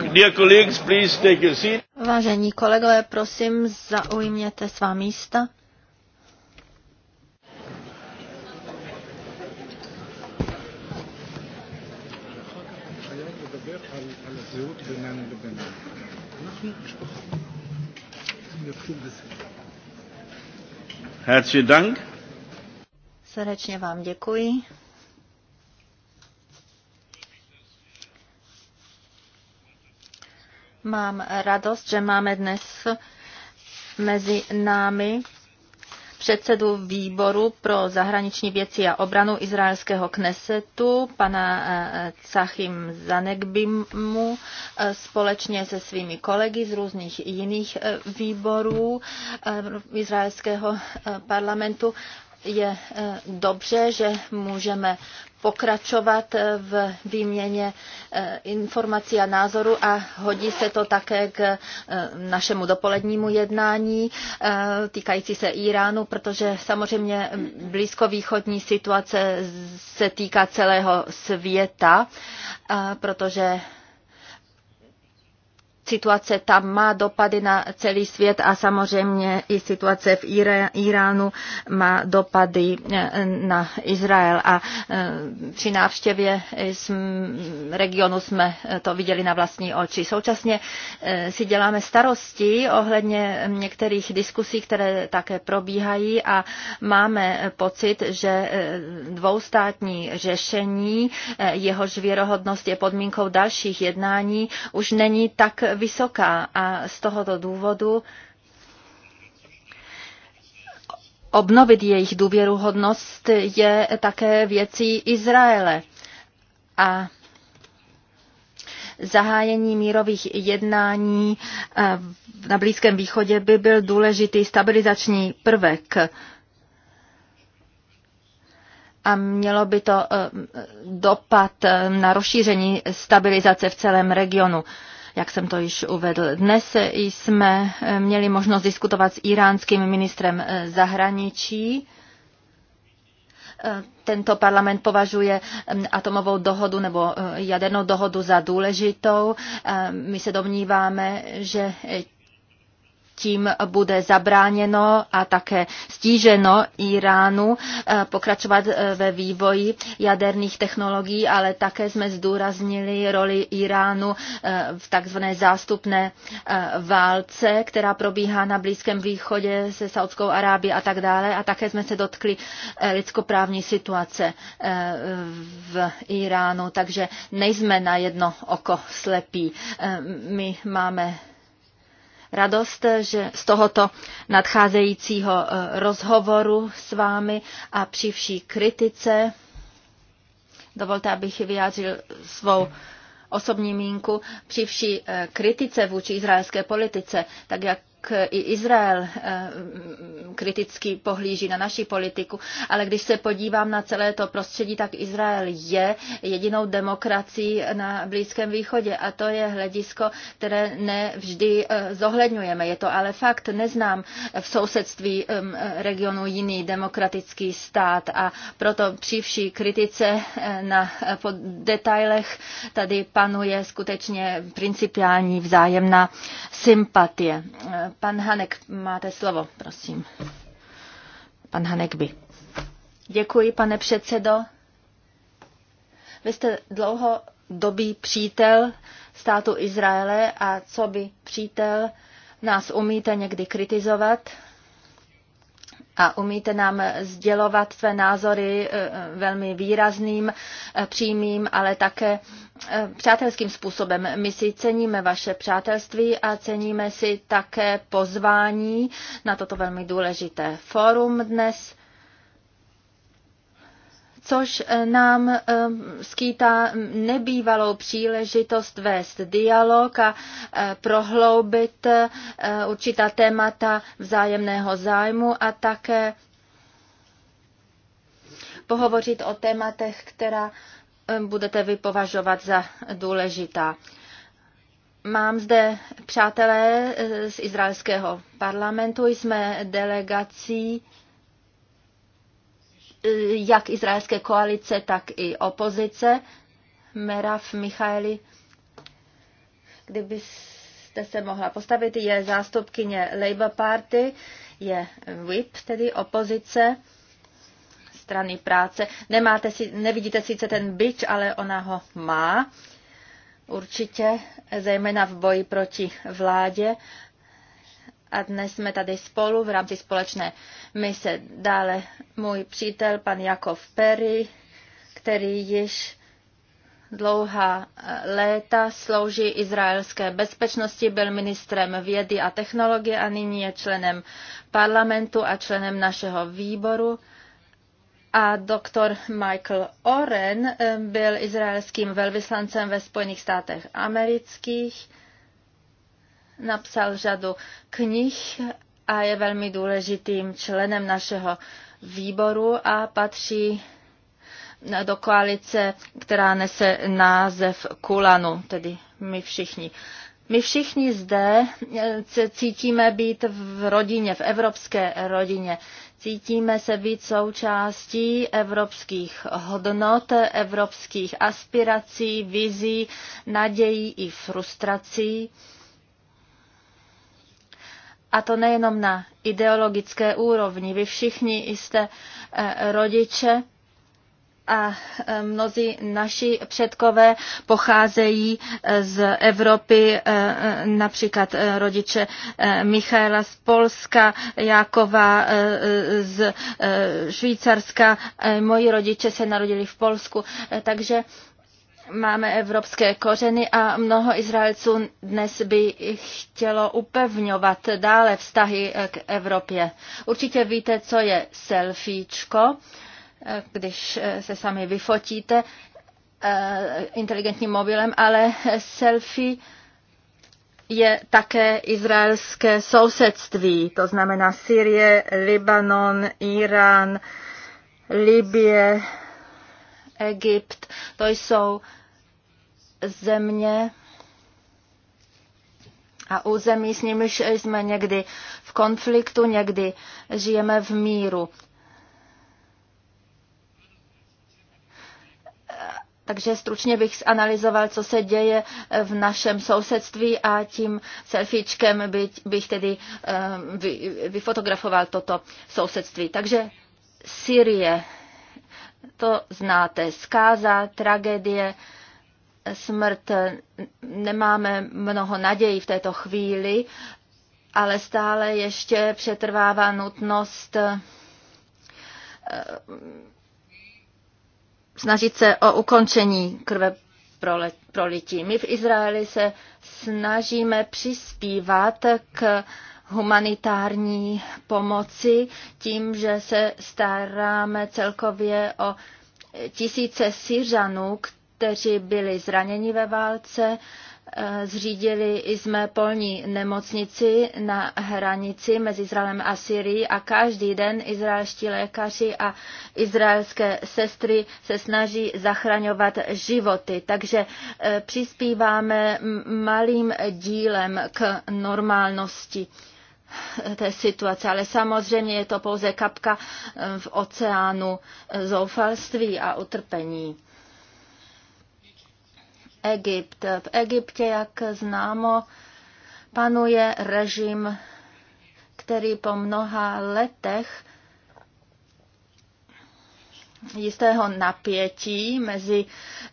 a Vážení kolegové, prosím, zaujměte svá místa. Srdečně vám děkuji. Mám radost, že máme dnes mezi námi předsedu výboru pro zahraniční věci a obranu izraelského knesetu, pana eh, Cachim Zanegbimu, eh, společně se svými kolegy z různých jiných eh, výborů izraelského parlamentu. Je dobře, že můžeme pokračovat v výměně eh, informací a názoru a hodí se to také k eh, našemu dopolednímu jednání eh, týkající se Iránu, protože samozřejmě blízkovýchodní situace se týká celého světa, protože situace tam má dopady na celý svět a samozřejmě i situace v Iránu má dopady eh, na Izrael. A eh, při návštěvě eh, regionu jsme to viděli na vlastní oči. Současně si děláme starosti ohledně některých diskusí, které také probíhají a máme pocit, že dvoustátní řešení, jehož věrohodnost je podmínkou dalších jednání, už není tak vysoká a z tohoto důvodu obnovit jejich důvěruhodnost je také věcí Izraele. A zahájení mírových jednání eh, na Blízkém východě by byl důležitý stabilizační prvek. A mělo by to eh, dopad eh, na rozšíření stabilizace v celém regionu jak jsem to již uvedl. Dnes jsme eh, měli možnost diskutovat s iránským ministrem eh, zahraničí eh, tento parlament považuje mm, atomovou dohodu nebo jadernou dohodu za důležitou. My se domníváme, že tím bude zabráněno a také stíženo Iránu eh, pokračovat eh, ve vývoji jaderných technologií, ale také jsme zdůraznili roli Iránu eh, v takzvané zástupné válce, která probíhá na Blízkém východě se Saudskou Arábií a tak dále. A také jsme se dotkli lidskoprávní situace v Iránu, takže nejsme na jedno oko slepí. My máme radost že z tohoto nadcházejícího eh, rozhovoru s vámi a při vší kritice. Dovolte, abych vyjádřil svou osobní mínku. Při vší eh, kritice vůči izraelské politice, tak jak jak i Izrael eh, kriticky pohlíží na naši politiku, ale když se podívám na celé to prostředí, tak Izrael je jedinou demokracií na Blízkém východě a to je hledisko, které nevždy eh, zohledňujeme. Je to ale fakt, neznám v sousedství regionu jiný demokratický stát a proto přívší kritice eh, na po detailech tady panuje skutečně principiální vzájemná sympatie. Pan Hanek, máte slovo, prosím. Pan Hanek by. Děkuji, pane předsedo. Vy jste dlouho dobý přítel státu Izraele a co by přítel nás umíte někdy kritizovat a umíte nám sdělovat své názory eh, velmi výrazným, eh, přímým, ale také eh, přátelským způsobem. My si ceníme vaše přátelství a ceníme si také pozvání na toto velmi důležité fórum dnes což eh, nám eh, skýtá nebývalou příležitost vést dialog a eh, prohloubit určitá témata vzájemného zájmu a také pohovořit o tématech, která budete vy považovat za důležitá. Mám zde přátelé z izraelského parlamentu, jsme delegací Eh, jak izraelské koalice, tak i opozice. Merav Michaeli, kdybyste se mohla postavit, je zástupkyně Labour Party, je WIP, tedy opozice strany práce. Nemáte si, nevidíte sice ten byč, ale ona ho má. Určitě, zejména v boji proti vládě a dnes jsme tady spolu v rámci společné mise. Dále můj přítel, pan Jakov Perry, který již dlouhá eh, léta slouží izraelské bezpečnosti, byl ministrem vědy a technologie a nyní je členem parlamentu a členem našeho výboru. A doktor Michael Oren eh, byl izraelským velvyslancem ve Spojených státech amerických napsal řadu knih a je velmi důležitým členem našeho výboru a patří do koalice, která nese název Kulanu, tedy my všichni. My všichni zde se eh, cítíme být v rodině, v evropské rodině. Cítíme se být součástí evropských hodnot, evropských aspirací, vizí, nadějí i frustrací a to nejenom na ideologické úrovni. Vy všichni jste eh, rodiče a eh, mnozí naši předkové pocházejí eh, z Evropy, například rodiče Michaela z Polska, Jakova z Švýcarska, moji rodiče se narodili v Polsku, takže máme evropské kořeny a mnoho Izraelců dnes by chtělo upevňovat dále vztahy k Evropě. Určitě víte, co je selfiečko, když se sami vyfotíte eh, inteligentním mobilem, ale selfie je také izraelské sousedství, to znamená Syrie, Libanon, Irán, Libie, Egypt, to jsou země a území, s nimiž jsme někdy v konfliktu, někdy žijeme v míru. Takže stručně bych zanalizoval, co se děje v našem sousedství a tím selfiečkem bych tedy eh, vyfotografoval toto sousedství. Takže Syrie. To znáte. Zkáza, tragédie, smrt. Nemáme mnoho naději v této chvíli, ale stále ještě přetrvává nutnost eh, snažit se o ukončení krve prolití. My v Izraeli se snažíme přispívat k humanitární pomoci tím, že se staráme celkově o tisíce Syřanů, kteří byli zraněni ve válce. Eh, zřídili jsme polní nemocnici na hranici mezi Izraelem a Syrií a každý den izraelští lékaři a izraelské sestry se snaží zachraňovat životy. Takže eh, přispíváme malým dílem k normálnosti té situace, ale samozřejmě je to pouze kapka eh, v oceánu eh, zoufalství a utrpení. Egypt. V Egyptě, jak známo, panuje režim, který po mnoha letech jistého napětí mezi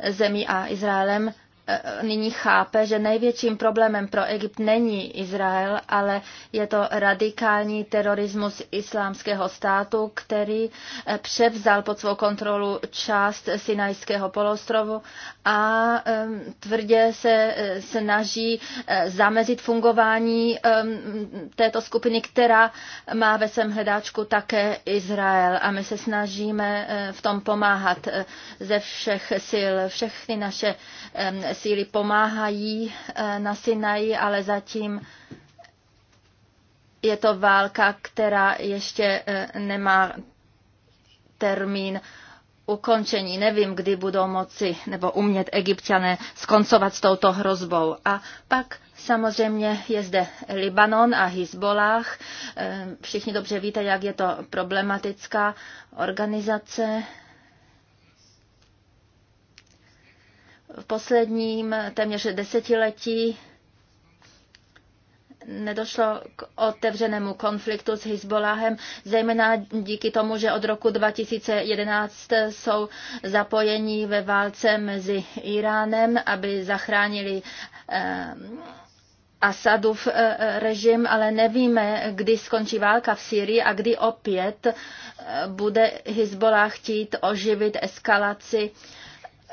zemí a Izraelem Eh, nyní chápe, že největším problémem pro Egypt není Izrael, ale je to radikální terorismus islámského státu, který eh, převzal pod svou kontrolu část Sinajského polostrovu a tvrdě se eh, snaží zamezit fungování této skupiny, která má ve svém hledáčku také Izrael. A my se snažíme v tom pomáhat ze všech sil. Všechny naše síly pomáhají eh, na Sinaji, ale zatím je to válka, která ještě eh, nemá termín ukončení. Nevím, kdy budou moci nebo umět egyptiané skoncovat s touto hrozbou. A pak samozřejmě je zde Libanon a Hezbollah. Eh, všichni dobře víte, jak je to problematická organizace. v posledním téměř desetiletí nedošlo k otevřenému konfliktu s Hezbollahem, zejména díky tomu, že od roku 2011 jsou zapojeni ve válce mezi Iránem, aby zachránili eh, Asadův eh, režim, ale nevíme, kdy skončí válka v Syrii a kdy opět eh, bude Hezbollah chtít oživit eskalaci eh,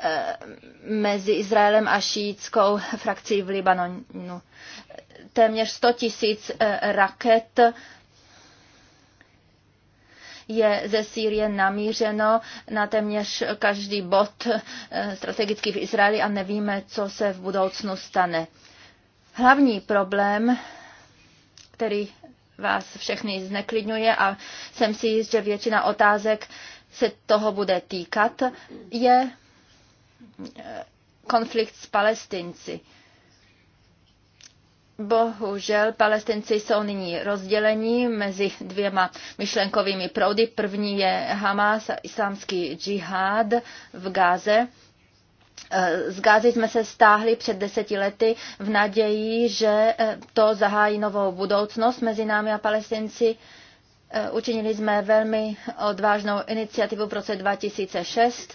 Eh, mezi Izraelem a šíjickou frakcí v Libanonu. Téměř 100 tisíc eh, raket je ze Sýrie namířeno na téměř každý bod eh, strategicky v Izraeli a nevíme, co se v budoucnu stane. Hlavní problém, který vás všechny zneklidňuje a jsem si jist, že většina otázek se toho bude týkat, je konflikt s palestinci. Bohužel palestinci jsou nyní rozdělení mezi dvěma myšlenkovými proudy. První je Hamas a islámský džihad v Gáze. Z Gázy jsme se stáhli před deseti lety v naději, že to zahájí novou budoucnost mezi námi a palestinci. Eh, učinili jsme velmi odvážnou iniciativu v roce 2006.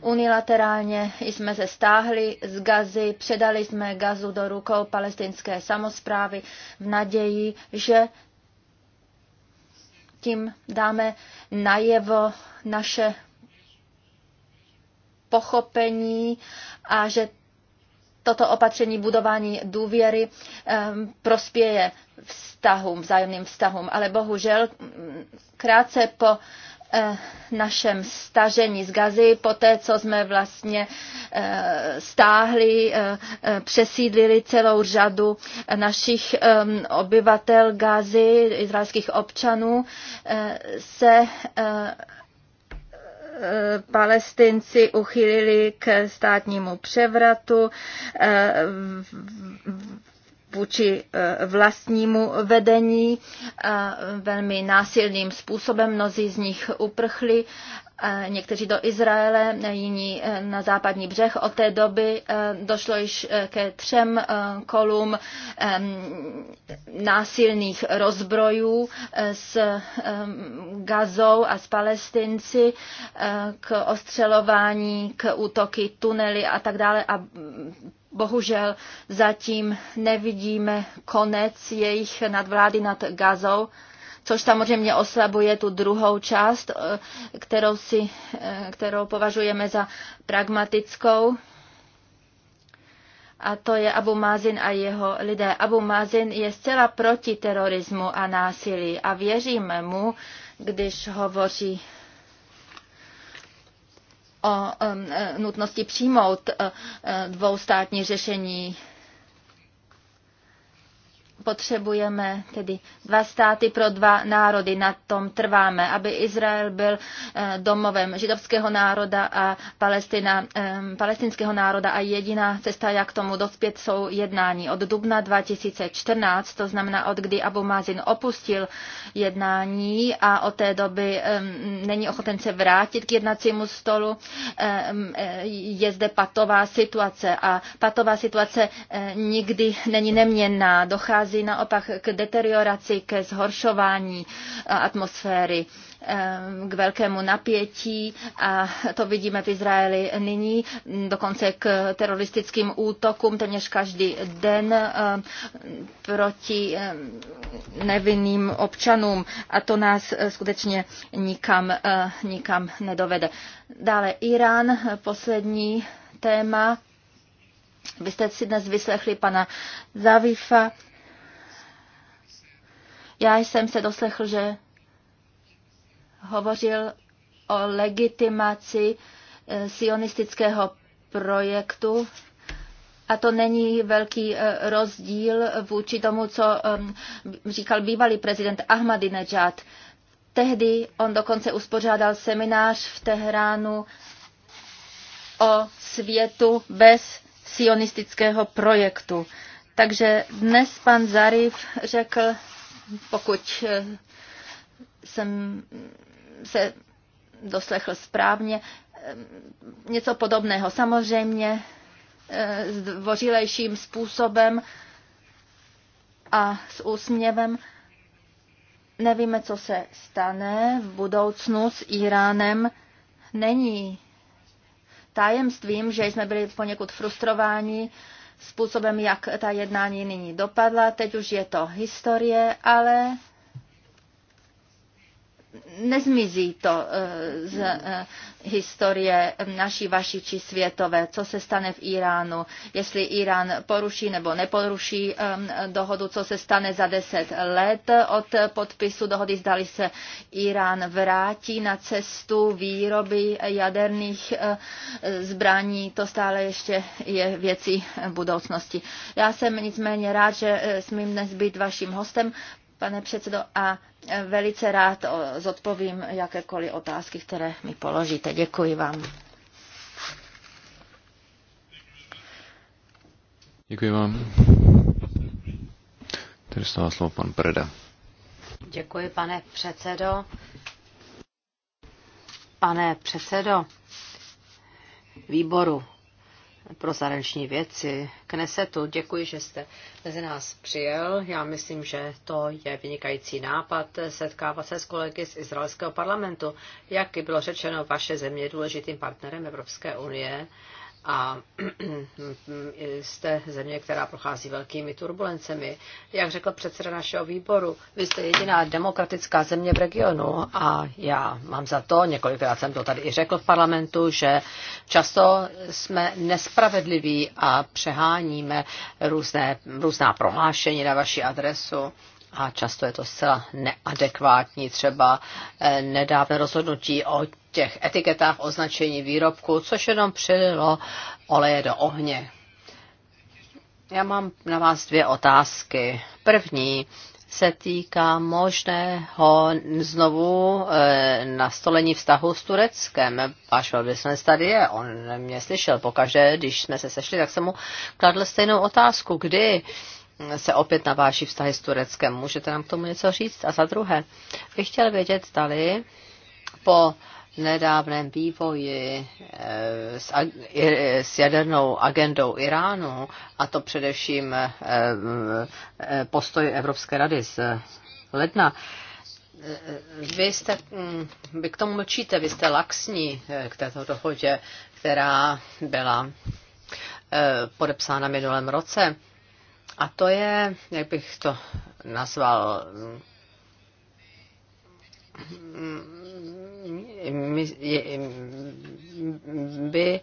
Unilaterálně jsme se stáhli z gazy, předali jsme gazu do rukou palestinské samozprávy v naději, že tím dáme najevo naše pochopení a že toto opatření budování důvěry prospěje vztahům, vzájemným vztahům. Ale bohužel krátce po eh, našem stažení z Gazy, po té, co jsme vlastně eh, stáhli, eh, přesídlili celou řadu našich obyvatel Gazy, izraelských občanů, se Eh, palestinci uchylili k státnímu převratu, eh, vůči e, vlastnímu vedení velmi násilným způsobem. Mnozí z nich uprchli, někteří do Izraele, jiní e, na západní břeh. Od té doby e, došlo již ke třem kolům násilných rozbrojů s Gazou a s Palestinci k ostřelování, k útoky tunely a tak dále. A Bohužel zatím nevidíme konec jejich nadvlády nad Gazou, což samozřejmě oslabuje tu druhou část, eh, kterou, si, eh, kterou považujeme za pragmatickou. A to je Abu Mazin a jeho lidé. Abu Mazin je zcela proti terorismu a násilí a věříme mu, když hovoří o um, e, nutnosti přijmout e, e, dvoustátní řešení Potřebujeme tedy dva státy pro dva národy, na tom trváme, aby Izrael byl eh, domovem židovského národa a Palestina, eh, palestinského národa a jediná cesta, jak tomu dospět, jsou jednání. Od dubna 2014, to znamená od kdy Abu Mazin opustil jednání a od té doby eh, není ochoten se vrátit k jednacímu stolu, je zde patová situace a patová situace nikdy není neměnná. Dochází dochází naopak k deterioraci, ke zhoršování atmosféry eh, k velkému napětí a to vidíme v Izraeli nyní, dokonce k teroristickým útokům téměř každý den eh, proti eh, nevinným občanům a to nás skutečně nikam, nikam nedovede. Dále Irán, poslední téma. Vy jste si dnes vyslechli pana Zavifa, já jsem se doslechl, že hovořil o legitimaci eh, sionistického projektu a to není velký eh, rozdíl vůči tomu, co říkal bývalý prezident Ahmadinejad. Tehdy on dokonce uspořádal seminář v Teheránu o světu bez sionistického projektu. Takže dnes pan Zarif řekl, pokud eh, jsem se doslechl správně, eh, něco podobného. Samozřejmě eh, dvořilejším způsobem a s úsměvem. Nevíme, co se stane v budoucnu s Iránem. Není tajemstvím, že jsme byli poněkud frustrováni způsobem, jak ta jednání nyní dopadla. Teď už je to historie, ale nezmizí to eh, z eh, historie naší, vaší či světové, co se stane v Iránu, jestli Irán poruší nebo neporuší ehm, dohodu, co se stane za deset let od podpisu dohody, zdali se Irán vrátí na cestu výroby jaderných eh, zbraní, to stále ještě je věcí budoucnosti. Já jsem nicméně rád, že smím dnes být vaším hostem pane předsedo, a velice rád zodpovím jakékoliv otázky, které mi položíte. Děkuji vám. Děkuji vám. Tady stává slovo pan Preda. Děkuji, pane předsedo. Pane předsedo výboru pro zahraniční věci Knesetu. Děkuji, že jste mezi nás přijel. Já myslím, že to je vynikající nápad setkávat se s kolegy z izraelského parlamentu. Jak bylo řečeno, vaše země je důležitým partnerem Evropské unie a jste země, která prochází velkými turbulencemi. Jak řekl předseda našeho výboru, vy jste jediná demokratická země v regionu a já mám za to, několikrát jsem to tady i řekl v parlamentu, že často jsme nespravedliví a přeháníme různé, různá prohlášení na vaši adresu a často je to zcela neadekvátní, třeba eh, nedávné rozhodnutí o těch etiketách označení výrobku, což jenom přidalo oleje do ohně. Já mám na vás dvě otázky. První se týká možného znovu e, nastolení vztahu s Tureckem. Váš velvyslanec tady je, on mě slyšel pokaždé, když jsme se sešli, tak jsem mu kladl stejnou otázku, kdy se opět naváží vztahy s Tureckem. Můžete nám k tomu něco říct? A za druhé, bych chtěl vědět, zdali po nedávném vývoji eh, s, s jadernou agendou Iránu, a to především eh, eh, postoj Evropské rady z ledna, vy, jste, hm, vy k tomu mlčíte, vy jste laxní k této dohodě, která byla podepsána minulém roce. A to je, jak bych to nazval, by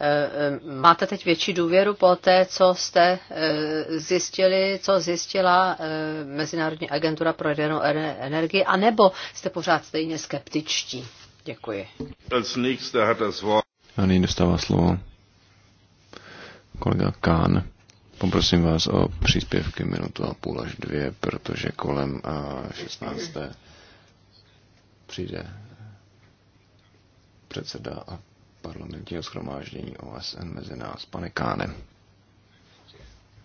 eh, máte teď větší důvěru po té, co jste eh, zjistili, co zjistila eh, Mezinárodní agentura pro jadernou energii, anebo jste pořád stejně skeptičtí? Děkuji. A nyní dostává slovo kolega Kán. Poprosím vás o příspěvky minutu a půl až dvě, protože kolem 16. Eh, přijde předseda a parlamentního schromáždění OSN mezi nás, pane Káne.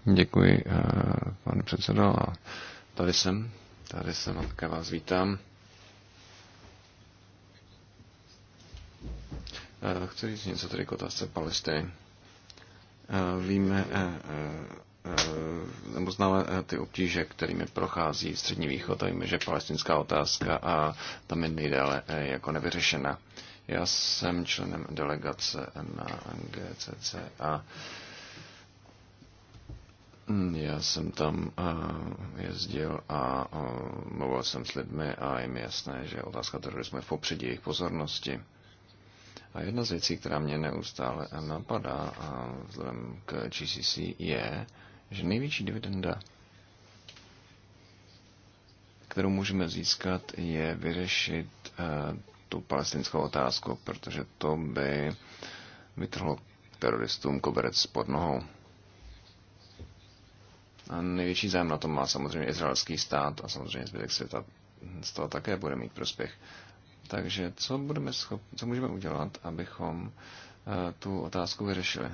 Děkuji, eh, pane předsedo. A tady jsem, tady jsem a také vás vítám. Eh, chci říct něco tady k otázce Palestiny. Eh, víme, eh, eh, nebo známe ty obtíže, kterými prochází Střední východ a víme, že palestinská otázka a tam je nejdále jako nevyřešena. Já jsem členem delegace na GCC a já jsem tam jezdil a mluvil jsem s lidmi a jim jasné, že otázka terorismu je v popředí jejich pozornosti. A jedna z věcí, která mě neustále napadá a vzhledem k GCC je, že největší dividenda, kterou můžeme získat, je vyřešit eh, tu palestinskou otázku, protože to by vytrhlo teroristům koberec pod nohou. A největší zájem na tom má samozřejmě izraelský stát a samozřejmě zbytek světa z toho také bude mít prospěch. Takže co, budeme schop, co můžeme udělat, abychom eh, tu otázku vyřešili?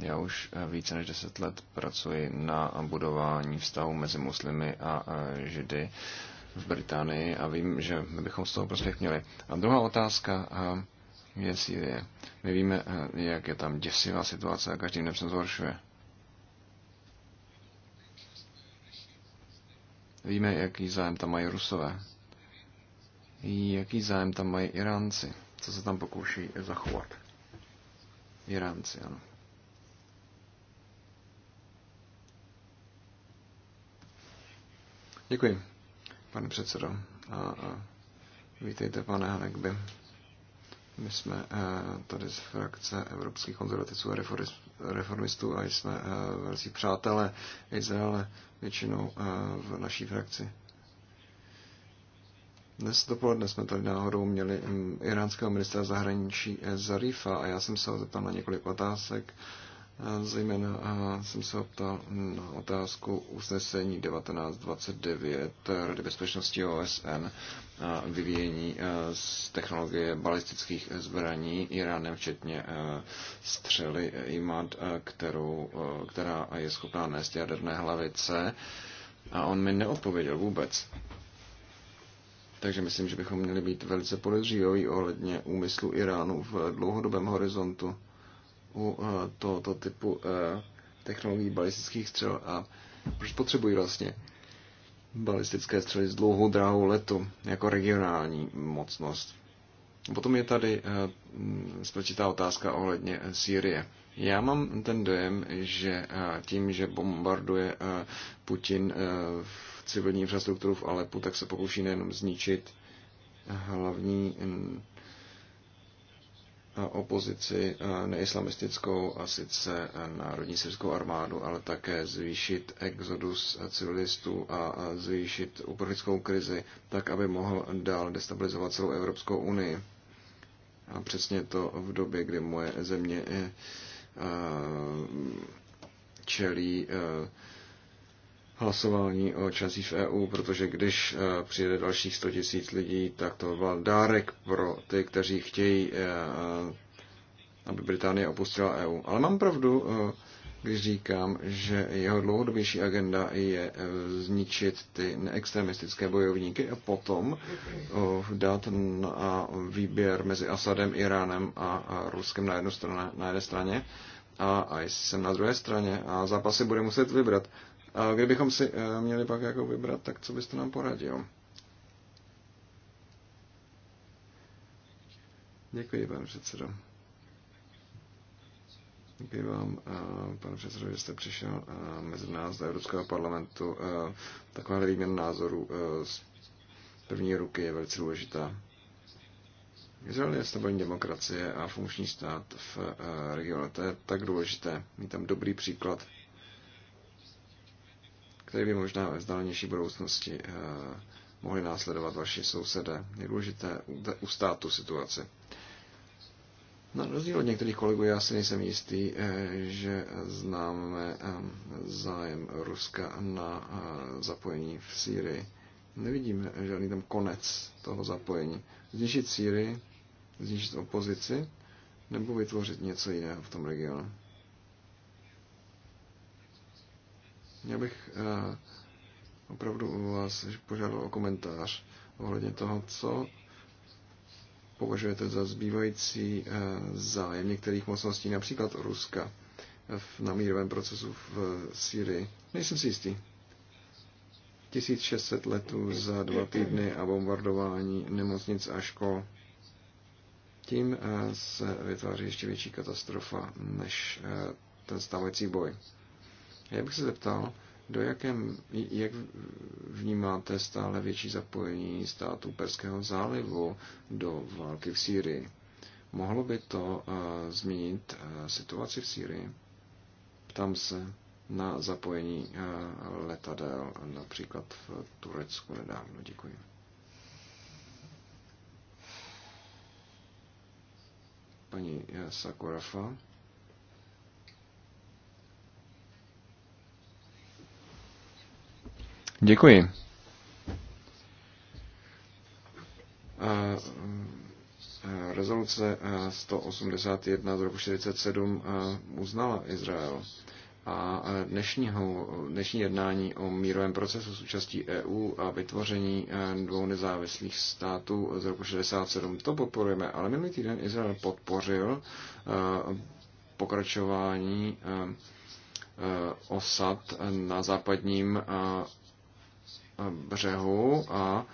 Já už eh, více než deset let pracuji na budování vztahu mezi muslimy a eh, židy v Británii a vím, že bychom z toho prospěch měli. A druhá otázka je Sýrie. My víme, jak je tam děsivá situace a každým dnem se zhoršuje. Víme, jaký zájem tam mají Rusové jaký zájem tam mají Iránci, co se tam pokouší zachovat. Iránci, ano. Děkuji, pane předsedo. A, a vítejte, pane Hanekby. My jsme eh, tady z frakce Evropských konzervativců a reformistů a jsme eh, velcí přátelé Izraele většinou eh, v naší frakci. Dnes dopoledne jsme tady náhodou měli mm, iránského ministra zahraničí eh, Zarifa a já jsem se ho zeptal na několik otázek. Eh, zejména eh, jsem se ho ptal na otázku usnesení 1929 Rady bezpečnosti OSN a vyvíjení z technologie balistických zbraní Iránem, včetně střely IMAD, kterou, která je schopná nést jaderné hlavice. A on mi neodpověděl vůbec. Takže myslím, že bychom měli být velice podezřívaví ohledně úmyslu Iránu v dlouhodobém horizontu u eh, tohoto typu eh, technologií balistických střel a proč potřebují vlastně balistické střely s dlouhou dráhou letu jako regionální mocnost. Potom je tady eh, mm, spočítá otázka ohledně Sýrie. Já mám ten dojem, že eh, tím, že bombarduje eh, Putin eh, v civilní infrastrukturu v Alepu, tak se pokouší nejenom zničit hlavní mm, opozici neislamistickou a sice Národní syrskou armádu, ale také zvýšit exodus civilistů a zvýšit uprchlickou krizi, tak aby mohl dál destabilizovat celou Evropskou unii. A přesně to v době, kdy moje země je Eh, čelí eh, hlasování o členství v EU, protože když eh, přijede dalších 100 tisíc lidí, tak to byl dárek pro ty, kteří chtějí, aby Británie opustila EU. Ale mám pravdu, když říkám, že jeho dlouhodobější agenda je eh, zničit ty neextremistické bojovníky a potom eh, dát na výběr mezi Asadem, Iránem a Ruskem na, jednu straně, na jedné straně a jsem na druhé straně a zápasy bude muset vybrat. A kdybychom si eh, měli pak jako vybrat, tak co byste nám poradil? Děkuji, pane předsedo. Děkuji vám, eh, pane předsedo, že jste přišel eh, mezi nás do Evropského parlamentu. Eh, Taková výměna názorů z první ruky je velice důležitá. Izrael je stabilní demokracie a funkční stát v regionu. To je tak důležité. Mít tam dobrý příklad, který by možná ve vzdálenější budoucnosti mohli následovat vaši sousedé. Je důležité ustát tu situaci. Na rozdíl od některých kolegů já si nejsem jistý, eh, že známe eh, zájem Ruska na eh, zapojení v Sýrii. Nevidíme žádný tam konec toho zapojení. Zničit Sýrii, zničit opozici, nebo vytvořit něco jiného v tom regionu. Já bych opravdu vás požádal o komentář ohledně toho, co považujete za zbývající eh, zájem některých mocností, například Ruska, v namírovém procesu v eh, Syrii. Nejsem si jistý. 1600 letů za dva týdny a bombardování nemocnic a škol. Tím eh, se vytváří ještě větší katastrofa než ten stávající boj. Já bych se zeptal, do jakém, jak vnímáte stále větší zapojení států Perského zálivu do války v Sýrii? Mohlo by to uh, změnit uh, situaci v Sýrii? Ptám se na zapojení uh, letadel, například v Turecku nedávno. Děkuji. Paní Sakurafa. Děkuji. Eh, rezoluce 181 eh, z roku 1947 eh, uznala Izrael a dnešního, dnešní jednání o mírovém procesu s účastí EU a vytvoření dvou nezávislých států z roku 67. To podporujeme, ale minulý týden Izrael podpořil pokračování osad na západním břehu a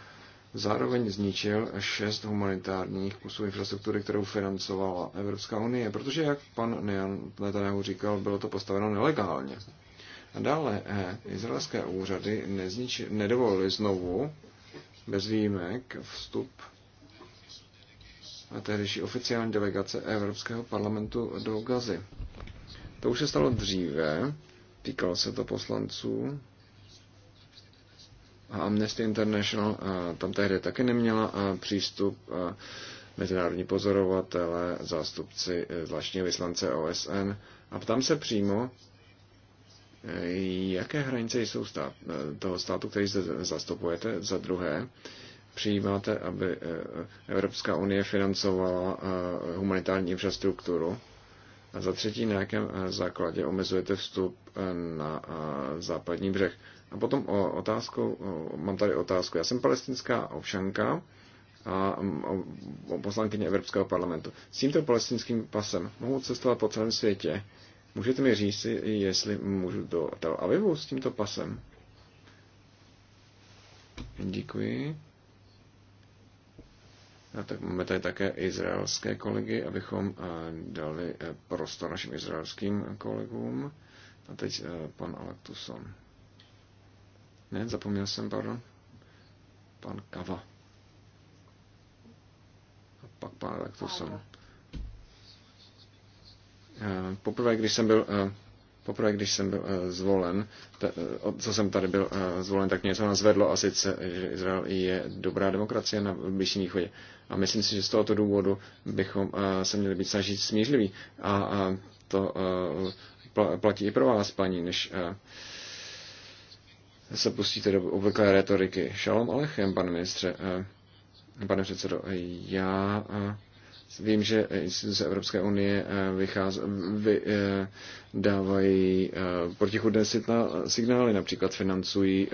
zároveň zničil šest humanitárních kusů infrastruktury, kterou financovala Evropská unie, protože, jak pan Netanyahu říkal, bylo to postaveno nelegálně. A dále eh, izraelské úřady nezniči, nedovolily znovu bez výjimek vstup a tehdejší oficiální delegace Evropského parlamentu do Gazy. To už se stalo dříve, týkalo se to poslanců a Amnesty International eh, tam tehdy taky neměla eh, přístup eh, mezinárodní pozorovatele, zástupci zvláštního vyslance OSN. A ptám se přímo, jaké hranice jsou stát, toho státu, který zde zastupujete, za druhé, přijímáte, aby Evropská unie financovala humanitární infrastrukturu. A za třetí, na jakém základě omezujete vstup na západní břeh? A potom o otázku, mám tady otázku. Já jsem palestinská občanka a poslankyně Evropského parlamentu. S tímto palestinským pasem mohu cestovat po celém světě. Můžete mi říct, jestli můžu do Tel Avivu s tímto pasem? Děkuji. A tak máme tady také izraelské kolegy, abychom dali e, prostor našim izraelským kolegům. A teď e, pan Alektuson. Ne, zapomněl jsem, pardon. Pan Kava. A pak pan jsou. Eh, poprvé, když jsem byl eh, poprvé, když jsem byl eh, zvolen, co jsem tady byl zvolen, tak něco nás nazvedlo a sice, že Izrael je dobrá demokracie na Blížním východě. A myslím si, že z tohoto důvodu bychom se měli být snažit smířliví. A to platí i pro vás, paní, než se pustíte do obvyklé retoriky. Šalom Alechem, pane ministře, eh, pane předsedo, já eh, vím, že instituce Evropské unie eh, vycház, vy, dávají protichudné signály, například financují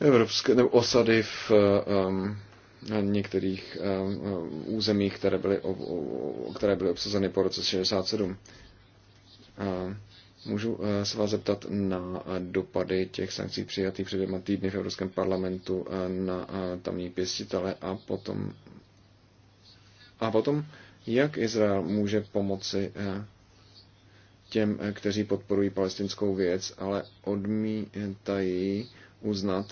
evropské, nebo osady v na některých územích, které byly, které byly obsazeny po roce 67. Můžu eh, se vás zeptat na eh, dopady těch sankcí přijatých před dvěma týdny v Evropském parlamentu eh, na tamní pěstitele a potom, a potom jak Izrael může pomoci těm, kteří podporují palestinskou věc, ale odmítají uznat,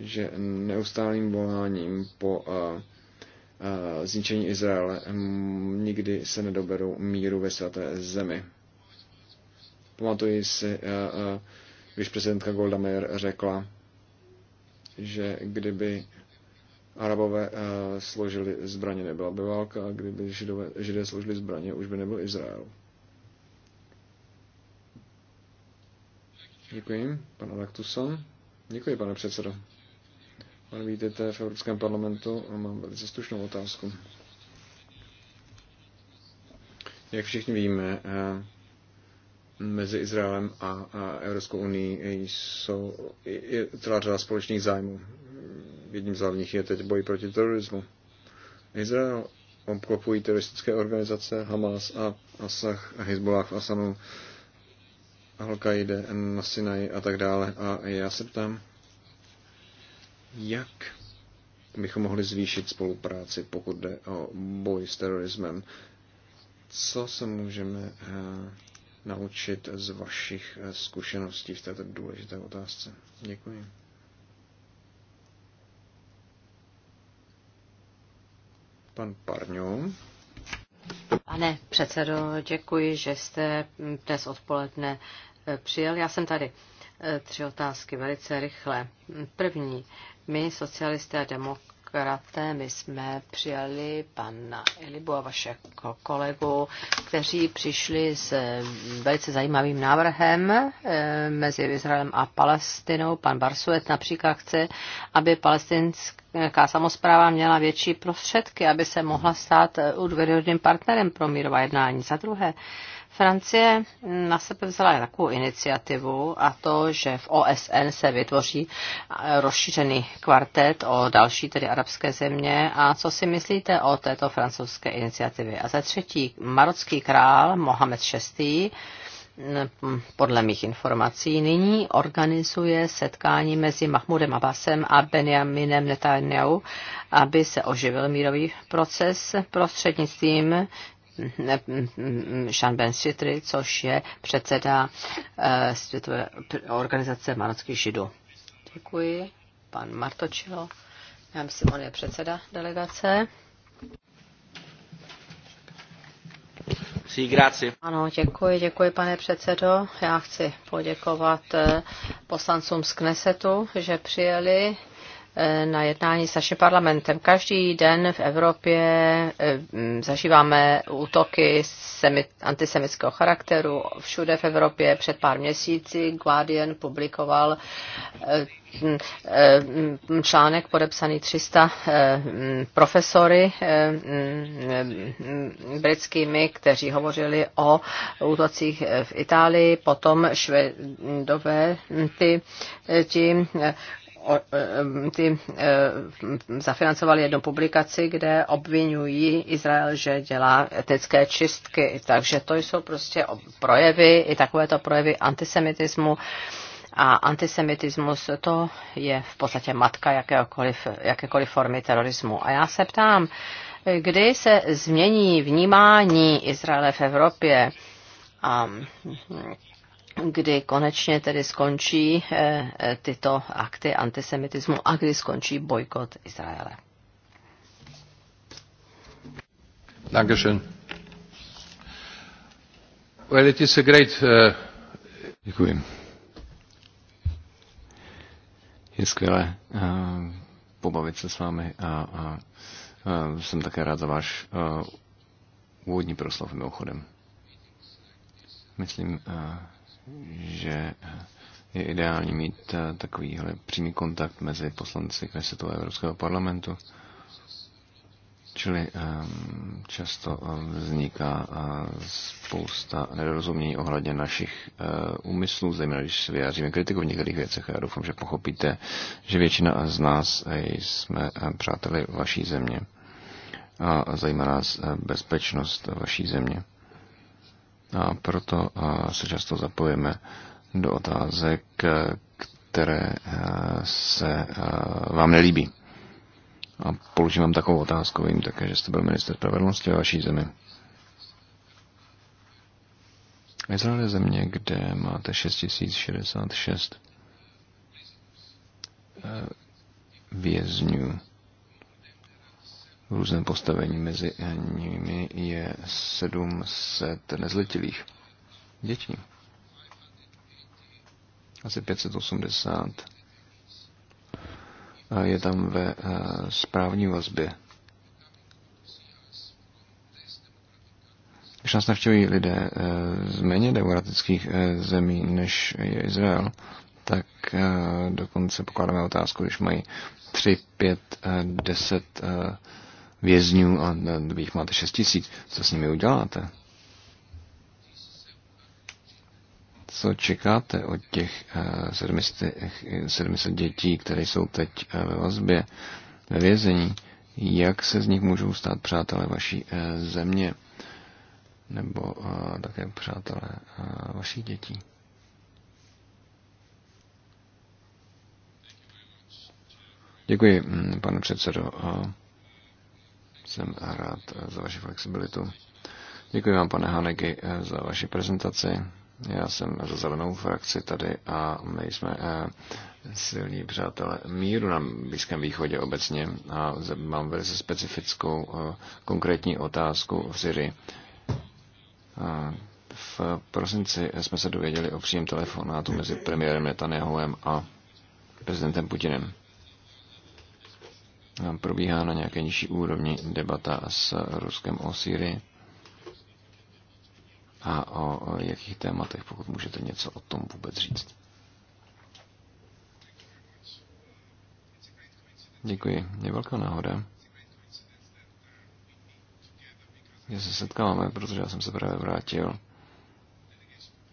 že neustálým voláním po zničení Izraele mm, nikdy se nedoberou míru ve svaté zemi. Pamatuji si, eh, eh, když prezidentka Golda Meir řekla, že kdyby Arabové eh, složili zbraně, nebyla by válka, a kdyby židové, Židé složili zbraně, už by nebyl Izrael. Děkuji, pana Laktusa. Děkuji, pane předsedo. Pane vítejte v Evropském parlamentu a mám velice stušnou otázku. Jak všichni víme, mezi Izraelem a, a Evropskou unii jsou je celá řada společných zájmů. Jedním z hlavních je teď boj proti terorismu. Izrael obklopují teroristické organizace Hamas a Asah, Hezbollah v Asanu, Al-Qaide na Sinai a tak dále. A já se ptám, jak bychom mohli zvýšit spolupráci, pokud jde o boj s terorismem. Co se můžeme eh, naučit z vašich eh, zkušeností v této důležité otázce. Děkuji. Pan Parňou. Pane předsedo, děkuji, že jste dnes odpoledne eh, přijel. Já jsem tady. Eh, tři otázky velice rychle. První. My, socialisté a demokraté, kraté my jsme přijali pana Ilibu a vašeho kolegu, kteří přišli s eh, velice zajímavým návrhem eh, mezi Izraelem a Palestinou. Pan Barsuet například chce, aby palestinská samozpráva měla větší prostředky, aby se mohla stát eh, udvěrodným partnerem pro mírová jednání. Za druhé, Francie na sebe vzala takovou iniciativu a to, že v OSN se vytvoří eh, rozšířený kvartet o další tedy arabské země. A co si myslíte o této francouzské iniciativě? A za třetí, marocký král Mohamed VI podle mých informací nyní organizuje setkání mezi Mahmudem Abbasem a Benjaminem Netanyahu, aby se oživil mírový proces prostřednictvím Shanben Sitry, což je předseda eh, Světové organizace marockých židů. Děkuji. Pan Martočilo. Já myslím, on je předseda delegace. Ano, děkuji, děkuji, pane předsedo. Já chci poděkovat eh, poslancům z Knesetu, že přijeli na jednání s naším parlamentem. Každý den v Evropě eh, zažíváme útoky antisemického charakteru. Všude v Evropě před pár měsíci Guardian publikoval eh, eh, článek podepsaný 300 profesory mm, britskými, kteří hovořili o útocích v Itálii, potom švedové ty, ti E, ty e, zafinancovali jednu publikaci, kde obvinují Izrael, že dělá etnické čistky. Takže to jsou prostě projevy, i takovéto projevy antisemitismu. A antisemitismus to je v podstatě matka jakékoliv, jakékoliv formy terorismu. A já se ptám, kdy se změní vnímání Izraele v Evropě? A kdy konečně tedy skončí eh, eh, tyto akty antisemitismu a kdy skončí bojkot Izraele. Dankeschön. Well, it is a great, uh... Děkuji. Je skvělé uh, pobavit se s vámi a, a uh, jsem také rád za váš uh, úvodní proslov mimochodem. Myslím, uh, že je ideální mít eh, takovýhle přímý kontakt mezi poslanci Knesetu a Evropského parlamentu. Čili ehm, často ehm, vzniká eh, spousta nerozumění ohledně našich eh, úmyslů, zejména když vyjádříme kritiku v některých věcech. Já doufám, že pochopíte, že většina z nás jsme přáteli vaší země a zajímá nás bezpečnost vaší země. A proto se často zapojeme do otázek, které se vám nelíbí. A položím vám takovou otázku, vím také, že jste byl minister spravedlnosti ve vaší zemi. Izrael je země, kde máte 6066 e, vězňů v různém postavení. Mezi nimi je 700 nezletilých dětí. Asi 580 a je tam ve eh, správní vazbě. Když nás navštěvují lidé eh, z méně demokratických eh, zemí, než je Izrael, tak dokonce pokládáme otázku, když mají 3, 5, 10 vězňů a vy jich máte 6 tisíc. Co s nimi uděláte? Co čekáte od těch eh, eh, sedmiset dětí, které jsou teď eh, ve vazbě, ve vězení? Jak se z nich můžou stát přátelé vaší země? Nebo také přátelé vašich dětí? Děkuji, mm, pane předsedo jsem rád eh, za vaši flexibilitu. Děkuji vám, pane Hanegy, eh, za vaši prezentaci. Já jsem za zelenou frakci tady a my jsme eh, silní přátelé míru na Blízkém východě obecně a mám velice specifickou konkrétní otázku v Syrii. V prosinci jsme se dověděli o příjem telefonátu mezi premiérem Netanyahuem a prezidentem Putinem probíhá na nějaké nižší úrovni debata s Ruskem o Syrii a o jakých tématech, pokud můžete něco o tom vůbec říct. Děkuji. Je velká náhoda. Že se setkáváme, protože já jsem se právě vrátil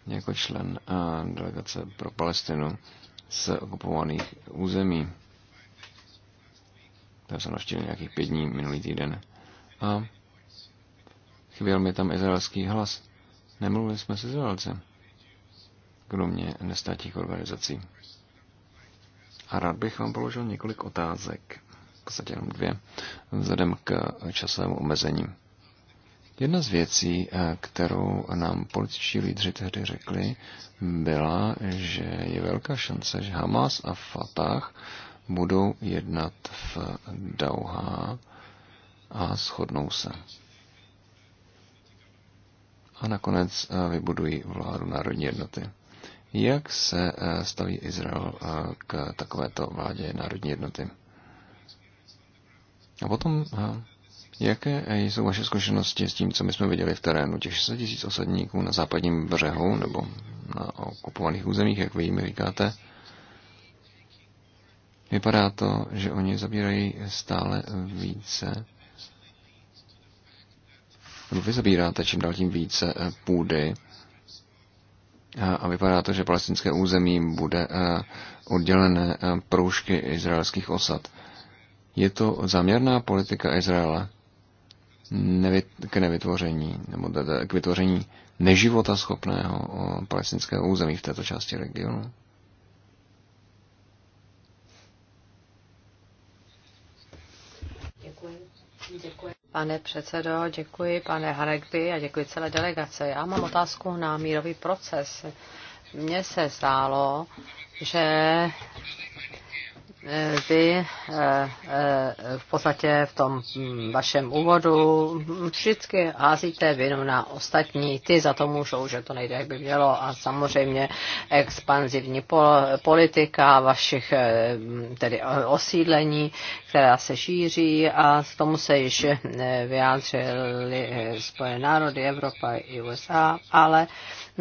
jako člen delegace pro Palestinu z okupovaných území. Tam jsem naštěl nějakých pět dní minulý týden. A chyběl mi tam izraelský hlas. Nemluvili jsme s Izraelcem, kromě nestátních organizací. A rád bych vám položil několik otázek, v podstatě jenom dvě, vzhledem k časovému omezení. Jedna z věcí, eh, kterou nám političtí lídři tehdy řekli, byla, že je velká šance, že Hamas a Fatah budou jednat v Dauha a shodnou se. A nakonec eh, vybudují vládu národní jednoty. Jak se eh, staví Izrael eh, k takovéto vládě národní jednoty? A potom, jaké jsou vaše zkušenosti s tím, co my jsme viděli v terénu? Těch 600 tisíc osadníků na západním břehu nebo na okupovaných územích, jak vy jim říkáte, Vypadá to, že oni zabírají stále více nebo vy zabíráte čím dál tím více eh, půdy a vypadá to, že palestinské území bude eh, oddělené eh, proužky izraelských osad. Je to záměrná politika Izraele k nevytvoření, nebo k vytvoření neživotaschopného palestinského území v této části regionu? Pane předsedo, děkuji, pane Harekby a děkuji celé delegace. Já mám otázku na mírový proces. Mně se zdálo, že vy eh, eh, v podstatě v tom vašem úvodu vždycky házíte vinu na ostatní, ty za to můžou, že to nejde, jak by mělo a samozřejmě expanzivní politika vašich eh, tedy osídlení, která se šíří a k tomu se již vyjádřili Spojené národy, Evropa i USA, ale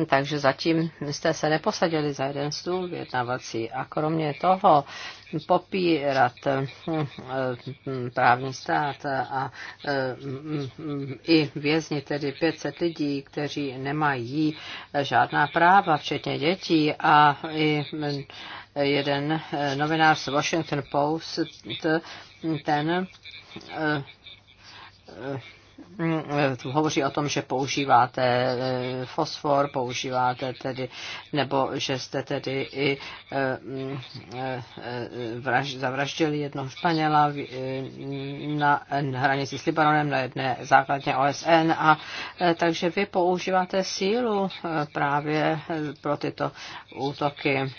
takže zatím jste se neposadili za jeden stůl vyjednavací. A kromě toho popírat eh, eh, právní stát a eh, i vězni, tedy 500 lidí, kteří nemají žádná práva, včetně dětí a i jeden novinář z Washington Post, ten Mm, eh, hovoří o tom, že používáte eh, fosfor, používáte tedy, nebo že jste tedy i eh, mm, zavraždili jednoho Španěla na hranici s Libanonem na jedné základně OSN a takže vy používáte sílu právě pro tyto útoky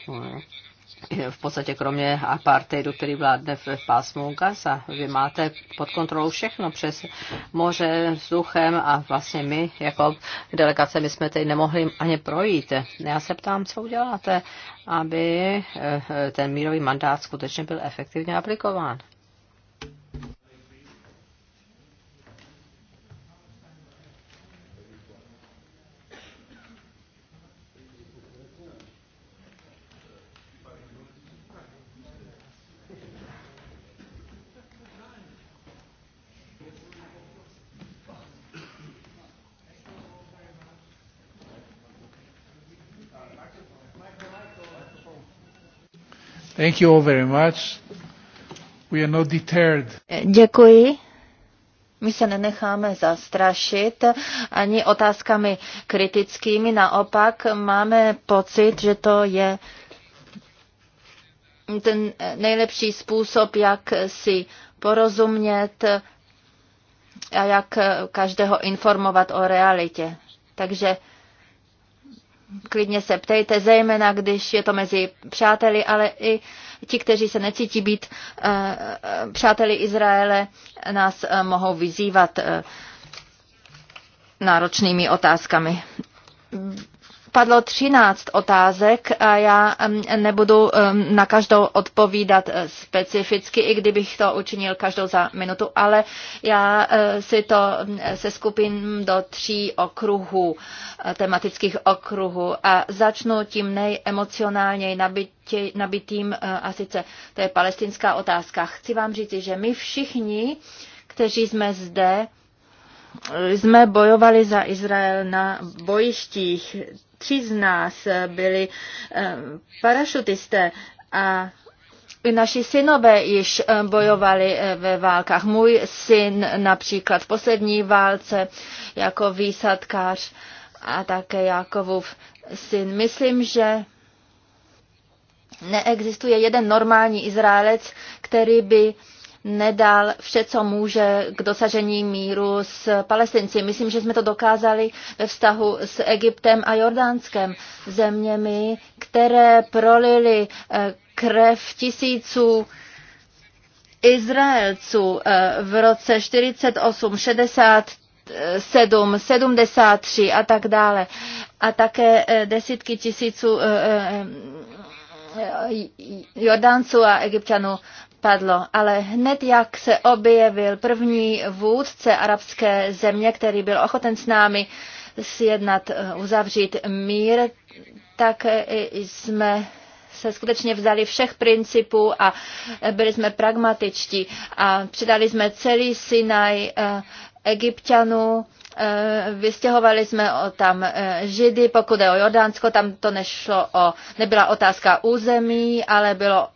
v podstatě kromě apartheidu, který vládne v pásmu Gaza. Vy máte pod kontrolou všechno přes moře, vzduchem a vlastně my jako delegace my jsme tady nemohli ani projít. Já se ptám, co uděláte, aby eh, ten mírový mandát skutečně byl efektivně aplikován. Thank you all very much. We are not deterred. Děkuji. My se nenecháme zastrašit ani otázkami kritickými, naopak máme pocit, že to je ten nejlepší způsob, jak si porozumět a jak každého informovat o realitě. Takže klidně se ptejte, zejména když je to mezi přáteli, ale i ti, kteří se necítí být eh, eh, přáteli Izraele, nás eh, mohou vyzývat náročnými otázkami padlo 13 otázek a já nebudu na každou odpovídat eh, specificky, i kdybych to učinil každou za minutu, ale já eh, si to se skupin do tří okruhů, eh, tematických okruhů a začnu tím nejemocionálněji nabitým a sice to je palestinská otázka. Chci vám říct, že my všichni, kteří jsme zde, jsme bojovali za Izrael na bojištích tři z nás eh, byli eh, parašutisté a i naši synové již eh, bojovali ve válkách. Můj syn například v poslední válce jako výsadkář a také Jakovův syn. Myslím, že neexistuje jeden normální Izraelec, který by nedal vše, co může k dosažení míru s palestinci. Myslím, že jsme to dokázali ve vztahu s Egyptem a Jordánskem, zeměmi, které prolili eh, krev tisíců Izraelců eh, v roce 48, 67, 73 a tak dále. A také eh, desítky tisíců Jordánců a Egyptianů padlo, ale hned jak se objevil první vůdce arabské země, který byl ochoten s námi sjednat, eh, uzavřít mír, tak eh, jsme se skutečně vzali všech principů a eh, byli jsme pragmatičtí a přidali jsme celý Sinaj egyptianů, vystěhovali jsme o tam Židy, pokud je o Jordánsko, tam to nešlo o, nebyla otázka území, ale bylo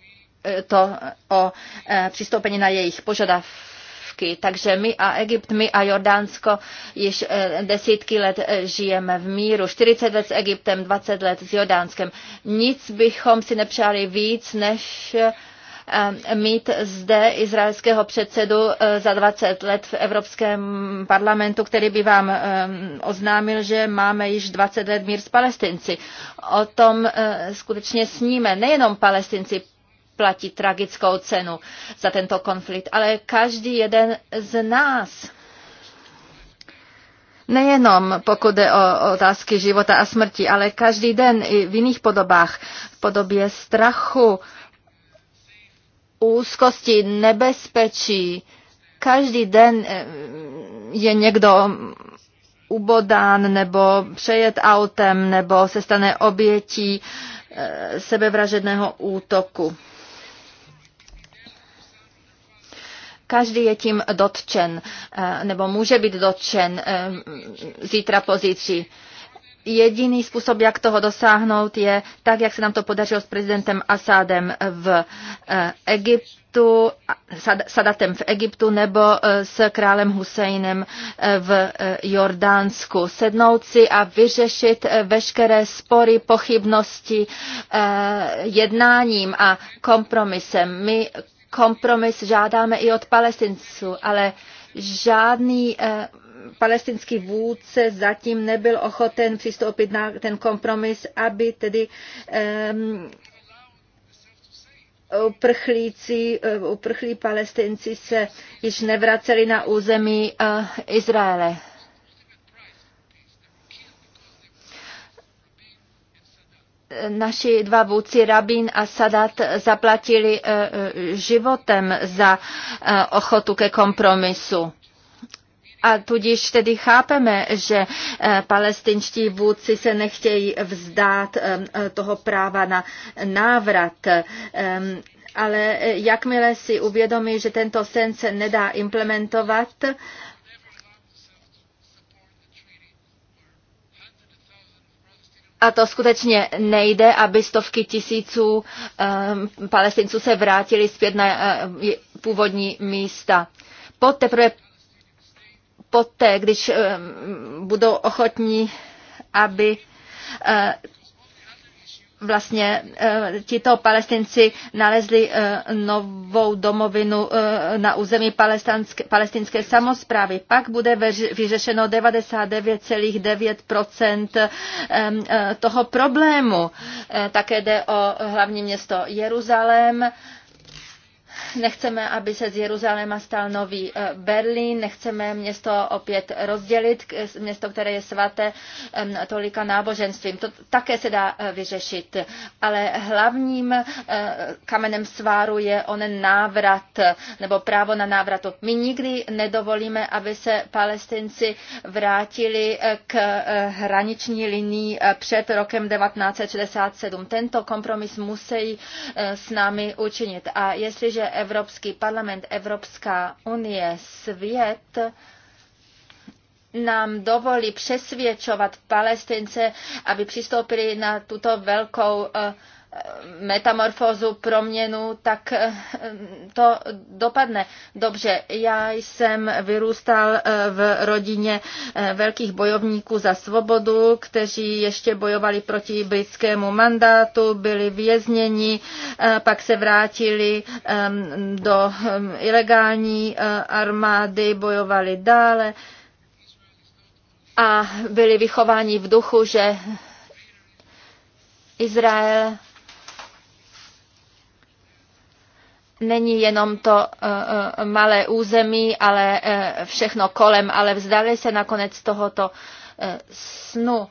to o e, přistoupení na jejich požadavky. Takže my a Egypt, my a Jordánsko již e, desítky let e, žijeme v míru. 40 let s Egyptem, 20 let s Jordánskem. Nic bychom si nepřáli víc, než mít zde izraelského předsedu za 20 let v Evropském parlamentu, který by vám oznámil, že máme již 20 let mír s Palestinci. O tom skutečně sníme nejenom Palestinci platí tragickou cenu za tento konflikt, ale každý jeden z nás Nejenom pokud jde o otázky života a smrti, ale každý den i v jiných podobách, v podobě strachu, úzkosti, nebezpečí. Každý den eh, je někdo ubodán nebo přejet autem nebo se stane obětí eh, sebevražedného útoku. Každý je tím dotčen, eh, nebo může být dotčen eh, zítra pozíci. Jediný způsob, jak toho dosáhnout, je tak, jak se nám to podařilo s prezidentem Asádem v eh, Egyptu, Sadatem v Egyptu nebo s králem Husseinem v Jordánsku. Sednout si a vyřešit veškeré spory, pochybnosti jednáním a kompromisem. My kompromis žádáme i od palestinců, ale žádný eh, palestinský vůdce zatím nebyl ochoten přistoupit na ten kompromis, aby tedy um, uprchlíci, eh, uprchlí palestinci se již nevraceli na území eh, Izraele. naši dva vůdci Rabin a Sadat zaplatili e, e, životem za e, ochotu ke kompromisu. A tudíž tedy chápeme, že palestinští vůdci se nechtějí vzdát toho práva na návrat ale jakmile si uvědomí, že tento sen se nedá implementovat, A to skutečně nejde, aby stovky tisíců um, palestinců se vrátili zpět na uh, původní místa. Poté, teprve poté, když um, budou ochotní, aby uh, vlastně eh, tito palestinci nalezli eh, novou domovinu eh, na území palestinské samozprávy. Pak bude vyřešeno 99,9 toho problému. Také jde o hlavní město Jeruzalém, Nechceme, aby se z Jeruzaléma stal nový eh, Berlín, nechceme město opět rozdělit, město, které je svaté tolika náboženstvím. To také se dá eh, vyřešit. Ale hlavním eh, kamenem sváru je onen návrat nebo právo na návratu. My nikdy nedovolíme, aby se palestinci vrátili k hraniční linii před rokem 1967. Tento kompromis musí s námi učinit. A jestliže že Evropský parlament, Evropská unie, svět nám dovolí přesvědčovat Palestince, aby přistoupili na tuto velkou uh, metamorfózu, proměnu, tak eh, to dopadne. Dobře, já jsem vyrůstal eh, v rodině eh, velkých bojovníků za svobodu, kteří ještě bojovali proti britskému mandátu, byli vězněni, pak se vrátili ehm, do ehm, ilegální armády, bojovali dále a byli vychováni v duchu, že Izrael není jenom to eh, eh, malé území, ale eh, všechno kolem, ale vzdali se nakonec tohoto snu.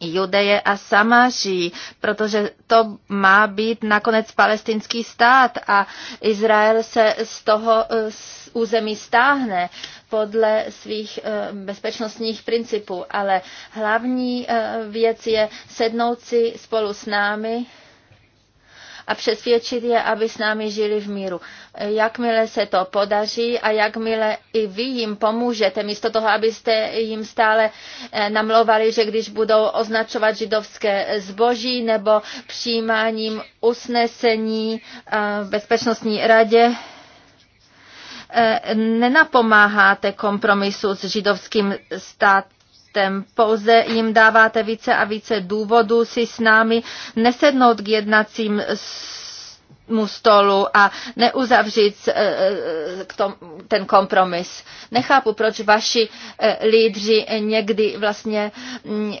Judeje a Samaří, protože to má být nakonec palestinský stát a Izrael se z toho z území stáhne podle svých bezpečnostních principů. Ale hlavní věc je sednout si spolu s námi a přesvědčit je, aby s námi žili v míru. Jakmile se to podaří a jakmile i vy jim pomůžete, místo toho, abyste jim stále eh, namlouvali, že když budou označovat židovské zboží nebo přijímáním usnesení eh, v Bezpečnostní radě, eh, nenapomáháte kompromisu s židovským stát, Kristem, Pouze jim dáváte více a více důvodů si s námi nesednout k jednacím mu stolu a neuzavřít e, e, ten kompromis. Nechápu, proč vaši e, lídři někdy vlastně mm,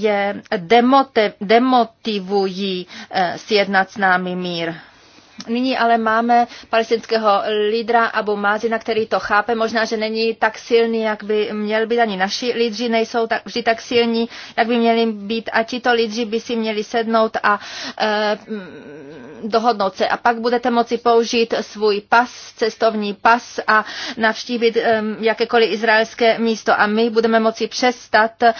je demotivují sjednat s námi mír. Nyní ale máme palestinského lídra Abu Mazina, který to chápe. Možná, že není tak silný, jak by měl být. Ani naši lídři nejsou tak, vždy tak silní, jak by měli být. A tito lídři by si měli sednout a e, dohodnout se. A pak budete moci použít svůj pas, cestovní pas a navštívit e, jakékoliv izraelské místo. A my budeme moci přestat e,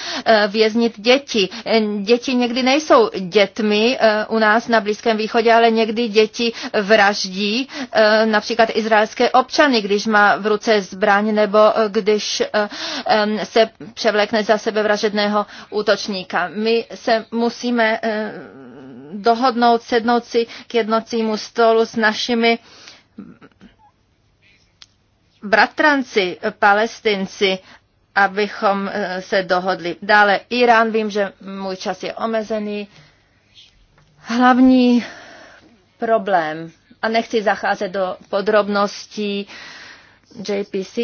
věznit děti. E, děti někdy nejsou dětmi e, u nás na Blízkém východě, ale někdy děti vraždí eh, například izraelské občany, když má v ruce zbraň nebo eh, když eh, se převlekne za sebe vražedného útočníka. My se musíme dohodnout, sednout si k jednocímu stolu s našimi bratranci, palestinci, abychom se dohodli. Dále Irán, vím, že můj čas je omezený. Hlavní problém. A nechci zacházet do podrobností JPC.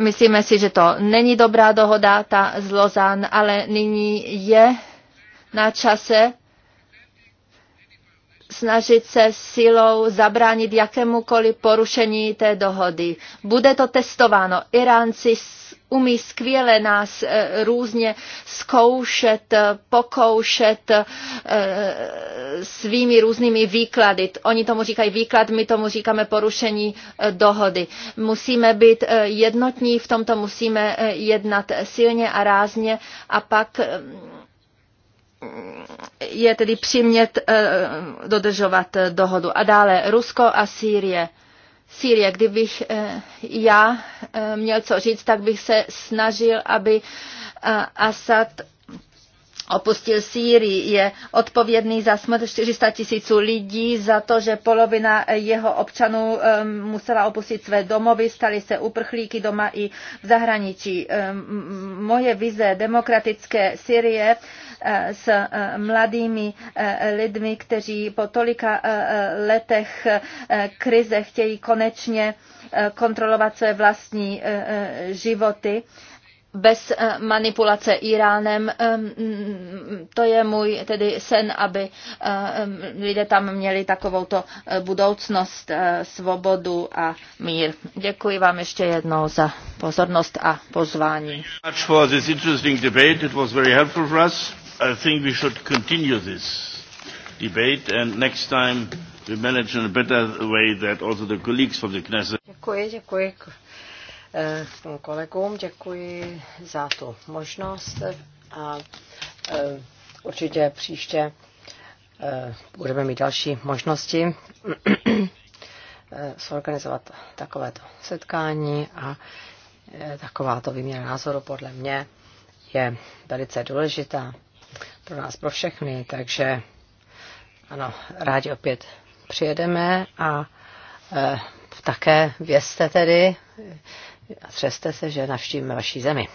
Myslíme si, že to není dobrá dohoda, ta z Lozán, ale nyní je na čase snažit se silou zabránit jakémukoliv porušení té dohody. Bude to testováno. Iránci umí skvěle nás eh, různě zkoušet, eh, pokoušet eh, svými různými výklady. Oni tomu říkají výklad, my tomu říkáme porušení dohody. Musíme být jednotní, v tomto musíme jednat silně a rázně a pak je tedy přimět dodržovat dohodu. A dále Rusko a Sýrie. Sýrie. Kdybych eh, já eh, měl co říct, tak bych se snažil, aby eh, Asad opustil Sýrii, je odpovědný za smrt 400 tisíců lidí, za to, že polovina jeho občanů um, musela opustit své domovy, stali se uprchlíky doma i v zahraničí. Um, moje vize demokratické Syrie uh, s uh, mladými uh, lidmi, kteří po tolika letech krize chtějí konečně kontrolovat své vlastní životy, bez eh, manipulace Iránem. To je můj tedy sen, aby eh, lidé tam měli takovouto eh, budoucnost, svobodu a mír. Děkuji vám ještě jednou za pozornost a pozvání. a Děkuji, děkuji Eh, kolegům. Děkuji za tu možnost a eh, určitě příště eh, budeme mít další možnosti sorganizovat takovéto setkání a takováto výměna názoru podle mě je velice důležitá pro nás, pro všechny, takže ano, rádi opět přijedeme a e, také vězte tedy, a třeste se, že navštívíme vaší zemi.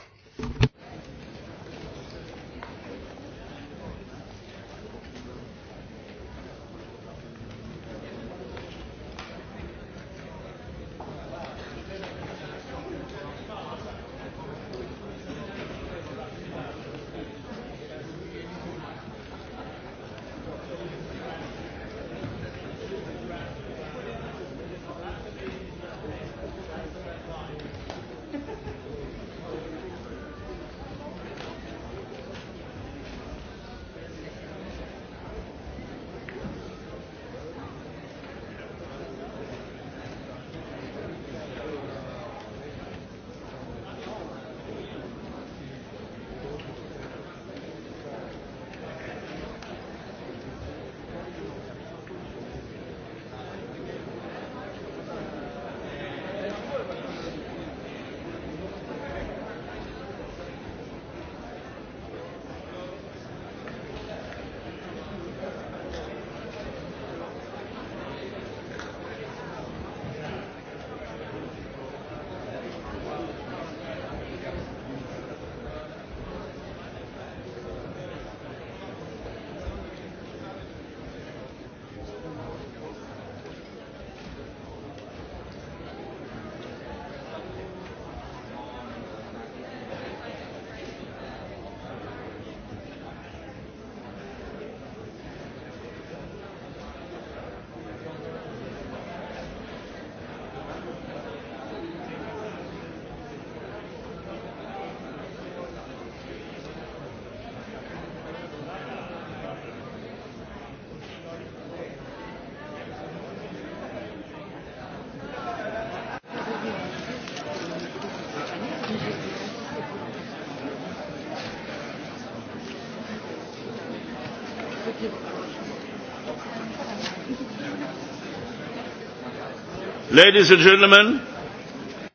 Ladies and gentlemen.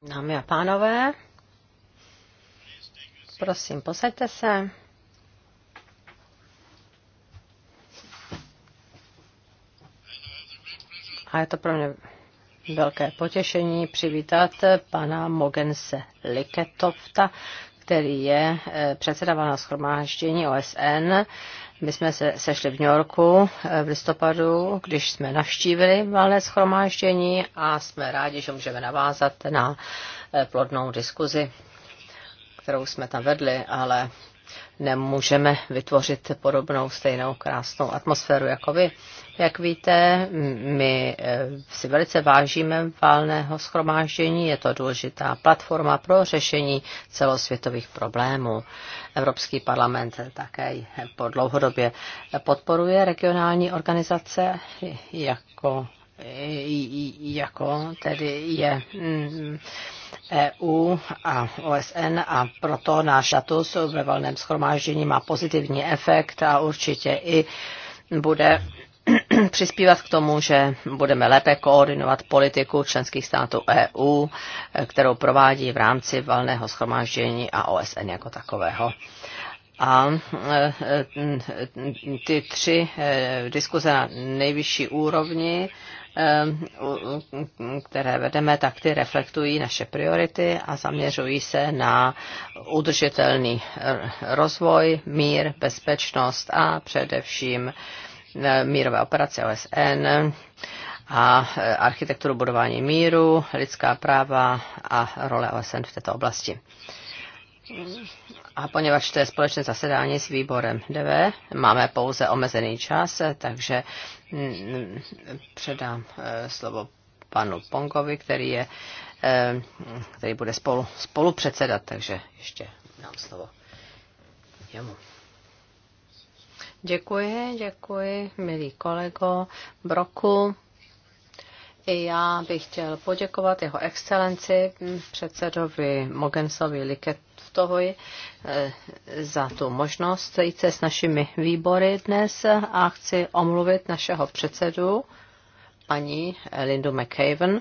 Dámy a pánové, prosím, posaďte se. A je to pro mě velké potěšení přivítat pana Mogense Liketofta, který je eh, předseda valného schromáždění OSN my jsme se sešli v New Yorku eh, v listopadu, když jsme navštívili valné schromáždění a jsme rádi, že můžeme navázat na eh, plodnou diskuzi, kterou jsme tam vedli, ale nemůžeme vytvořit podobnou stejnou krásnou atmosféru jako vy. Jak víte, my e, si velice vážíme válného schromáždění, je to důležitá platforma pro řešení celosvětových problémů. Evropský parlament také po dlouhodobě podporuje regionální organizace jako jako tedy je EU a OSN a proto náš status ve valném schromáždění má pozitivní efekt a určitě i bude přispívat k tomu, že budeme lépe koordinovat politiku členských států EU, kterou provádí v rámci valného schromáždění a OSN jako takového. A e, e, ty tři e, diskuze na nejvyšší úrovni Ehm, které vedeme, tak ty reflektují naše priority a zaměřují se na udržitelný rozvoj, mír, bezpečnost a především e, mírové operace OSN a e, architekturu budování míru, lidská práva a role OSN v této oblasti. A poněvadž to je společné zasedání s výborem DV, máme pouze omezený čas, takže mm, předám eh, slovo panu Pongovi, který, je, eh, který bude spolu, spolu předsedat, takže ještě dám slovo jemu. Děkuji, děkuji, milý kolego Broku. I já bych chtěl poděkovat jeho excelenci, předsedovi Mogensovi Toftovi eh, za tu možnost jít se s našimi výbory dnes a chci omluvit našeho předsedu paní Lindu McCaven,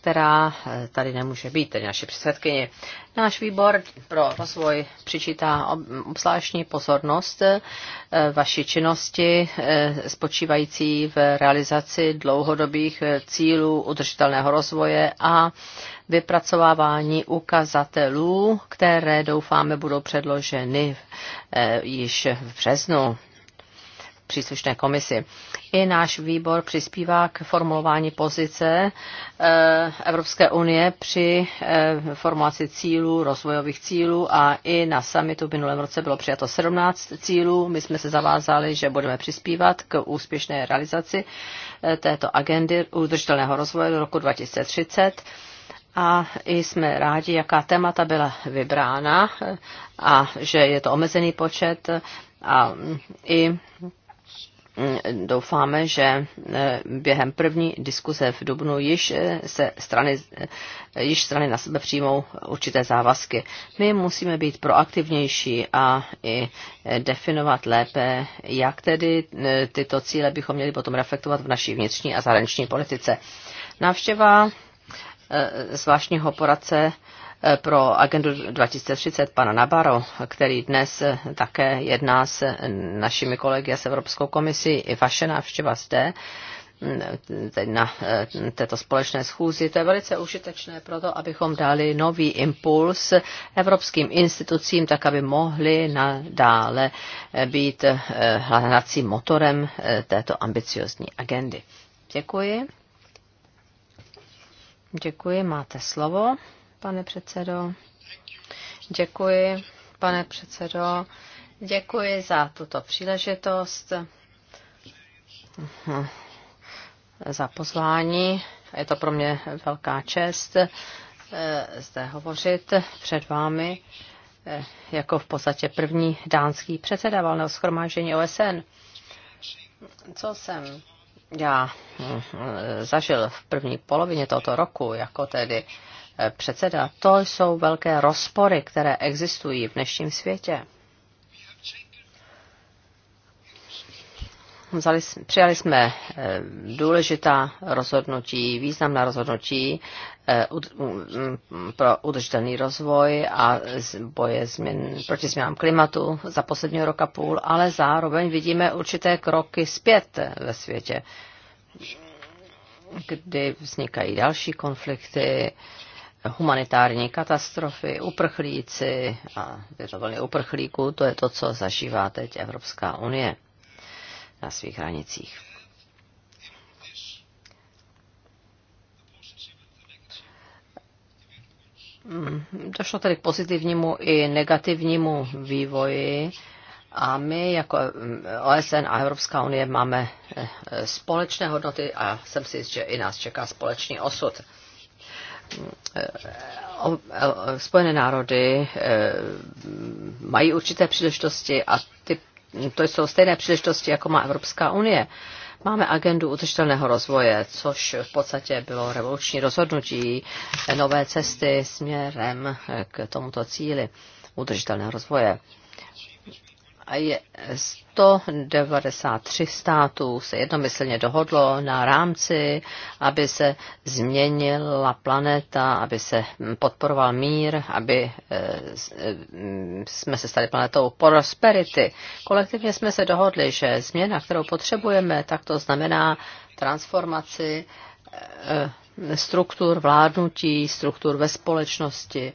která eh, tady nemůže být, tedy naše předsedkyně. Náš výbor pro rozvoj přičítá obzvláštní pozornost eh, vaší činnosti eh, spočívající v realizaci dlouhodobých cílů udržitelného rozvoje a vypracovávání ukazatelů, které doufáme budou předloženy již v březnu příslušné komisi. I náš výbor přispívá k formulování pozice eh, Evropské unie při eh, formulaci cílů, rozvojových cílů a i na summitu v minulém roce bylo přijato 17 cílů. My jsme se zavázali, že budeme přispívat k úspěšné realizaci eh, této agendy udržitelného rozvoje do roku 2030 a jsme rádi, jaká témata byla vybrána a že je to omezený počet a i Mm, doufáme, že eh, během první diskuze v Dubnu již eh, se strany, eh, již strany na sebe přijmou určité závazky. My musíme být proaktivnější a i definovat lépe, jak tedy tyto cíle bychom měli potom reflektovat v naší vnitřní a zahraniční politice. Návštěva zvláštního poradce pro agendu 2030 pana Nabaro, který dnes také jedná s našimi kolegy a s Evropskou komisí. I vaše návštěva zde teď na eh, této společné schůzi. To je velice užitečné proto, abychom dali nový impuls evropským institucím, tak aby mohli nadále eh, být eh, hlavním motorem této ambiciozní agendy. Děkuji. Děkuji, máte slovo pane předsedo. Děkuji, pane předsedo. Děkuji za tuto příležitost, za pozvání. Je to pro mě velká čest eh, zde hovořit před vámi eh, jako v podstatě první dánský předseda valného schromáždění OSN. Co jsem já hm, hm, zažil v první polovině tohoto roku, jako tedy Eh, předseda, to jsou velké rozpory, které existují v dnešním světě. Vzali, přijali jsme eh, důležitá rozhodnutí, významná rozhodnutí eh, mm, pro udržitelný rozvoj a boje změn, proti změnám klimatu za posledního roka půl, ale zároveň vidíme určité kroky zpět ve světě, kdy vznikají další konflikty, humanitární katastrofy, uprchlíci a věřovali uprchlíků, to je to, co zažívá teď Evropská unie na svých hranicích. Mm, došlo tedy k pozitivnímu i negativnímu vývoji a my jako mm, OSN a Evropská unie máme eh, společné hodnoty a jsem si jist, že i nás čeká společný osud. Eh, Spojené národy eh, mají určité příležitosti a ty, to jsou stejné příležitosti, jako má Evropská unie. Máme agendu udržitelného rozvoje, což v podstatě bylo revoluční rozhodnutí, eh, nové cesty směrem k tomuto cíli udržitelného rozvoje je 193 států se jednomyslně dohodlo na rámci, aby se změnila planeta, aby se podporoval mír, aby eh, eh, jsme se stali planetou prosperity. Kolektivně jsme se dohodli, že změna, kterou potřebujeme, tak to znamená transformaci eh, struktur vládnutí, struktur ve společnosti,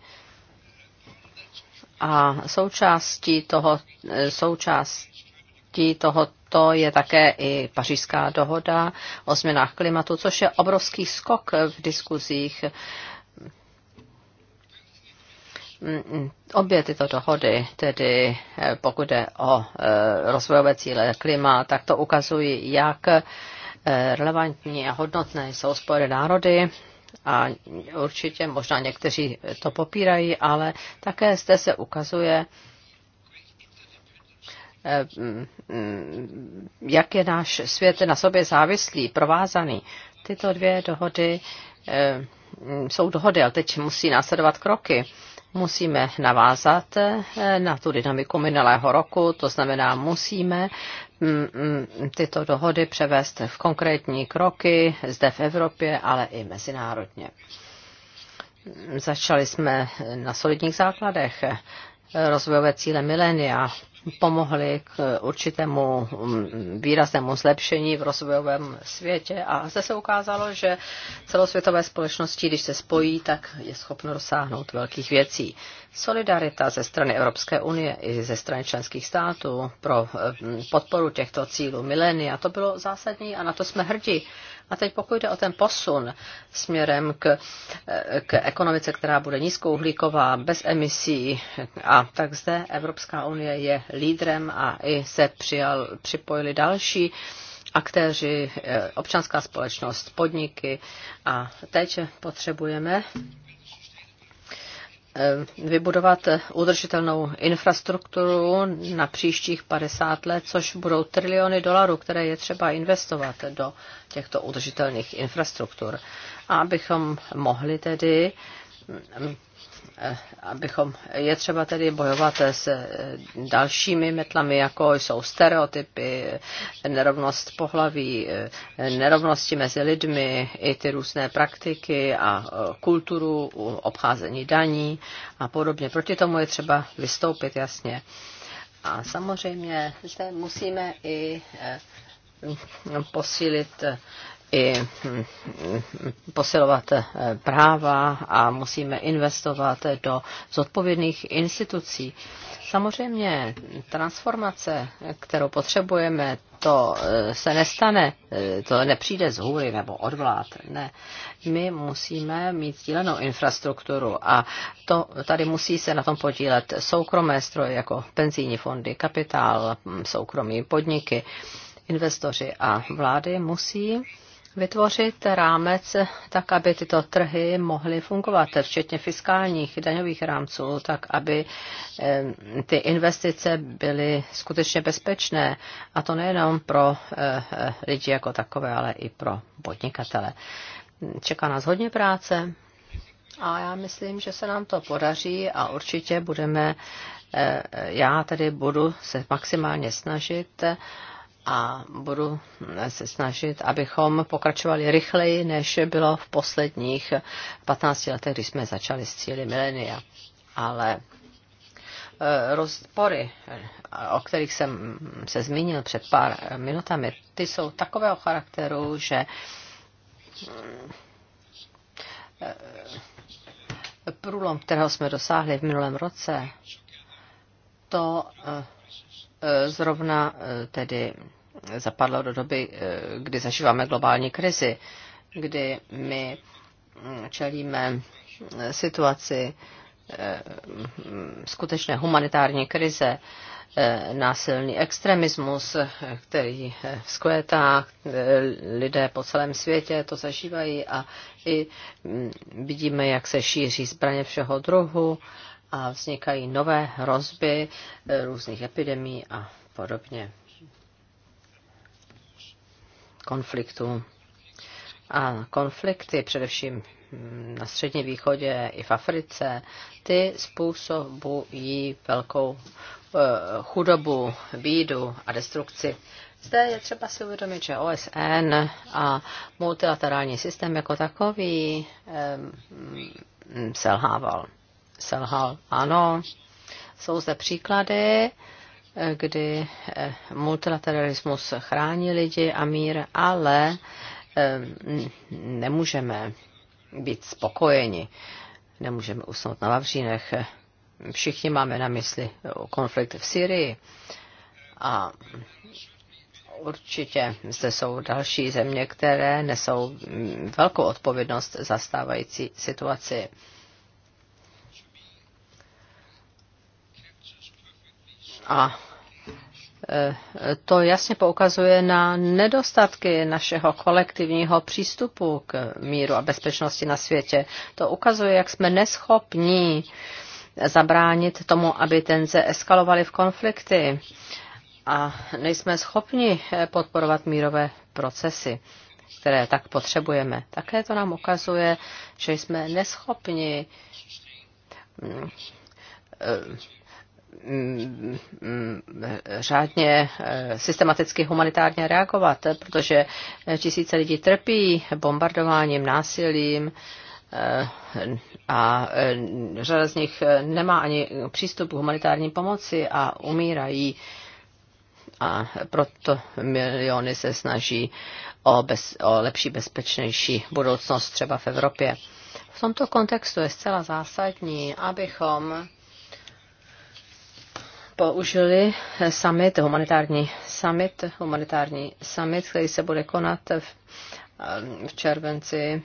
a součástí, toho, součástí tohoto je také i pařížská dohoda o změnách klimatu, což je obrovský skok v diskuzích. Obě tyto dohody, tedy eh, pokud jde o eh, rozvojové cíle klima, tak to ukazují, jak eh, relevantní a hodnotné jsou Spojené národy a určitě možná někteří to popírají, ale také zde se ukazuje, eh, jak je náš svět na sobě závislý, provázaný. Tyto dvě dohody eh, jsou dohody, ale teď musí následovat kroky musíme navázat eh, na tu dynamiku minulého roku, to znamená, musíme mm, mm, tyto dohody převést v konkrétní kroky zde v Evropě, ale i mezinárodně. Začali jsme na solidních základech rozvojové cíle milénia pomohly k určitému mm, výraznému zlepšení v rozvojovém světě. A zde se ukázalo, že celosvětové společnosti, když se spojí, tak je schopno dosáhnout velkých věcí. Solidarita ze strany Evropské unie i ze strany členských států pro mm, podporu těchto cílů milénia, to bylo zásadní a na to jsme hrdí. A teď pokud jde o ten posun směrem k, k ekonomice, která bude nízkouhlíková, bez emisí, a tak zde Evropská unie je lídrem a i se přijal, připojili další aktéři, eh, občanská společnost, podniky. A teď potřebujeme Eh, vybudovat udržitelnou infrastrukturu na příštích 50 let, což budou triliony dolarů, které je třeba investovat do těchto udržitelných infrastruktur. A abychom mohli tedy Eh, abychom, je třeba tedy bojovat s eh, dalšími metlami, jako jsou stereotypy, nerovnost pohlaví, eh, nerovnosti mezi lidmi, i ty různé praktiky a kulturu, obcházení daní a podobně. Proti tomu je třeba vystoupit jasně. A samozřejmě zde musíme i posílit i hm, posilovat eh, práva a musíme investovat do zodpovědných institucí. Samozřejmě transformace, kterou potřebujeme, to eh, se nestane, eh, to nepřijde z hůry nebo od vlád, ne. My musíme mít sdílenou infrastrukturu a to, tady musí se na tom podílet soukromé stroje jako penzijní fondy, kapitál, hm, soukromí podniky, investoři a vlády musí vytvořit rámec tak, aby tyto trhy mohly fungovat, včetně fiskálních daňových rámců, tak, aby ty investice byly skutečně bezpečné. A to nejenom pro eh, eh, lidi jako takové, ale i pro podnikatele. Čeká nás hodně práce a já myslím, že se nám to podaří a určitě budeme, eh, já tedy budu se maximálně snažit a budu se snažit, abychom pokračovali rychleji, než bylo v posledních 15 letech, kdy jsme začali s cíly milénia. Ale e, rozpory, o kterých jsem se zmínil před pár minutami, ty jsou takového charakteru, že e, průlom, kterého jsme dosáhli v minulém roce, to e, Eh, zrovna eh, tedy eh, zapadlo do doby, kdy zažíváme globální krizi, kdy my mm, čelíme situaci skutečné humanitární krize, násilný extremismus, který vzkvétá, lidé po celém světě to zažívají a i mm, vidíme, jak se šíří zbraně všeho druhu a vznikají nové hrozby e, různých epidemí a podobně konfliktů. A konflikty, především na Středním východě i v Africe, ty způsobují velkou e, chudobu, bídu a destrukci. Zde je třeba si uvědomit, že OSN a multilaterální systém jako takový selhával selhal. Ano, jsou zde příklady, kdy eh, multilateralismus chrání lidi a mír, ale eh, nemůžeme být spokojeni, nemůžeme usnout na Vavřínech. Všichni máme na mysli eh, konflikt v Syrii a určitě zde jsou další země, které nesou mm, velkou odpovědnost za stávající situaci. A e, to jasně poukazuje na nedostatky našeho kolektivního přístupu k míru a bezpečnosti na světě. To ukazuje, jak jsme neschopní zabránit tomu, aby tenze eskalovaly v konflikty a nejsme schopni podporovat mírové procesy, které tak potřebujeme. Také to nám ukazuje, že jsme neschopni mm, e, řádně eh, systematicky humanitárně reagovat, protože tisíce lidí trpí bombardováním, násilím eh, a eh, řada z nich nemá ani přístup k humanitární pomoci a umírají a proto miliony se snaží o, bez, o lepší, bezpečnější budoucnost třeba v Evropě. V tomto kontextu je zcela zásadní, abychom použili summit, humanitární summit, humanitární summit, který se bude konat v, v červenci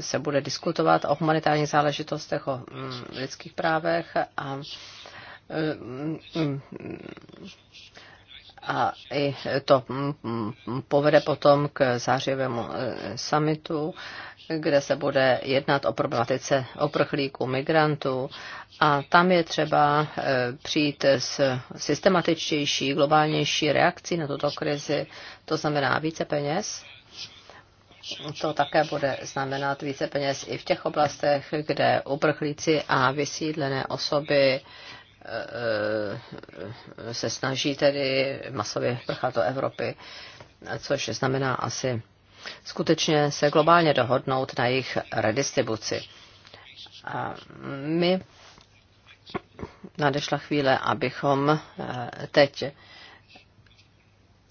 se bude diskutovat o humanitárních záležitostech, o mm, lidských právech a mm, a i to mm, povede potom k zářivému eh, summitu kde se bude jednat o problematice oprchlíků, migrantů. A tam je třeba eh, přijít s systematičtější, globálnější reakcí na tuto krizi, to znamená více peněz. To také bude znamenat více peněz i v těch oblastech, kde uprchlíci a vysídlené osoby eh, se snaží tedy masově prchat do Evropy, což znamená asi skutečně se globálně dohodnout na jejich redistribuci. A my nadešla chvíle, abychom eh, teď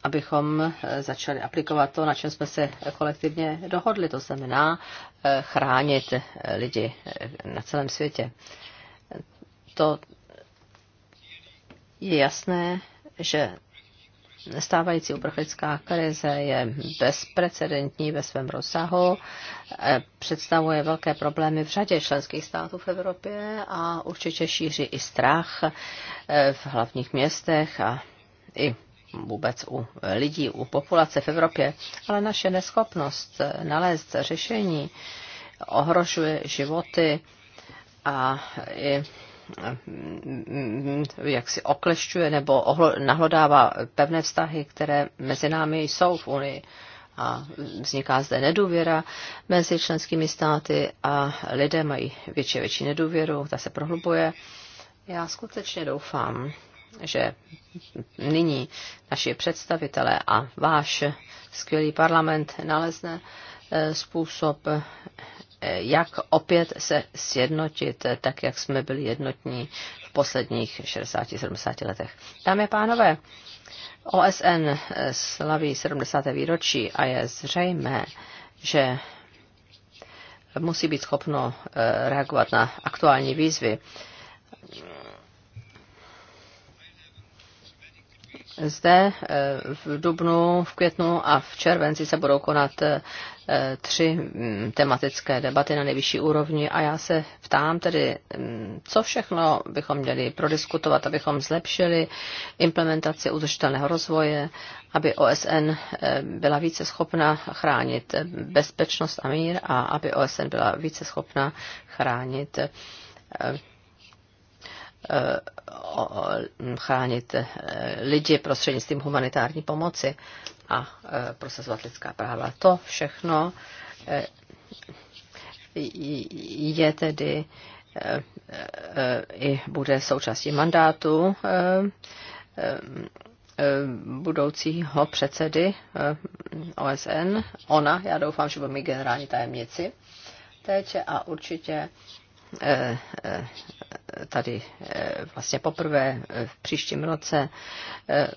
abychom eh, začali aplikovat to, na čem jsme se kolektivně dohodli, to znamená eh, chránit lidi na celém světě. To je jasné, že Stávající uprchlická krize je bezprecedentní ve svém rozsahu, eh, představuje velké problémy v řadě členských států v Evropě a určitě šíří i strach eh, v hlavních městech a i vůbec u lidí, u populace v Evropě. Ale naše neschopnost eh, nalézt řešení ohrožuje životy a i Eh, jak si oklešťuje nebo ohlo, nahlodává pevné vztahy, které mezi námi jsou v Unii a vzniká zde nedůvěra mezi členskými státy a lidé mají větší větší nedůvěru, ta se prohlubuje. Já skutečně doufám, že nyní naši představitelé a váš skvělý parlament nalezne eh, způsob, jak opět se sjednotit, tak jak jsme byli jednotní v posledních 60-70 letech. Dámy a pánové, OSN slaví 70. výročí a je zřejmé, že musí být schopno eh, reagovat na aktuální výzvy Zde eh, v dubnu, v květnu a v červenci se budou konat eh, tři mm, tematické debaty na nejvyšší úrovni a já se ptám tedy, mm, co všechno bychom měli prodiskutovat, abychom zlepšili implementaci udržitelného rozvoje, aby OSN eh, byla více schopna chránit bezpečnost a mír a aby OSN byla více schopna chránit Eh, chránit eh, lidi prostřednictvím humanitární pomoci a eh, prosazovat lidská práva. To všechno je tedy i bude součástí mandátu budoucího předsedy OSN. Ona, já doufám, že bude mít generální tajemnici teď a určitě tady eh, vlastně poprvé eh, v příštím roce eh,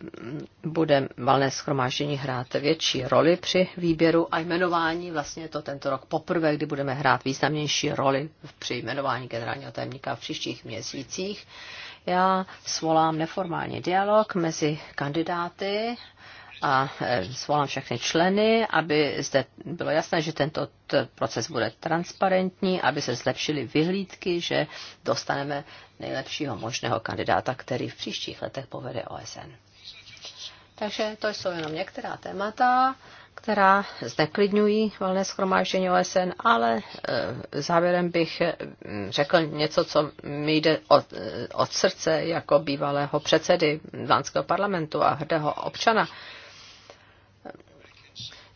bude valné schromáždění hrát větší roli při výběru a jmenování. Vlastně je to tento rok poprvé, kdy budeme hrát významnější roli při jmenování generálního tajemníka v příštích měsících. Já svolám neformální dialog mezi kandidáty a zvolám e, všechny členy, aby zde bylo jasné, že tento proces bude transparentní, aby se zlepšily vyhlídky, že dostaneme nejlepšího možného kandidáta, který v příštích letech povede OSN. Takže to jsou jenom některá témata, která zneklidňují valné schromáždění OSN, ale e, závěrem bych e, řekl něco, co mi jde od, od srdce jako bývalého předsedy dánského parlamentu a hrdého občana.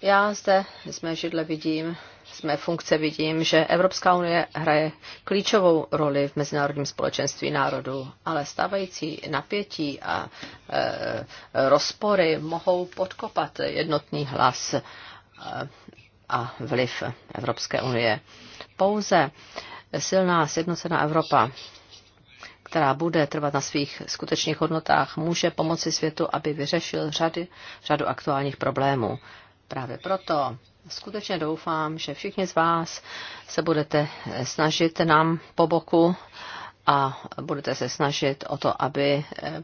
Já zde jsme židle vidím, jsme funkce vidím, že Evropská unie hraje klíčovou roli v mezinárodním společenství národů, ale stávající napětí a e, rozpory mohou podkopat jednotný hlas a, e, a vliv Evropské unie. Pouze silná sjednocená Evropa která bude trvat na svých skutečných hodnotách, může pomoci světu, aby vyřešil řady, řadu aktuálních problémů. Právě proto skutečně doufám, že všichni z vás se budete snažit nám po boku a budete se snažit o to, aby eh,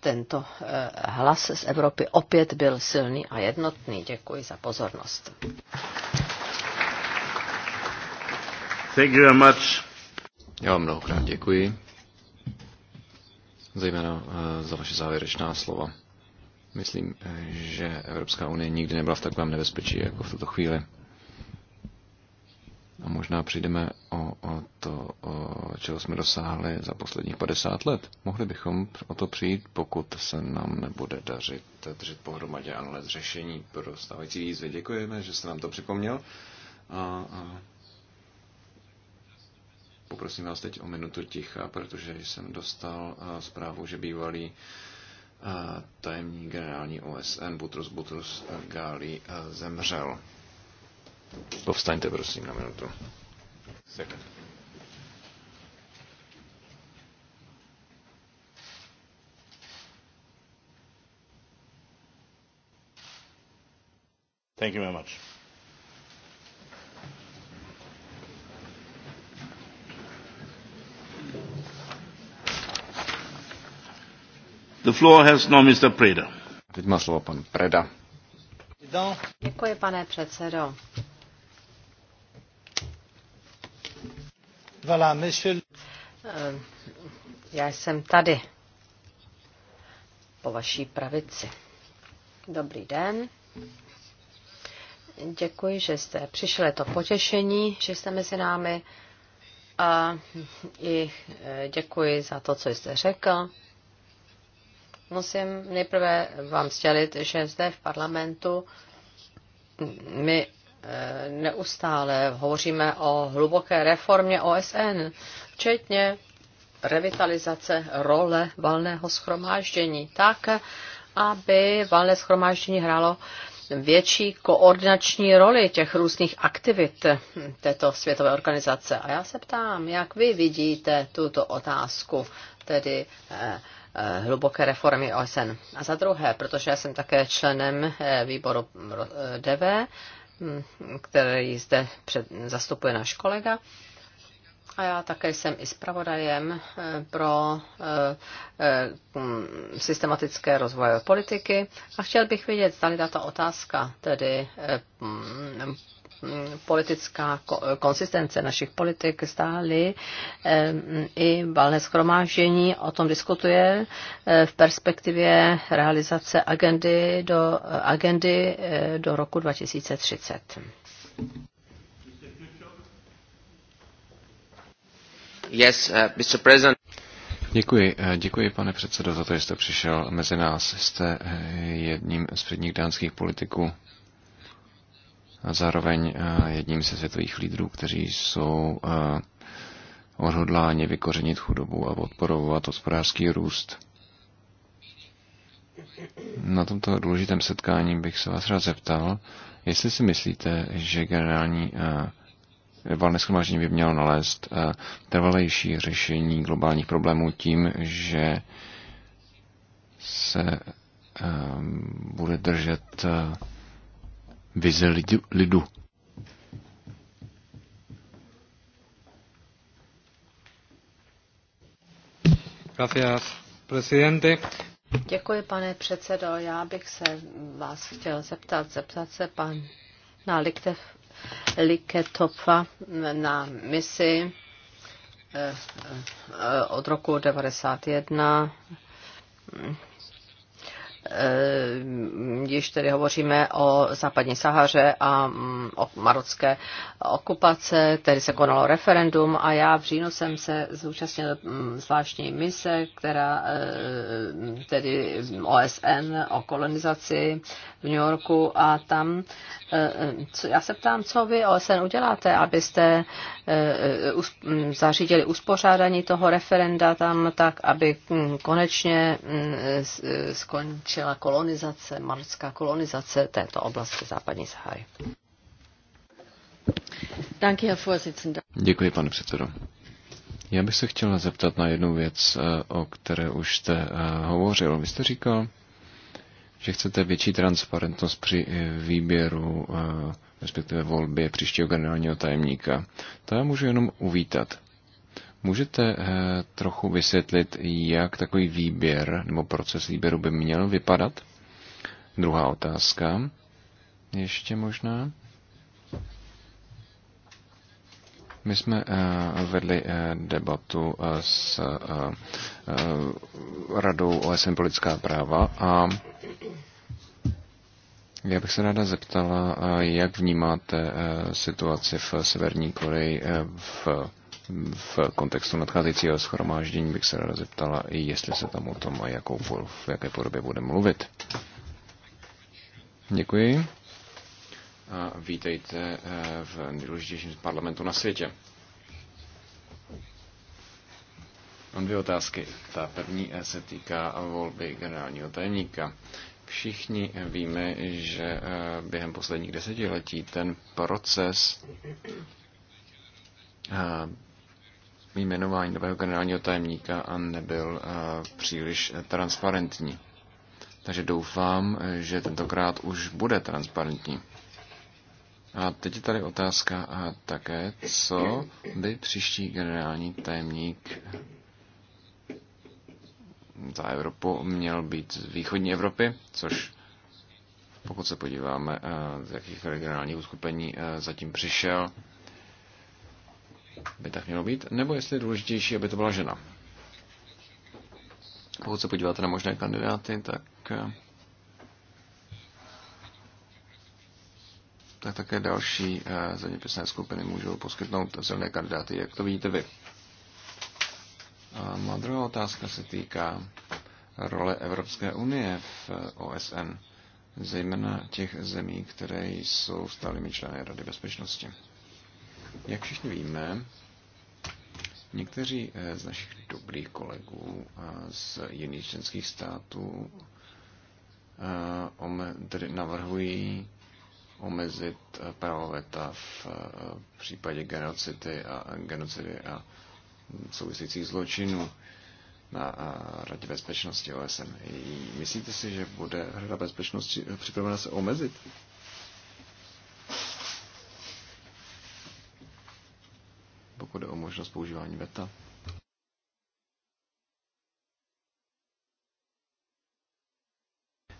tento eh, hlas z Evropy opět byl silný a jednotný. Děkuji za pozornost. Thank you very much. Já vám mnohokrát děkuji, zejména eh, za vaše závěrečná slova. Myslím, že Evropská unie nikdy nebyla v takovém nebezpečí jako v tuto chvíli. A možná přijdeme o, o to, o čeho jsme dosáhli za posledních 50 let. Mohli bychom o to přijít, pokud se nám nebude dařit držet pohromadě a nalézt řešení pro stávající výzvy. Děkujeme, že jste nám to připomněl. A, a poprosím vás teď o minutu ticha, protože jsem dostal zprávu, že bývalý tajemní generální OSN Butros Butros Gali eh, zemřel. Povstaňte prosím na minutu. Second. Thank you very much. The floor has now Mr. Preda. Teď má slovo pan Preda. Děkuji, pane předsedo. Voilà, monsieur... Eh, já jsem tady, po vaší pravici. Dobrý den. Děkuji, že jste přišli. to potěšení, že jste mezi námi. A i eh, děkuji za to, co jste řekl. Musím nejprve vám sdělit, že zde v parlamentu my e, neustále hovoříme o hluboké reformě OSN, včetně revitalizace role valného schromáždění, tak, aby valné schromáždění hrálo větší koordinační roli těch různých aktivit této světové organizace. A já se ptám, jak vy vidíte tuto otázku, tedy eh, Eh, hluboké reformy OSN. A za druhé, protože já jsem také členem eh, výboru eh, DV, který zde zastupuje náš kolega, a já také jsem i zpravodajem eh, pro eh, eh, hm, systematické rozvojové politiky a chtěl bych vědět, zda tato otázka, tedy hm, hm, politická konsistence našich politik stály. I valné schromáždění o tom diskutuje v perspektivě realizace agendy do, agendy do roku 2030. Yes, uh, Mr. President. Děkuji, uh, děkuji pane předsedo za to, že jste přišel mezi nás. Jste uh, jedním z předních dánských politiků a zároveň jedním ze světových lídrů, kteří jsou odhodláni vykořenit chudobu a podporovat hospodářský růst. Na tomto důležitém setkání bych se vás rád zeptal, jestli si myslíte, že generální valné schromáždění by mělo nalézt eh, trvalejší řešení globálních problémů tím, že se eh, bude držet eh, vize lidu. Gracias, presidente. Děkuji, pane předsedo. Já bych se vás chtěl zeptat, zeptat se pan na Liktev Liketopfa na misi eh, eh, od roku 1991 když eh, tedy hovoříme o západní Sahaře a mm, o marocké okupace, tedy se konalo referendum a já v říjnu jsem se zúčastnil mm, zvláštní mise, která eh, tedy OSN o kolonizaci v New Yorku a tam eh, já se ptám, co vy OSN uděláte, abyste mm, zařídili uspořádání toho referenda tam tak, aby konečně skončil začala kolonizace, marocká kolonizace této oblasti západní Sahary. Děkuji, pane předsedo. Já bych se chtěla zeptat na jednu věc, eh, o které už jste eh, hovořil. Vy jste říkal, že chcete větší transparentnost při eh, výběru, respektive volbě příštího generálního tajemníka. To já můžu jenom uvítat. Můžete eh, trochu vysvětlit, jak takový výběr nebo proces výběru by měl vypadat? Druhá otázka. Ještě možná. My jsme eh, vedli eh, debatu s Radou OSN politická práva a já bych se ráda zeptala, jak vnímáte situaci v Severní Koreji v v kontextu nadcházejícího schromáždění bych se ráda zeptala, jestli se tam o tom a jakou, v jaké podobě budeme mluvit. Děkuji. A vítejte eh, v nejdůležitějším parlamentu na světě. Mám dvě otázky. Ta první eh, se týká volby generálního tajemníka. Všichni eh, víme, že během posledních desetiletí ten proces jmenování nového generálního tajemníka a nebyl eh, příliš transparentní. Takže doufám, že tentokrát už bude transparentní. A teď je tady otázka a eh, také, co by příští generální tajemník za Evropu měl být z východní Evropy, což pokud se podíváme, eh, z jakých regionálních uskupení zatím přišel, by tak mělo být, nebo jestli je důležitější, aby to byla žena. Pokud se podíváte na možné kandidáty, tak, tak také další eh, zeměpisné skupiny můžou poskytnout silné kandidáty, jak to vidíte vy. A má druhá otázka se týká role Evropské unie v eh, OSN, zejména těch zemí, které jsou stálými členy Rady bezpečnosti. Jak všichni víme, někteří eh, z našich dobrých kolegů eh, z jiných členských států eh, navrhují omezit právo veta v případě genocidy a, genocidy a souvisejících zločinů na Radě bezpečnosti OSN. Myslíte si, že bude Rada bezpečnosti připravena se omezit pokud je o možnost používání VETA.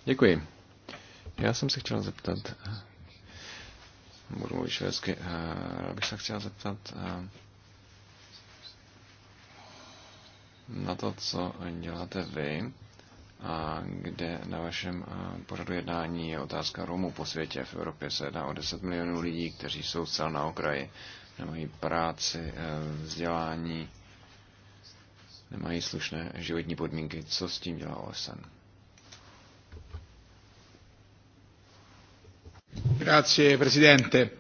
Děkuji. Já jsem se chtěl zeptat, budu mluvit švédsky, eh, já bych se chtěl zeptat eh, na to, co děláte vy, a kde na vašem eh, pořadu jednání je otázka Romů po světě. V Evropě se jedná o 10 milionů lidí, kteří jsou zcela na okraji nemají práci, eh, vzdělání, nemají slušné životní podmínky. Co s tím dělá OSN? Grazie, presidente.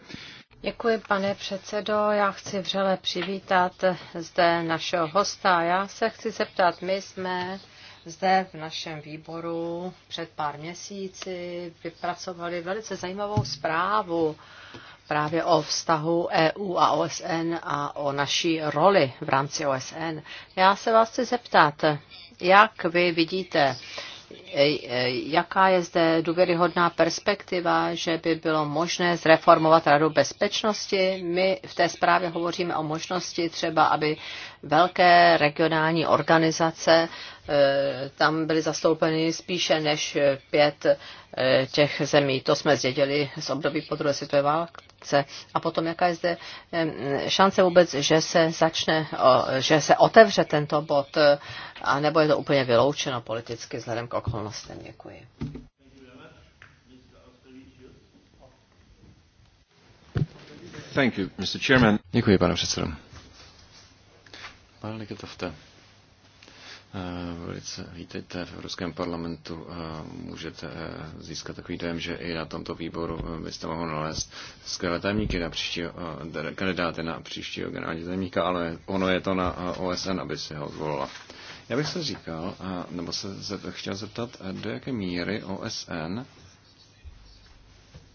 Děkuji, pane předsedo. Já chci vřele přivítat zde našeho hosta. Já se chci zeptat, my jsme zde v našem výboru před pár měsíci vypracovali velice zajímavou zprávu právě o vztahu EU a OSN a o naší roli v rámci OSN. Já se vás chci zeptat, jak vy vidíte, e, e, jaká je zde důvěryhodná perspektiva, že by bylo možné zreformovat Radu bezpečnosti. My v té zprávě hovoříme o možnosti třeba, aby velké regionální organizace e, tam byly zastoupeny spíše než pět těch zemí. To jsme zdědili z období po druhé světové korupce. A potom jaká je zde šance vůbec, že se začne, že se otevře tento bod, a nebo je to úplně vyloučeno politicky vzhledem k okolnostem. Děkuji. Thank you, Mr. Chairman. Děkuji, pane předsedo. Pane Liketofte. Eh, velice vítejte v Evropském parlamentu. Eh, můžete eh, získat takový dojem, že i na tomto výboru byste mohli nalézt skvělé tajemníky na příštího, kandidáty na příštího generální tajemníka, ale ono je to na OSN, aby si ho zvolila. Já bych se říkal, nebo se, se chtěl zeptat, do jaké míry OSN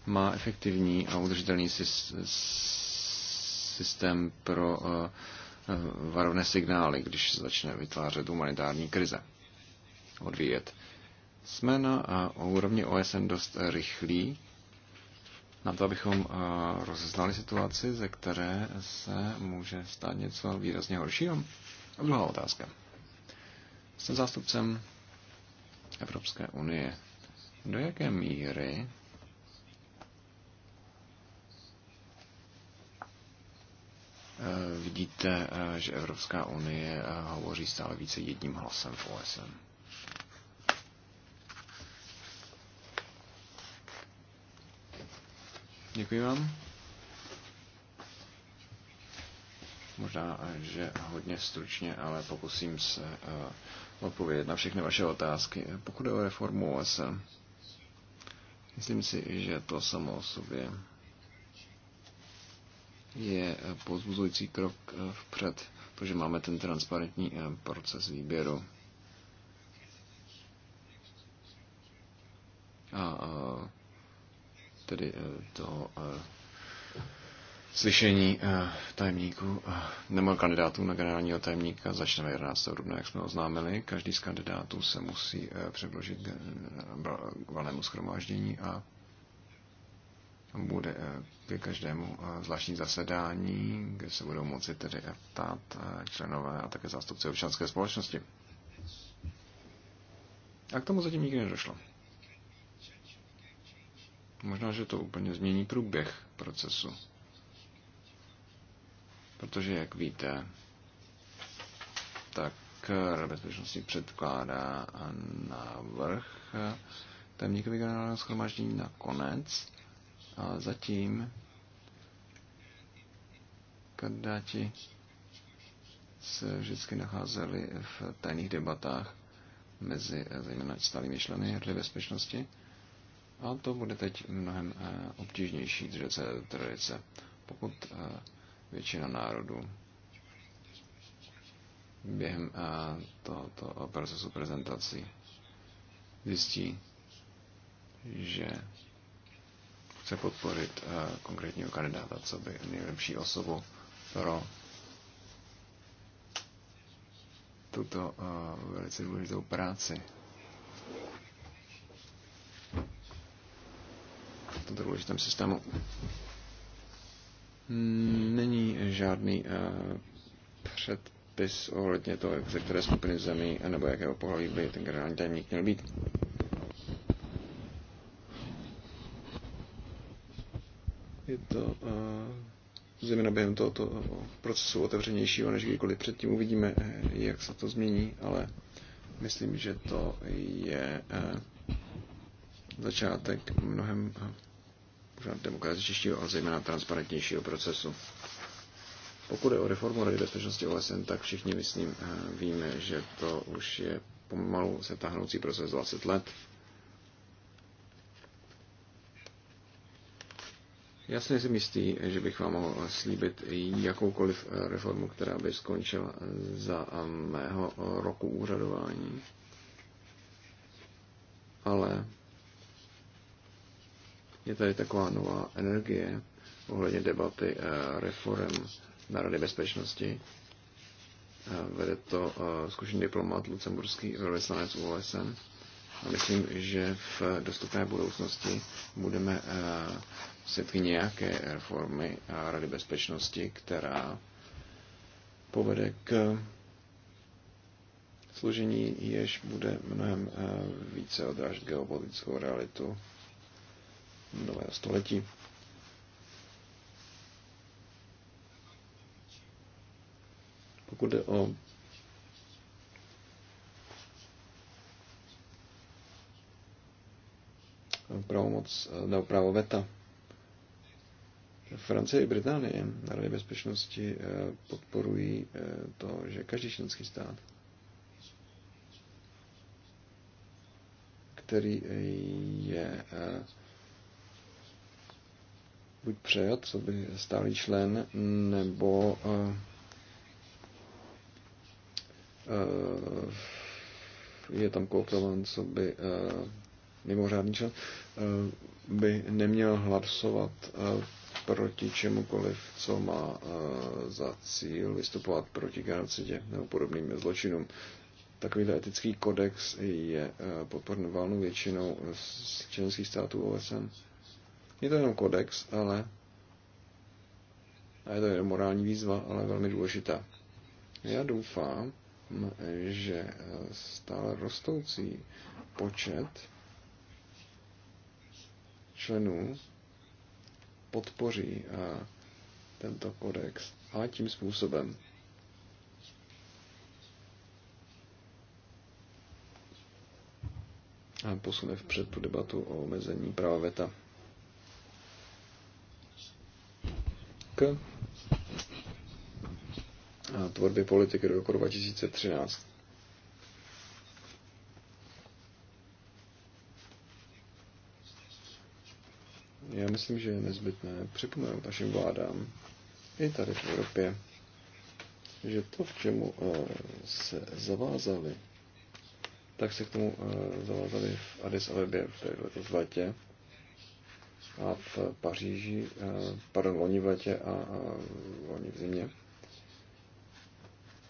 má efektivní a udržitelný systém pro uh, Eh, varovné signály, když se začne vytvářet humanitární krize. Odvíjet. Jsme na eh, úrovni OSN dost rychlí na to, abychom eh, rozeznali situaci, ze které se může stát něco výrazně horšího. A druhá otázka. Jsem zástupcem Evropské unie. Do jaké míry Eh, vidíte, eh, že Evropská unie eh, hovoří stále více jedním hlasem v OSN. Děkuji vám. Možná, že hodně stručně, ale pokusím se odpovědět na všechny vaše otázky. Pokud je o reformu OSN, myslím si, že to samo o sobě je eh, pozbuzující krok eh, vpřed, protože máme ten transparentní eh, proces výběru. A tedy to slyšení tajemníků nebo kandidátů na generálního tajemníka začne 11. dubna, jak jsme oznámili. Každý z kandidátů se musí předložit valnému schromáždění a bude eh, ke každému eh, zvláštní zasedání, kde se budou moci tedy ptát eh, členové a také zástupci občanské společnosti. A k tomu zatím nikdy nedošlo. Možná, že to úplně změní průběh procesu. Protože, jak víte, tak Rada bezpečnosti předkládá návrh tajemníkovi generálního schromaždění na konec a zatím kandidáti se vždycky nacházeli v tajných debatách mezi eh, zejména stálými členy Rady bezpečnosti. A to bude teď mnohem eh, obtížnější že se tradice, pokud eh, většina národů během tohoto procesu prezentací zjistí, že chce podporit eh, konkrétního kandidáta, co by nejlepší osobu pro tuto eh, velice důležitou práci. V tomto důležitém systému hmm, není žádný eh, předpis ohledně toho, ze které skupiny zemí nebo jakého pohlaví by ten generální tajemník měl být. Je to eh, zejména během tohoto eh, procesu otevřenějšího než kdykoliv předtím. Uvidíme, eh, jak se to změní, ale myslím, že to je začátek mnohem uh, demokratičtějšího a zejména transparentnějšího procesu. Pokud je o reformu Rady bezpečnosti OSN, tak všichni, myslím, víme, že to už je pomalu se tahnoucí proces 20 let. Já si nejsem jistý, že bych vám mohl slíbit jakoukoliv eh, reformu, která by skončila za eh, mého eh, roku úřadování. Ale je tady taková nová energie ohledně debaty reform na Rady bezpečnosti. Vede to zkušený diplomat Lucemburský velvyslanec OSN. A myslím, že v dostupné budoucnosti budeme eh, svědky nějaké reformy eh, Rady bezpečnosti, která povede k složení, jež bude mnohem eh, více odrážet geopolitickou realitu nového století. Pokud jde o pravomoc, eh, nebo právo VETA. Francie i Británie na Radě bezpečnosti eh, podporují eh, to, že každý členský stát, který je buď přejat, co by stálý člen, nebo je tam kouplovan, co by mimořádný člen, eh, by neměl hlasovat eh, proti čemukoliv, co má eh, za cíl vystupovat proti genocidě nebo podobným zločinům. Takovýto etický kodex je podporen valnou většinou z členských států OSN. Je to jenom kodex, ale a je to jenom morální výzva, ale velmi důležitá. Já doufám, že stále rostoucí počet členů podpoří tento kodex a tím způsobem a posune vpřed tu debatu o omezení práva veta. K a tvorby politiky do roku 2013. Já myslím, že je nezbytné připomenout našim vládám i tady v Evropě, že to, k čemu eh, se zavázali, tak se k tomu eh, zavázali v Addis Abebě v této v a v Paříži, eh, pardon, loni v letě a, a loni v zimě.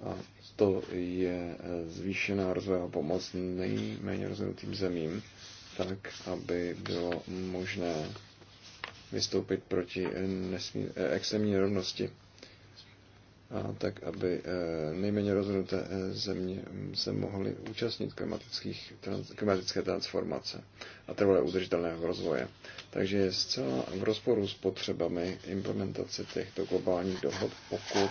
A to je zvýšená rozvojová pomoc nejméně rozvinutým zemím, tak, aby bylo možné vystoupit proti eh, nesmí, eh, extrémní rovnosti. A tak, aby eh, nejméně rozvinuté země mm, se mohly účastnit klimatických, klimatické transformace a trvalé udržitelného rozvoje. Takže je zcela v rozporu s potřebami implementace těchto globálních dohod, pokud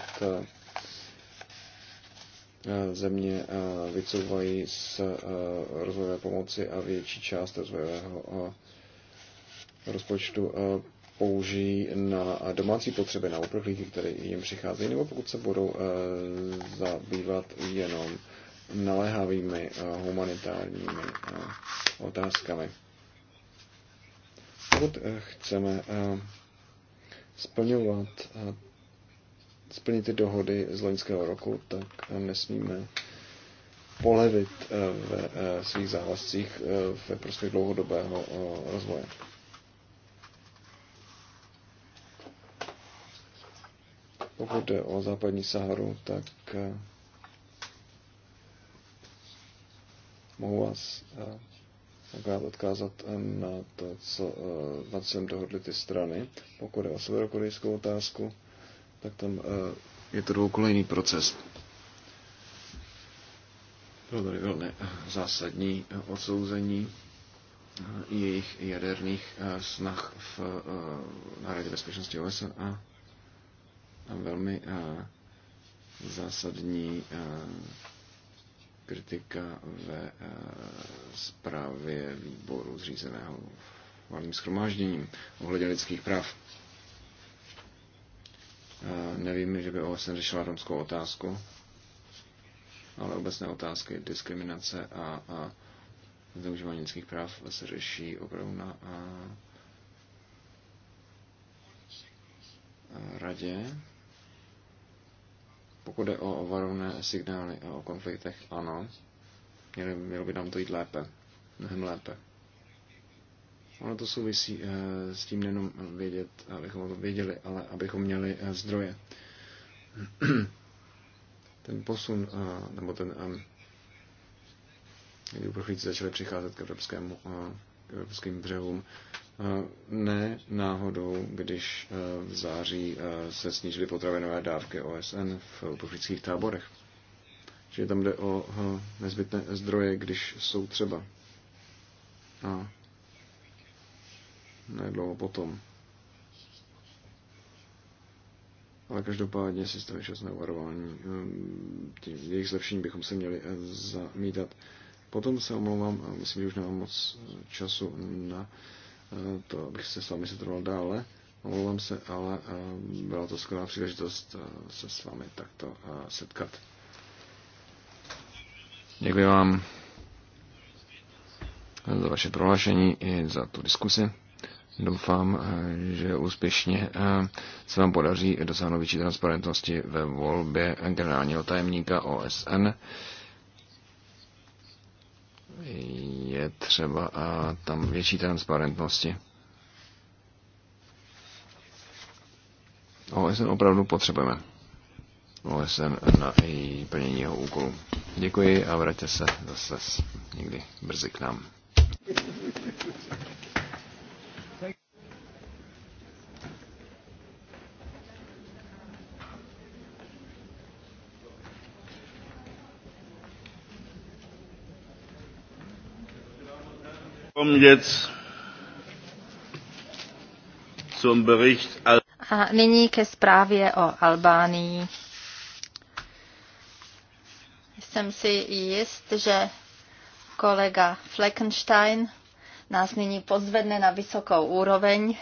země vycouvají z rozvojové pomoci a větší část rozvojového rozpočtu eh, použijí na eh, domácí potřeby, na uprchlíky, které jim přicházejí, nebo pokud se budou eh, zabývat jenom naléhavými humanitárními otázkami. Pokud chceme splňovat splnit ty dohody z loňského roku, tak nesmíme polevit ve svých závazcích ve prospěch dlouhodobého rozvoje. Pokud jde o západní Saharu, tak eh, mohu vás akorát eh, odkázat eh, na to, co, na co jsem dohodli ty strany. Pokud jde o severokorejskou otázku, tak tam je to dvoukolejný proces. Bylo tady velmi zásadní odsouzení jejich jaderných snah v, na Radě bezpečnosti OSN a velmi eh, zásadní eh, kritika ve eh, zprávě výboru zřízeného valným schromážděním ohledně lidských práv. Nevím, že by OSN řešila romskou otázku, ale obecné otázky diskriminace a, a zneužívání lidských práv se řeší opravdu na a, radě. Pokud jde o varovné signály a o konfliktech, ano, měli, mělo by nám to jít lépe, mnohem lépe. Ono to souvisí eh, s tím nejenom vědět, abychom to věděli, ale abychom měli eh, zdroje. Ten posun, eh, nebo ten, kdy uprchlíci začali přicházet k, evropskému, k evropským břehům, Eh, ne náhodou, když eh, v září eh, se snížily potravinové dávky OSN v uprchlických táborech. Čili tam jde o nezbytné zdroje, když jsou třeba. A nedlouho potom. Ale každopádně systémy časného varování, tím jejich zlepšení bychom se měli zamítat. Potom se omlouvám, myslím, že už nemám moc času na Eh, to bych se s vámi setrval dále. Omlouvám se, ale eh, byla to skvělá příležitost eh, se s vámi takto setkat. Děkuji vám za vaše prohlášení i za tu diskusi. Doufám, že úspěšně se vám podaří dosáhnout větší transparentnosti ve volbě generálního tajemníka OSN je třeba a tam větší transparentnosti. OSN opravdu potřebujeme. OSN na její plnění jeho úkolu. Děkuji a vraťte se zase někdy brzy k nám. A nyní ke zprávě o Albánii. Jsem si jist, že kolega Fleckenstein nás nyní pozvedne na vysokou úroveň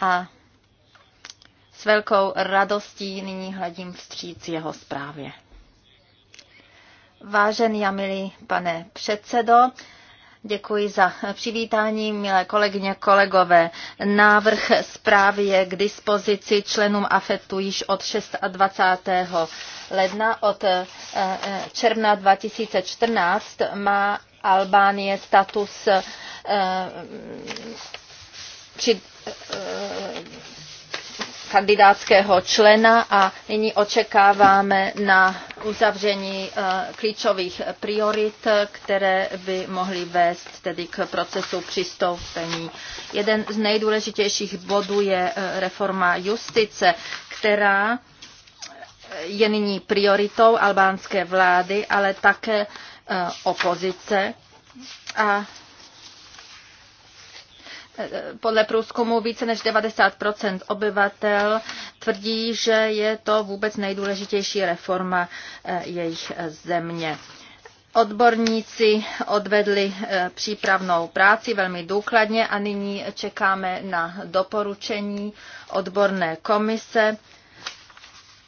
a s velkou radostí nyní hledím vstříc jeho zprávě. Vážený a milý pane předsedo, Děkuji za přivítání, milé kolegyně, kolegové. Návrh zprávy je k dispozici členům AFETu již od 26. ledna. Od eh, eh, června 2014 má Albánie status eh, při kandidátského člena a nyní očekáváme na uzavření eh, klíčových priorit, které by mohly vést tedy k procesu přistoupení. Jeden z nejdůležitějších bodů je eh, reforma justice, která eh, je nyní prioritou albánské vlády, ale také opozice a podle průzkumu více než 90 obyvatel tvrdí, že je to vůbec nejdůležitější reforma eh, jejich eh, země. Odborníci odvedli eh, přípravnou práci velmi důkladně a nyní čekáme na doporučení odborné komise,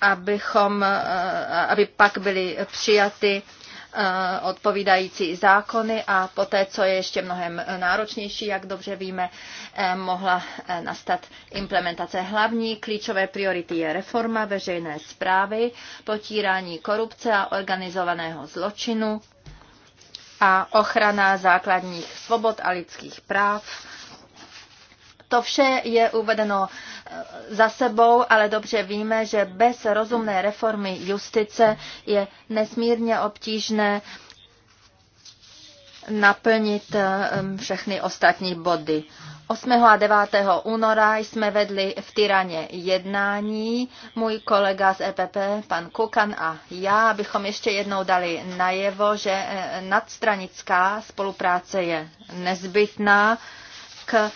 abychom, aby pak byly přijaty Eh, odpovídající zákony a poté, co je ještě mnohem náročnější, jak dobře víme, eh, mohla eh, nastat implementace. Hlavní klíčové priority je reforma veřejné zprávy, potírání korupce a organizovaného zločinu a ochrana základních svobod a lidských práv to vše je uvedeno eh, za sebou, ale dobře víme, že bez rozumné reformy justice je nesmírně obtížné naplnit eh, všechny ostatní body. 8. a 9. února jsme vedli v Tyraně jednání. Můj kolega z EPP, pan Kukan a já, abychom ještě jednou dali najevo, že eh, nadstranická spolupráce je nezbytná k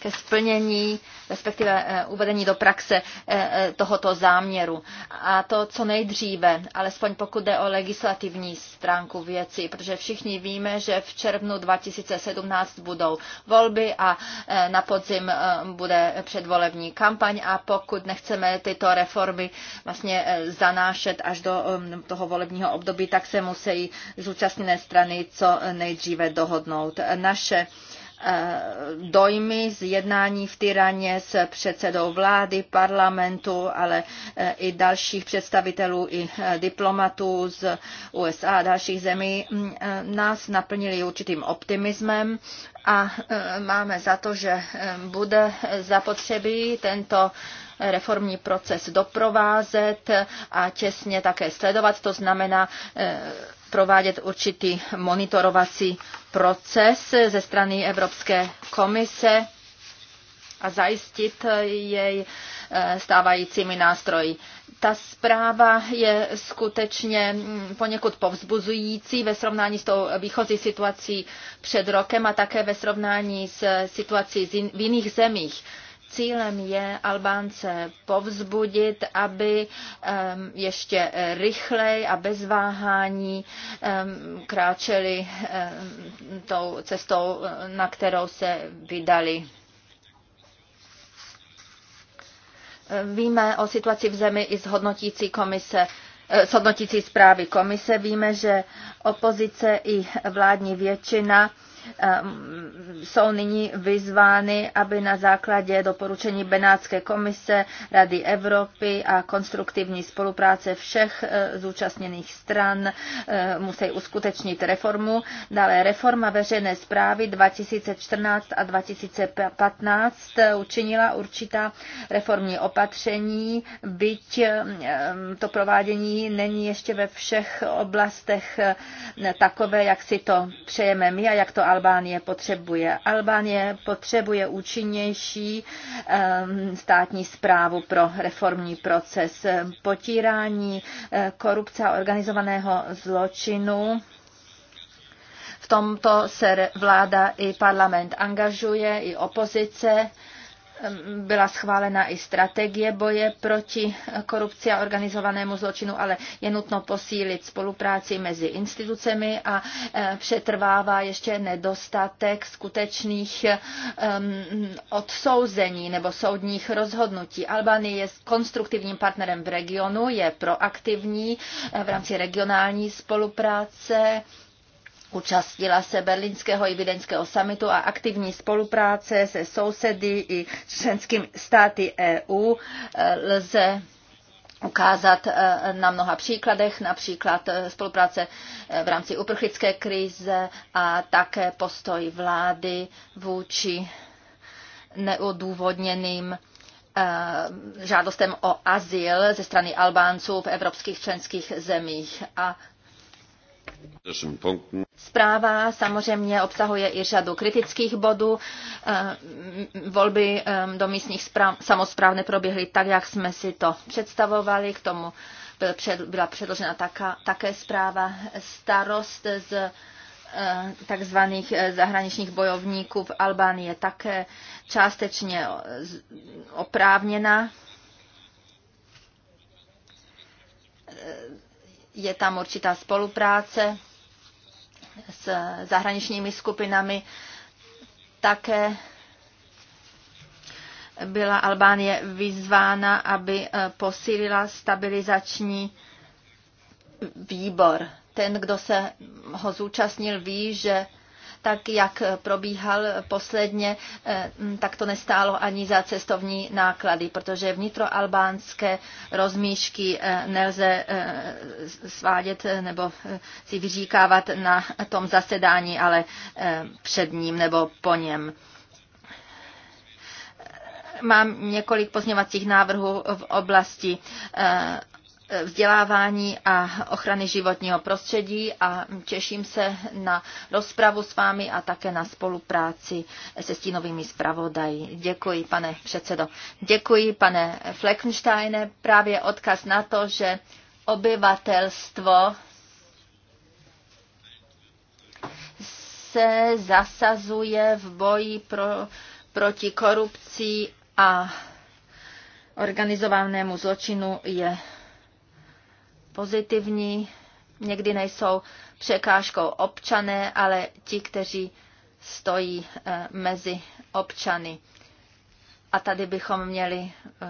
ke splnění, respektive eh, uvedení do praxe eh, eh, tohoto záměru. A to co nejdříve, alespoň pokud jde o legislativní stránku věci, protože všichni víme, že v červnu 2017 budou volby a na podzim bude předvolební kampaň a pokud nechceme tyto reformy vlastně zanášet až do toho volebního období, tak se musí zúčastněné strany co nejdříve dohodnout. Naše dojmy z jednání v Tyraně s předsedou vlády, parlamentu, ale eh, i dalších představitelů i eh, diplomatů z USA a dalších zemí mm, eh, nás naplnili určitým optimismem a máme za to, že bude zapotřebí tento reformní proces doprovázet a těsně také sledovat. To znamená provádět určitý monitorovací proces ze strany Evropské komise a zajistit jej eh, stávajícími nástroji. Ta zpráva je skutečně mm, poněkud povzbuzující ve srovnání s tou výchozí situací před rokem a také ve srovnání s situací v jiných zemích. Cílem je Albánce povzbudit, aby ještě rychleji a bez váhání kráčeli tou cestou, na kterou se vydali. Víme o situaci v zemi i z hodnotící komise eh, z hodnotící zprávy komise víme, že opozice i vládní většina Ehm, jsou nyní vyzvány, aby na základě doporučení Benátské komise Rady Evropy a konstruktivní spolupráce všech e, zúčastněných stran e, musí uskutečnit reformu. Dále reforma veřejné zprávy 2014 a 2015 učinila určitá reformní opatření, byť e, to provádění není ještě ve všech oblastech takové, jak si to přejeme my a jak to Albánie potřebuje. Albánie potřebuje účinnější ehm, státní zprávu pro reformní proces. Potírání eh, korupce a organizovaného zločinu v tomto se vláda i parlament angažuje, i opozice byla schválena i strategie boje proti korupci a organizovanému zločinu, ale je nutno posílit spolupráci mezi institucemi a e, přetrvává ještě nedostatek skutečných odsouzení nebo soudních rozhodnutí. Albánie je konstruktivním partnerem v regionu, je proaktivní e, v rámci regionální spolupráce Účastnila se berlínského i vídeňského samitu a aktivní spolupráce se sousedy i členským státy EU lze ukázat eh, na mnoha příkladech, například eh, spolupráce eh, v rámci uprchlické krize a také postoj vlády vůči neodůvodněným žádostem o azyl ze strany Albánců v evropských členských zemích. A Zpráva samozřejmě obsahuje i řadu kritických bodů. Eh, volby eh, do místních samozpráv neproběhly tak, jak jsme si to představovali. K tomu byl před, byla předložena taka, také zpráva starost z eh, takzvaných zahraničních bojovníků v Albánii je také částečně oprávněna. Je tam určitá spolupráce s zahraničními skupinami. Také byla Albánie vyzvána, aby eh, posílila stabilizační výbor. Ten, kdo se ho zúčastnil, ví, že tak jak probíhal posledně, eh, tak to nestálo ani za cestovní náklady, protože vnitroalbánské rozmíšky eh, nelze eh, svádět nebo si vyříkávat na tom zasedání, ale před ním nebo po něm mám několik pozněvacích návrhů v oblasti vzdělávání a ochrany životního prostředí a těším se na rozpravu s vámi a také na spolupráci se stínovými zpravodají. Děkuji, pane předsedo. Děkuji, pane Fleckensteine. Právě odkaz na to, že obyvatelstvo se zasazuje v boji pro, proti korupci a organizovanému zločinu je pozitivní, někdy nejsou překážkou občané, ale ti, kteří stojí eh, mezi občany. A tady bychom měli eh,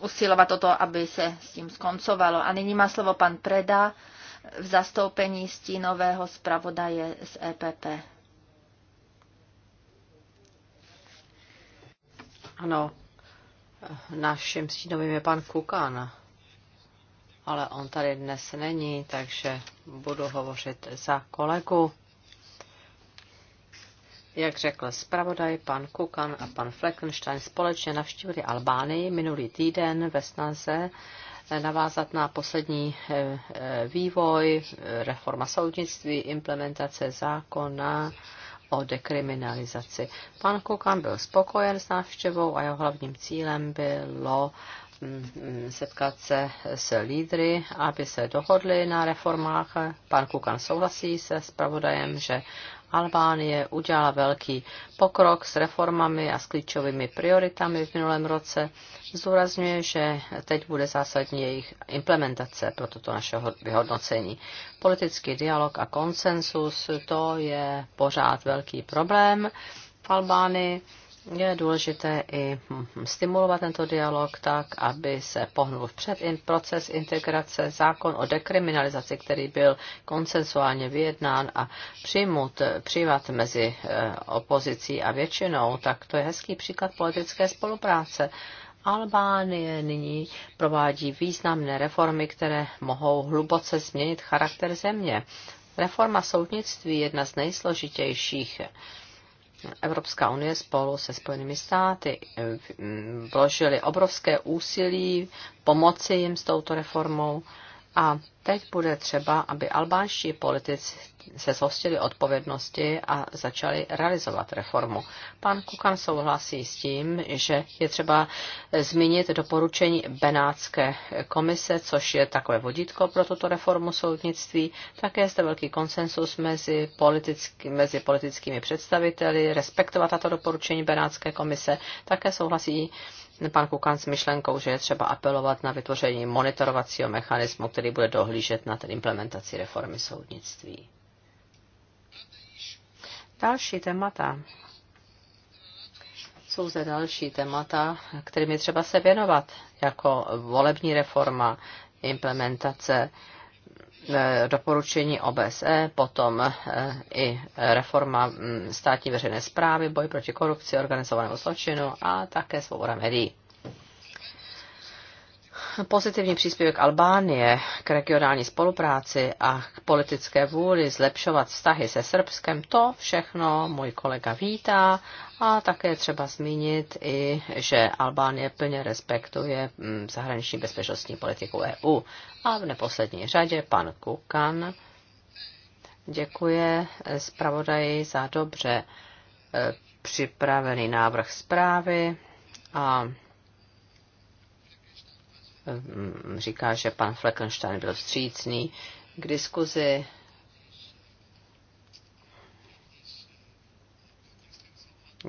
usilovat o to, aby se s tím skoncovalo. A nyní má slovo pan Preda v zastoupení stínového zpravodaje z EPP. Ano, naším stínovým je pan Kukan ale on tady dnes není, takže budu hovořit za kolegu. Jak řekl zpravodaj, pan Kukan a pan Fleckenstein společně navštívili Albánii minulý týden ve snaze navázat na poslední eh, eh, vývoj, eh, reforma soudnictví, implementace zákona o dekriminalizaci. Pan Kukan byl spokojen s návštěvou a jeho hlavním cílem bylo Mm, setkat se s lídry, aby se dohodli na reformách. Pan Kukan souhlasí se zpravodajem, že Albánie udělala velký pokrok s reformami a s klíčovými prioritami v minulém roce. Zdůrazňuje, že teď bude zásadní jejich implementace pro toto naše vyhodnocení. Politický dialog a konsensus, to je pořád velký problém v Albánii je důležité i hm, stimulovat tento dialog tak, aby se pohnul vpřed proces integrace, zákon o dekriminalizaci, který byl konsensuálně vyjednán a přijmout, přijímat mezi eh, opozicí a většinou, tak to je hezký příklad politické spolupráce. Albánie nyní provádí významné reformy, které mohou hluboce změnit charakter země. Reforma soudnictví je jedna z nejsložitějších Evropská unie spolu se Spojenými státy eh, vložili obrovské úsilí pomoci jim s touto reformou a teď bude třeba, aby albánští politici se zhostili odpovědnosti a začali realizovat reformu. Pan Kukan souhlasí s tím, že je třeba zmínit doporučení Benátské komise, což je takové vodítko pro tuto reformu soudnictví. Také je zde velký konsensus mezi, politický, mezi politickými představiteli, respektovat tato doporučení Benátské komise. Také souhlasí pan Kukan s myšlenkou, že je třeba apelovat na vytvoření monitorovacího mechanismu, který bude dohlížet na ten implementaci reformy soudnictví. Další témata. Jsou zde další témata, kterým je třeba se věnovat, jako volební reforma, implementace uh, Eh, doporučení OBSE, potom eh, i reforma mm, státní veřejné zprávy, boj proti korupci, organizovanému zločinu a také svoboda médií pozitivní příspěvek Albánie k regionální spolupráci a k politické vůli zlepšovat vztahy se Srbskem, to všechno můj kolega vítá a také třeba zmínit i, že Albánie plně respektuje mm, zahraniční bezpečnostní politiku EU. A v neposlední řadě pan Kukan děkuje eh, zpravodaji za dobře eh, připravený návrh zprávy a Mm, říká, že pan Fleckenstein byl vstřícný k diskuzi.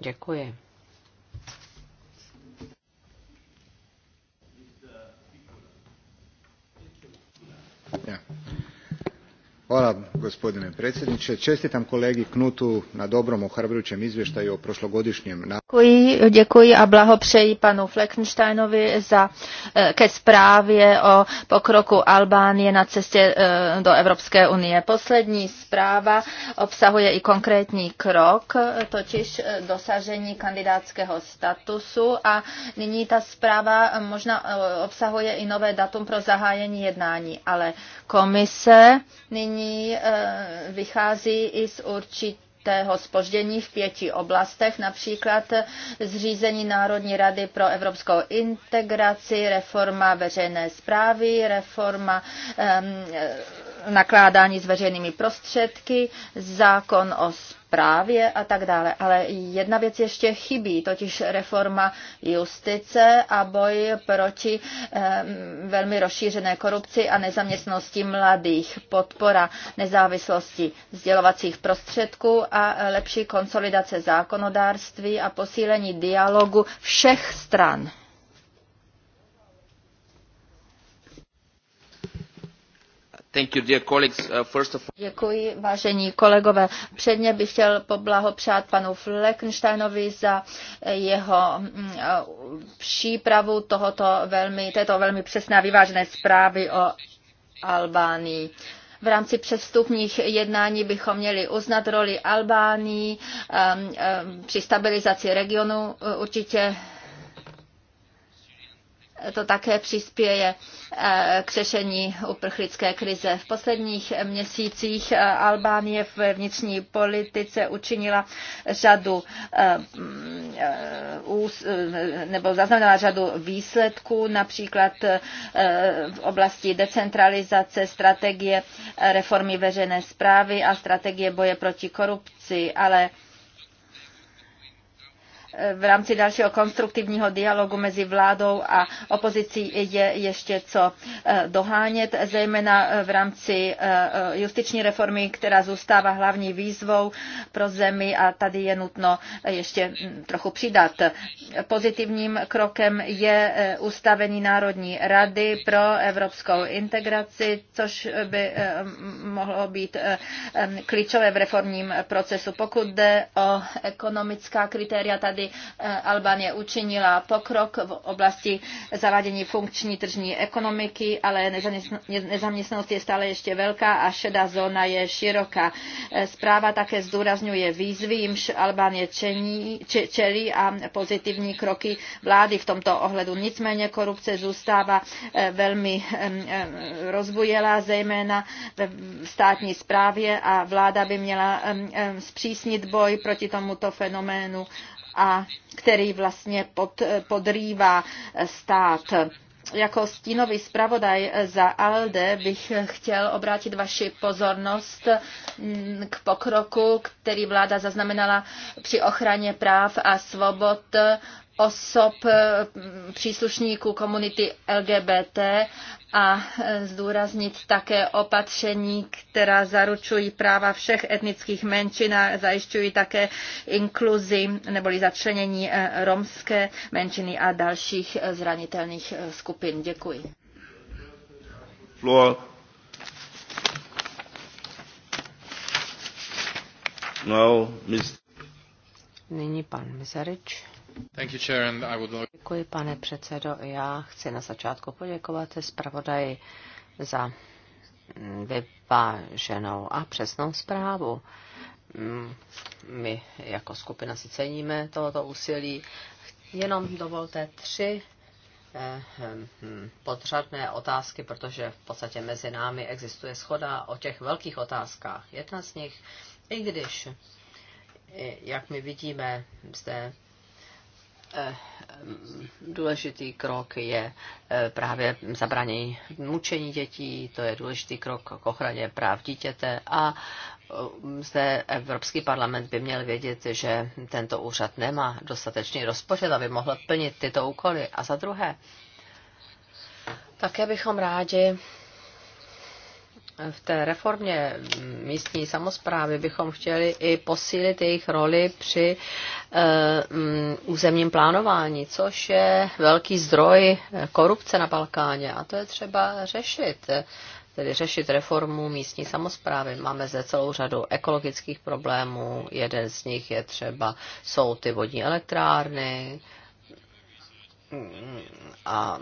Děkuji. Yeah gospodine predsjednie estitam kolegi Knutu na dobrom ohrabrujuem izvjetaju o prologodinjem Děkuji, děkuji a blahopřeji panu Fleckensteinovi za, eh, ke zprávě o pokroku Albánie na cestě eh, do Evropské unie. Poslední zpráva obsahuje i konkrétní krok, totiž eh, dosažení kandidátského statusu a nyní ta zpráva možná obsahuje i nové datum pro zahájení jednání, ale komise nyní nařízení eh, vychází i z určitých určitého spoždění v pěti oblastech, například zřízení Národní rady pro evropskou integraci, reforma veřejné zprávy, reforma um, nakládání s veřejnými prostředky, zákon o správě a tak dále. Ale jedna věc ještě chybí, totiž reforma justice a boj proti velmi rozšířené korupci a nezaměstnosti mladých, podpora nezávislosti sdělovacích prostředků a lepší konsolidace zákonodárství a posílení dialogu všech stran. Uh, Děkuji, vážení kolegové. Předně bych chtěl poblahopřát panu Fleckensteinovi za jeho mm, uh, přípravu tohoto velmi, této velmi přesné a vyvážené zprávy o Albánii. V rámci přestupních jednání bychom měli uznat roli Albánii um, um, při stabilizaci regionu. Uh, určitě to také přispěje eh, k řešení uprchlické krize. V posledních měsících eh, Albánie v vnitřní politice učinila řadu eh, mm, nebo zaznamenala řadu výsledků, například v oblasti decentralizace, strategie reformy veřejné zprávy a strategie boje proti korupci, ale v rámci dalšího konstruktivního dialogu mezi vládou a opozicí je ještě co eh, dohánět, zejména eh, v rámci eh, justiční reformy, která zůstává hlavní výzvou pro zemi a tady je nutno ještě hm, trochu přidat. Pozitivním krokem je ustavení Národní rady pro evropskou integraci, což by mohlo být hm, klíčové v reformním procesu. Pokud jde o ekonomická kritéria, tady Eh, Albánie učinila pokrok v oblasti zavádění funkční tržní ekonomiky, ale nezaměstnanost je stále ještě velká a šedá zóna je široká. Eh, Zpráva také zdůrazňuje výzvy, jimž Albánie čelí a pozitivní kroky vlády v tomto ohledu. Nicméně korupce zůstává eh, velmi rozbujela, zejména ve státní správě a vláda by měla zpřísnit boj proti tomuto fenoménu a který vlastně pod, podrývá stát. Jako stínový zpravodaj za ALDE bych chtěl obrátit vaši pozornost mm, k pokroku, který vláda zaznamenala při ochraně práv a svobod osob eh, příslušníků komunity LGBT a eh, zdůraznit také opatření, která zaručují práva všech etnických menšin a zajišťují také inkluzi neboli začlenění eh, romské menšiny a dalších zranitelných skupin. Děkuji. Floor. No, Nyní pan Mizarič. Děkuji, pane předsedo. Já chci na začátku poděkovat zpravodaji za vyváženou a přesnou zprávu. My jako skupina si ceníme tohoto úsilí. Jenom dovolte tři eh, podřadné otázky, protože v podstatě mezi námi existuje schoda o těch velkých otázkách. Jedna z nich, i když, jak my vidíme zde Eh, důležitý krok je eh, právě zabranění mučení dětí, to je důležitý krok k ochraně práv dítěte a eh, zde Evropský parlament by měl vědět, že tento úřad nemá dostatečný rozpočet, aby mohl plnit tyto úkoly. A za druhé, také bychom rádi v té reformě místní samozprávy bychom chtěli i posílit jejich roli při eh, mm, územním plánování, což je velký zdroj korupce na Balkáně a to je třeba řešit tedy řešit reformu místní samozprávy. Máme zde celou řadu ekologických problémů. Jeden z nich je třeba, jsou ty vodní elektrárny, a,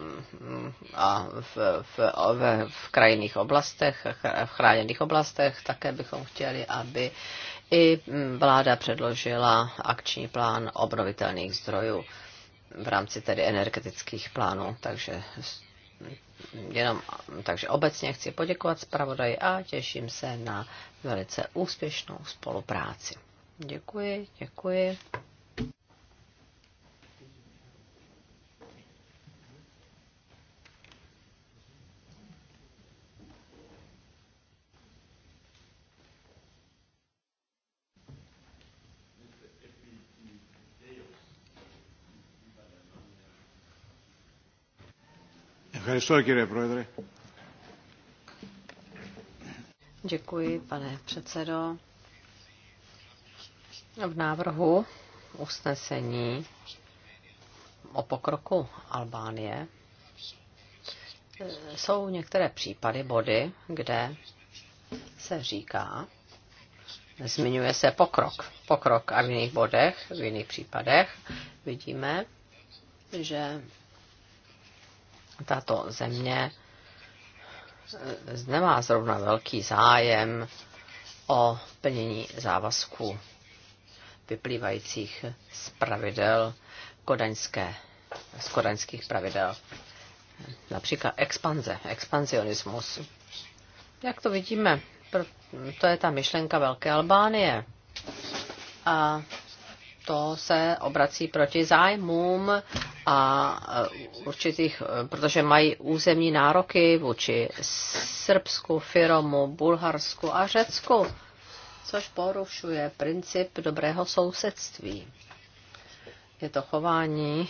a v, v, v, v krajinných oblastech, v chráněných oblastech také bychom chtěli, aby i vláda předložila akční plán obnovitelných zdrojů v rámci tedy energetických plánů. Takže jenom, takže obecně chci poděkovat zpravodaji a těším se na velice úspěšnou spolupráci. Děkuji, děkuji. Děkuji, pane předsedo. V návrhu usnesení o pokroku Albánie jsou některé případy, body, kde se říká, zmiňuje se pokrok. Pokrok a v jiných bodech, v jiných případech vidíme, že tato země nemá eh, zrovna velký zájem o plnění závazků vyplývajících z pravidel kodaňské, z kodaňských pravidel. Například expanze, expanzionismus. Jak to vidíme, to je ta myšlenka Velké Albánie. A to se obrací proti zájmům a e, určitých, e, protože mají územní nároky vůči Srbsku, Firomu, Bulharsku a Řecku, což porušuje princip dobrého sousedství. Je to chování,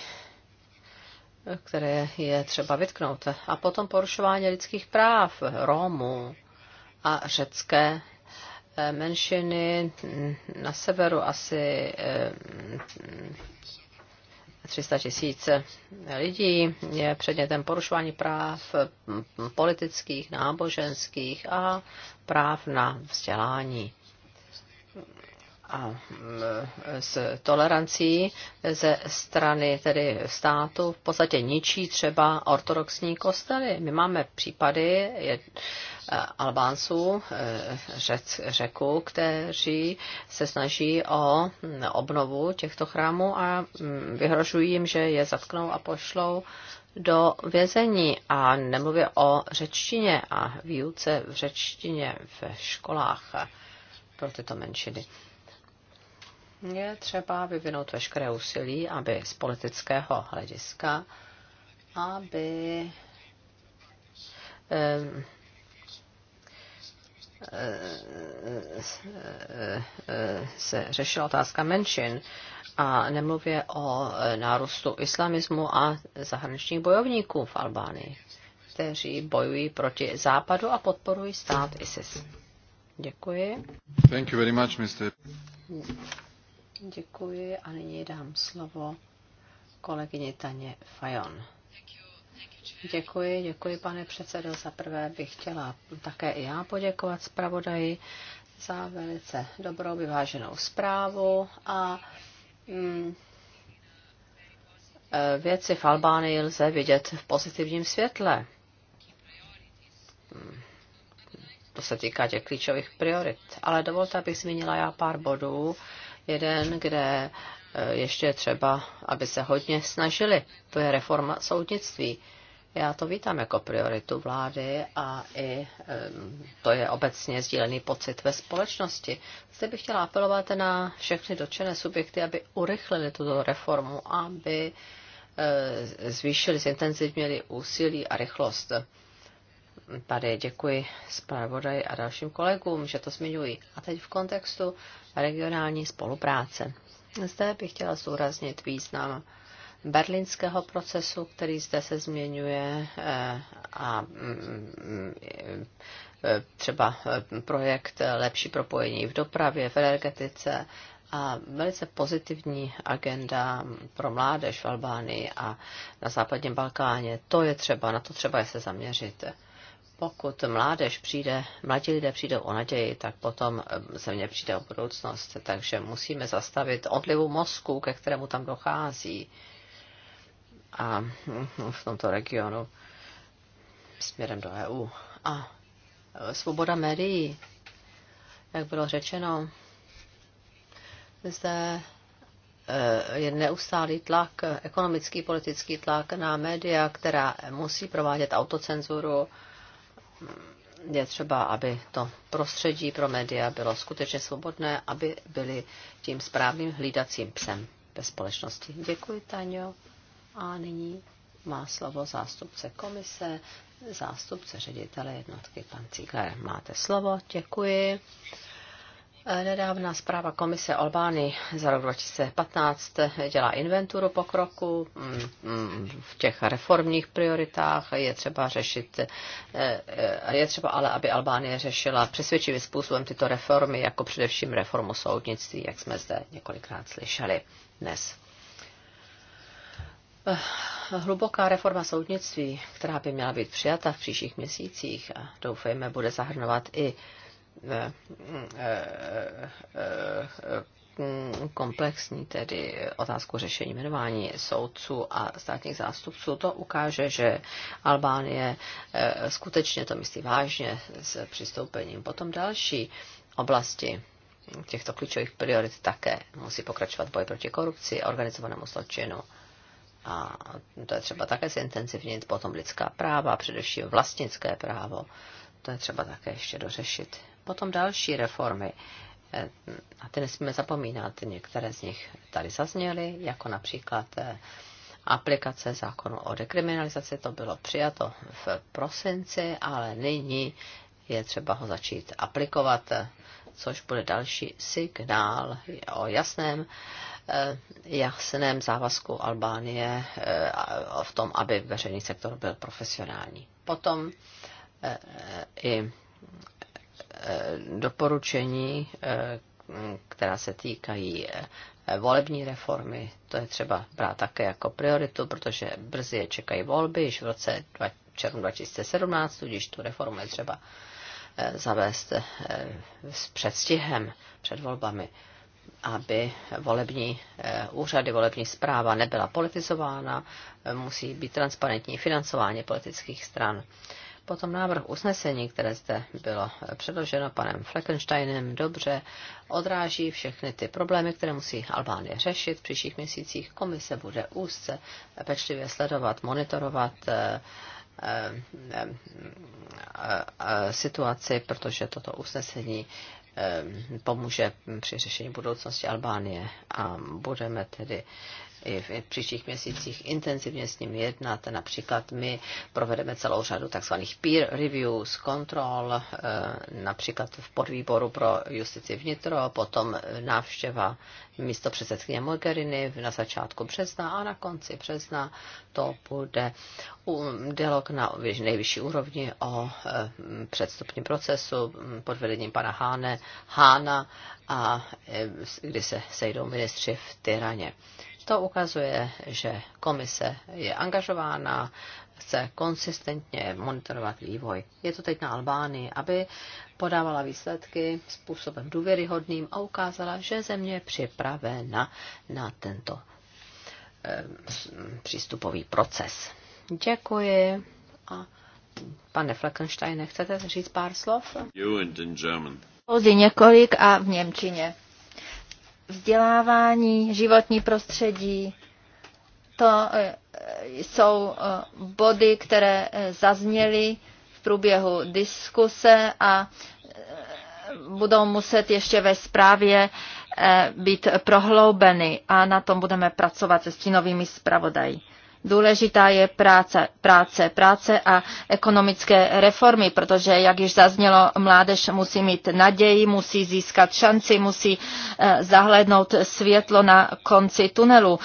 které je třeba vytknout. A potom porušování lidských práv Romů a řecké Eh, menšiny mm, na severu asi 300 eh, tisíc eh, lidí je předmětem porušování práv mm, mm, politických, náboženských a práv na vzdělání a s tolerancí ze strany tedy státu v podstatě ničí třeba ortodoxní kostely. My máme případy e, Albánců, e, řec, řeku, kteří se snaží o obnovu těchto chrámů a vyhrožují jim, že je zatknou a pošlou do vězení a nemluvě o řečtině a výuce v řečtině ve školách pro tyto menšiny je třeba vyvinout veškeré úsilí, aby z politického hlediska, aby eh, eh, eh, se řešila otázka menšin a nemluvě o nárůstu islamismu a zahraničních bojovníků v Albánii, kteří bojují proti západu a podporují stát ISIS. Děkuji. Thank you very much, Mr. Děkuji a nyní dám slovo kolegyni Taně Fajon. Děkuji, děkuji pane předsedo. Za prvé bych chtěla také i já poděkovat zpravodaji za velice dobrou vyváženou zprávu a mm, e, věci v Albánii lze vidět v pozitivním světle. Mm, to se týká těch klíčových priorit. Ale dovolte, abych zmínila já pár bodů, jeden, kde eh, ještě třeba, aby se hodně snažili. To je reforma soudnictví. Já to vítám jako prioritu vlády a i to je obecně sdílený pocit ve společnosti. Zde bych chtěla apelovat na všechny dotčené subjekty, aby urychlili tuto reformu, aby eh, zvýšili, zintenzivněli úsilí a rychlost tady děkuji zpravodaji a dalším kolegům, že to zmiňují. A teď v kontextu regionální spolupráce. Zde bych chtěla zúraznit význam berlínského procesu, který zde se změňuje eh, a mm, mm, eh, třeba eh, projekt lepší propojení v dopravě, v energetice a velice pozitivní agenda pro mládež v Albánii a na západním Balkáně. To je třeba, na to třeba je se zaměřit pokud mládež přijde, mladí lidé přijdou o naději, tak potom země eh, přijde o budoucnost. Takže musíme zastavit odlivu mozku, ke kterému tam dochází a hm, v tomto regionu směrem do EU. A eh, svoboda médií, jak bylo řečeno, zde eh, je neustálý tlak, ekonomický, politický tlak na média, která musí provádět autocenzuru, je třeba, aby to prostředí pro média bylo skutečně svobodné, aby byli tím správným hlídacím psem ve společnosti. Děkuji, Taňo. A nyní má slovo zástupce komise, zástupce ředitele jednotky, pan Cíkler. Máte slovo, děkuji. Nedávná zpráva Komise Albány za rok 2015 dělá inventuru pokroku mm, mm, v těch reformních prioritách. Je třeba řešit, eh, je třeba ale, aby Albánie řešila přesvědčivým způsobem tyto reformy, jako především reformu soudnictví, jak jsme zde několikrát slyšeli dnes. Eh, hluboká reforma soudnictví, která by měla být přijata v příštích měsících a doufejme bude zahrnovat i komplexní tedy otázku řešení jmenování soudců a státních zástupců, to ukáže, že Albánie eh, skutečně to myslí vážně s přistoupením. Potom další oblasti těchto klíčových priorit také musí pokračovat boj proti korupci, organizovanému zločinu. A to je třeba také zintenzivnit, potom lidská práva, především vlastnické právo. To je třeba také ještě dořešit. Potom další reformy. Eh, a ty nesmíme zapomínat, některé z nich tady zazněly, jako například eh, aplikace zákonu o dekriminalizaci, to bylo přijato v prosinci, ale nyní je třeba ho začít aplikovat, eh, což bude další signál o jasném, jasném závazku Albánie v tom, aby veřejný sektor byl profesionální. Potom i Eh, doporučení, eh, která se týkají eh, volební reformy. To je třeba brát také jako prioritu, protože brzy je čekají volby, již v roce červnu 2017, tudíž tu reformu je třeba zavést s předstihem před volbami, aby volební úřady, volební zpráva nebyla politizována, musí být transparentní financování politických stran Potom návrh usnesení, které zde bylo předloženo panem Fleckensteinem, dobře odráží všechny ty problémy, které musí Albánie řešit. V příštích měsících komise bude úzce pečlivě sledovat, monitorovat eh, eh, eh, situaci, protože toto usnesení pomůže při řešení budoucnosti Albánie a budeme tedy i v příštích měsících intenzivně s ním jednat. Například my provedeme celou řadu tzv. peer reviews, kontrol, eh, například v podvýboru pro justici vnitro, potom návštěva místo předsedkyně Mogheriny na začátku března a na konci března to bude dialog na nejvyšší úrovni o eh, předstupním procesu mm, pod vedením pana Háne, Hána, a eh, kdy se sejdou ministři v Tyraně. To ukazuje, že komise je angažována, chce konsistentně monitorovat vývoj. Je to teď na Albánii, aby podávala výsledky způsobem důvěryhodným a ukázala, že země je připravena na tento eh, přístupový proces. Děkuji. A pane Fleckensteine, chcete říct pár slov? You and in German. Pouze několik a v Němčině vzdělávání, životní prostředí. To eh, jsou eh, body, které eh, zazněly v průběhu diskuse a budou muset ještě ve zprávě být prohloubeny a na tom budeme pracovat se stínovými zpravodají. Důležitá je práce, práce, práce a ekonomické reformy, protože, jak již zaznělo, mládež musí mít naději, musí získat šanci, musí eh, zahlednout světlo na konci tunelu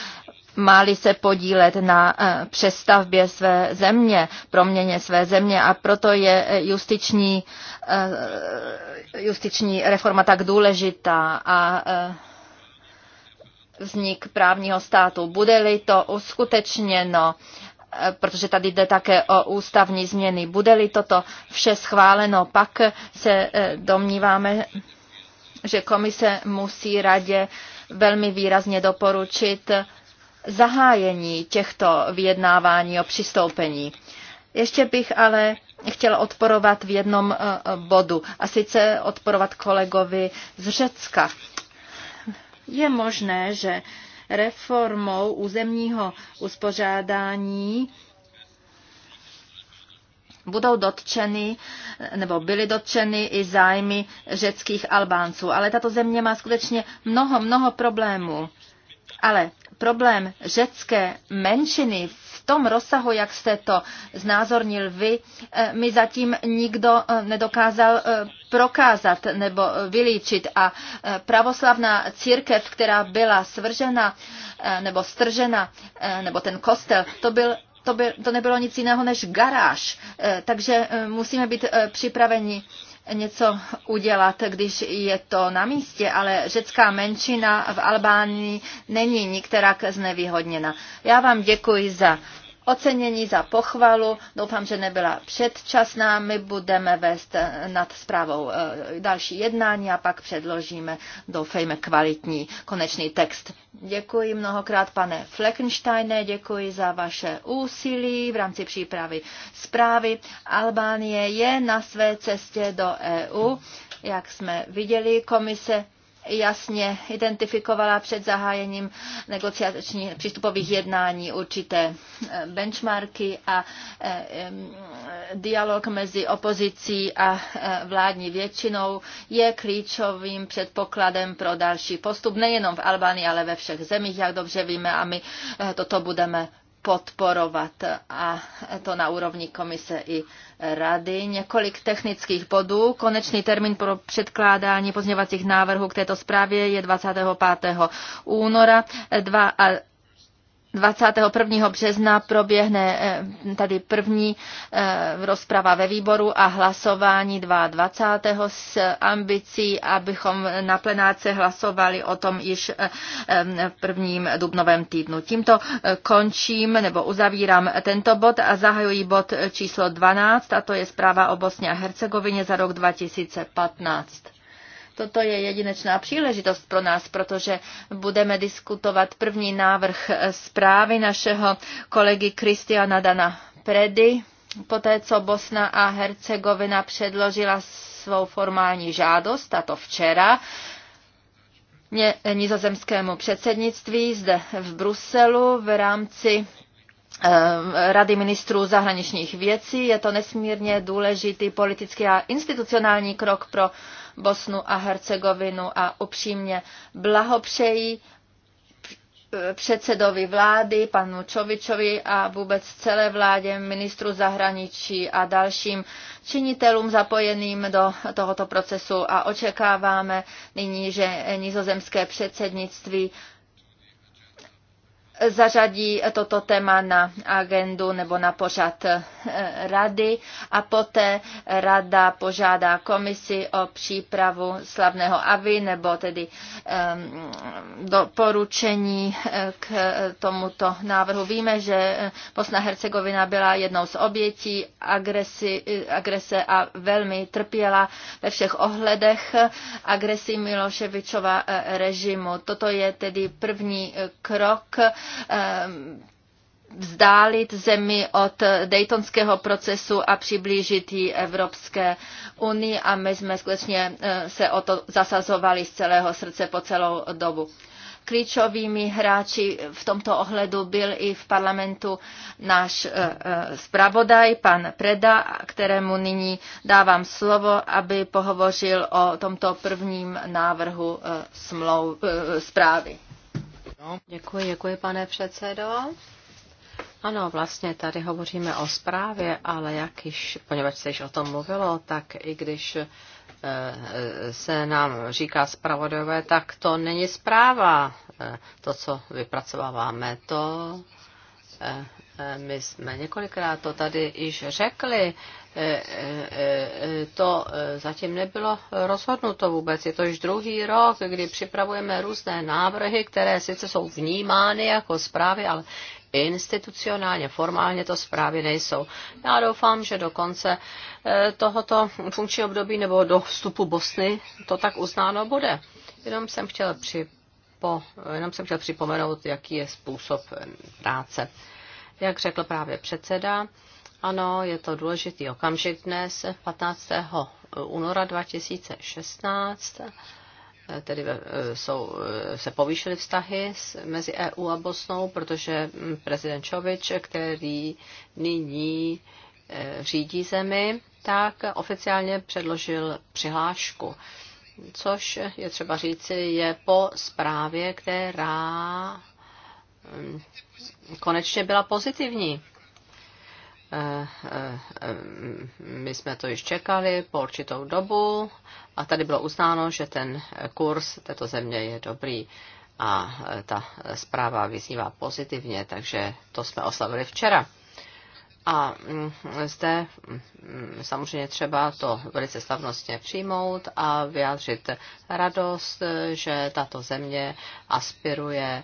máli se podílet na eh, přestavbě své země, proměně své země a proto je eh, justiční, justiční reforma tak důležitá a vznik právního státu. Bude-li to uskutečněno, eh, protože tady jde také o ústavní změny, bude-li toto vše schváleno, pak se eh, domníváme, že komise musí radě velmi výrazně doporučit zahájení těchto vyjednávání o přistoupení. Ještě bych ale chtěl odporovat v jednom eh, bodu, a sice odporovat kolegovi z Řecka. Je možné, že reformou územního uspořádání budou dotčeny nebo byly dotčeny i zájmy řeckých Albánců. Ale tato země má skutečně mnoho, mnoho problémů. Ale problém řecké menšiny v tom rozsahu, jak jste to znázornil vy, eh, mi zatím nikdo eh, nedokázal eh, prokázat nebo vylíčit. A pravoslavná církev, která byla svržena nebo stržena, nebo ten kostel, to byl to, by, to nebylo nic jiného než garáž. Takže musíme být připraveni něco udělat, když je to na místě, ale řecká menšina v Albánii není nikterak znevýhodněna. Já vám děkuji za ocenění za pochvalu. Doufám, že nebyla předčasná. My budeme vést eh, nad zprávou eh, další jednání a pak předložíme, doufejme, kvalitní konečný text. Děkuji mnohokrát, pane Fleckensteine, děkuji za vaše úsilí v rámci přípravy zprávy. Albánie je na své cestě do EU. Jak jsme viděli, komise jasně identifikovala před zahájením negociačních přístupových jednání určité eh, benchmarky a eh, dialog mezi opozicí a eh, vládní většinou je klíčovým předpokladem pro další postup nejenom v Albánii, ale ve všech zemích, jak dobře víme, a my toto budeme podporovat a to na úrovni komise i rady. Několik technických bodů. Konečný termín pro předkládání pozměňovacích návrhů k této zprávě je 25. února. Dva a 21. března proběhne eh, tady první eh, rozprava ve výboru a hlasování 22. s ambicí, abychom na plenáce hlasovali o tom již eh, v prvním dubnovém týdnu. Tímto končím nebo uzavírám tento bod a zahajuji bod číslo 12 a to je zpráva o Bosně a Hercegovině za rok 2015. Toto je jedinečná příležitost pro nás, protože budeme diskutovat první návrh zprávy našeho kolegy Kristiana Dana Predy, poté co Bosna a Hercegovina předložila svou formální žádost, a to včera, nizozemskému předsednictví zde v Bruselu v rámci eh, Rady ministrů zahraničních věcí. Je to nesmírně důležitý politický a institucionální krok pro Bosnu a Hercegovinu a upřímně blahopřeji předsedovi vlády, panu Čovičovi a vůbec celé vládě, ministru zahraničí a dalším činitelům zapojeným do tohoto procesu a očekáváme nyní, že nizozemské předsednictví zařadí toto téma na agendu nebo na pořad eh, rady a poté rada požádá komisi o přípravu slavného avy nebo tedy ehm, doporučení eh, k tomuto návrhu. Víme, že eh, Bosna Hercegovina byla jednou z obětí agresi, agrese a velmi trpěla ve všech ohledech agresí Miloševičova režimu. Toto je tedy první krok, Ehm, vzdálit zemi od Daytonského procesu a přiblížit ji Evropské unii a my jsme skutečně eh, se o to zasazovali z celého srdce po celou dobu. Klíčovými hráči v tomto ohledu byl i v parlamentu náš eh, eh, zpravodaj, pan Preda, kterému nyní dávám slovo, aby pohovořil o tomto prvním návrhu smlou, zprávy. Děkuji, děkuji, pane předsedo. Ano, vlastně tady hovoříme o zprávě, ale jak již, poněvadž se již o tom mluvilo, tak i když eh, se nám říká zpravodajové, tak to není zpráva, eh, to, co vypracováváme, to eh, my jsme několikrát to tady již řekli, Eh, eh, eh, to zatím nebylo rozhodnuto vůbec. Je to už druhý rok, kdy připravujeme různé návrhy, které sice jsou vnímány jako zprávy, ale institucionálně, formálně to zprávy nejsou. Já doufám, že do konce tohoto funkčního období nebo do vstupu Bosny to tak uznáno bude. Jenom jsem chtěl, připo, jenom jsem chtěl připomenout, jaký je způsob práce. Jak řekl právě předseda, ano, je to důležitý okamžik dnes, 15. února 2016 tedy jsou, se povýšily vztahy mezi EU a Bosnou, protože prezident Čovič, který nyní eh, řídí zemi, tak oficiálně předložil přihlášku. Což je třeba říci, je po zprávě, která hm, konečně byla pozitivní Eh, eh, eh, my jsme to již čekali po určitou dobu a tady bylo uznáno, že ten kurz této země je dobrý a ta zpráva vyznívá pozitivně, takže to jsme oslavili včera. A mm, zde mm, samozřejmě třeba to velice slavnostně přijmout a vyjádřit radost, že tato země aspiruje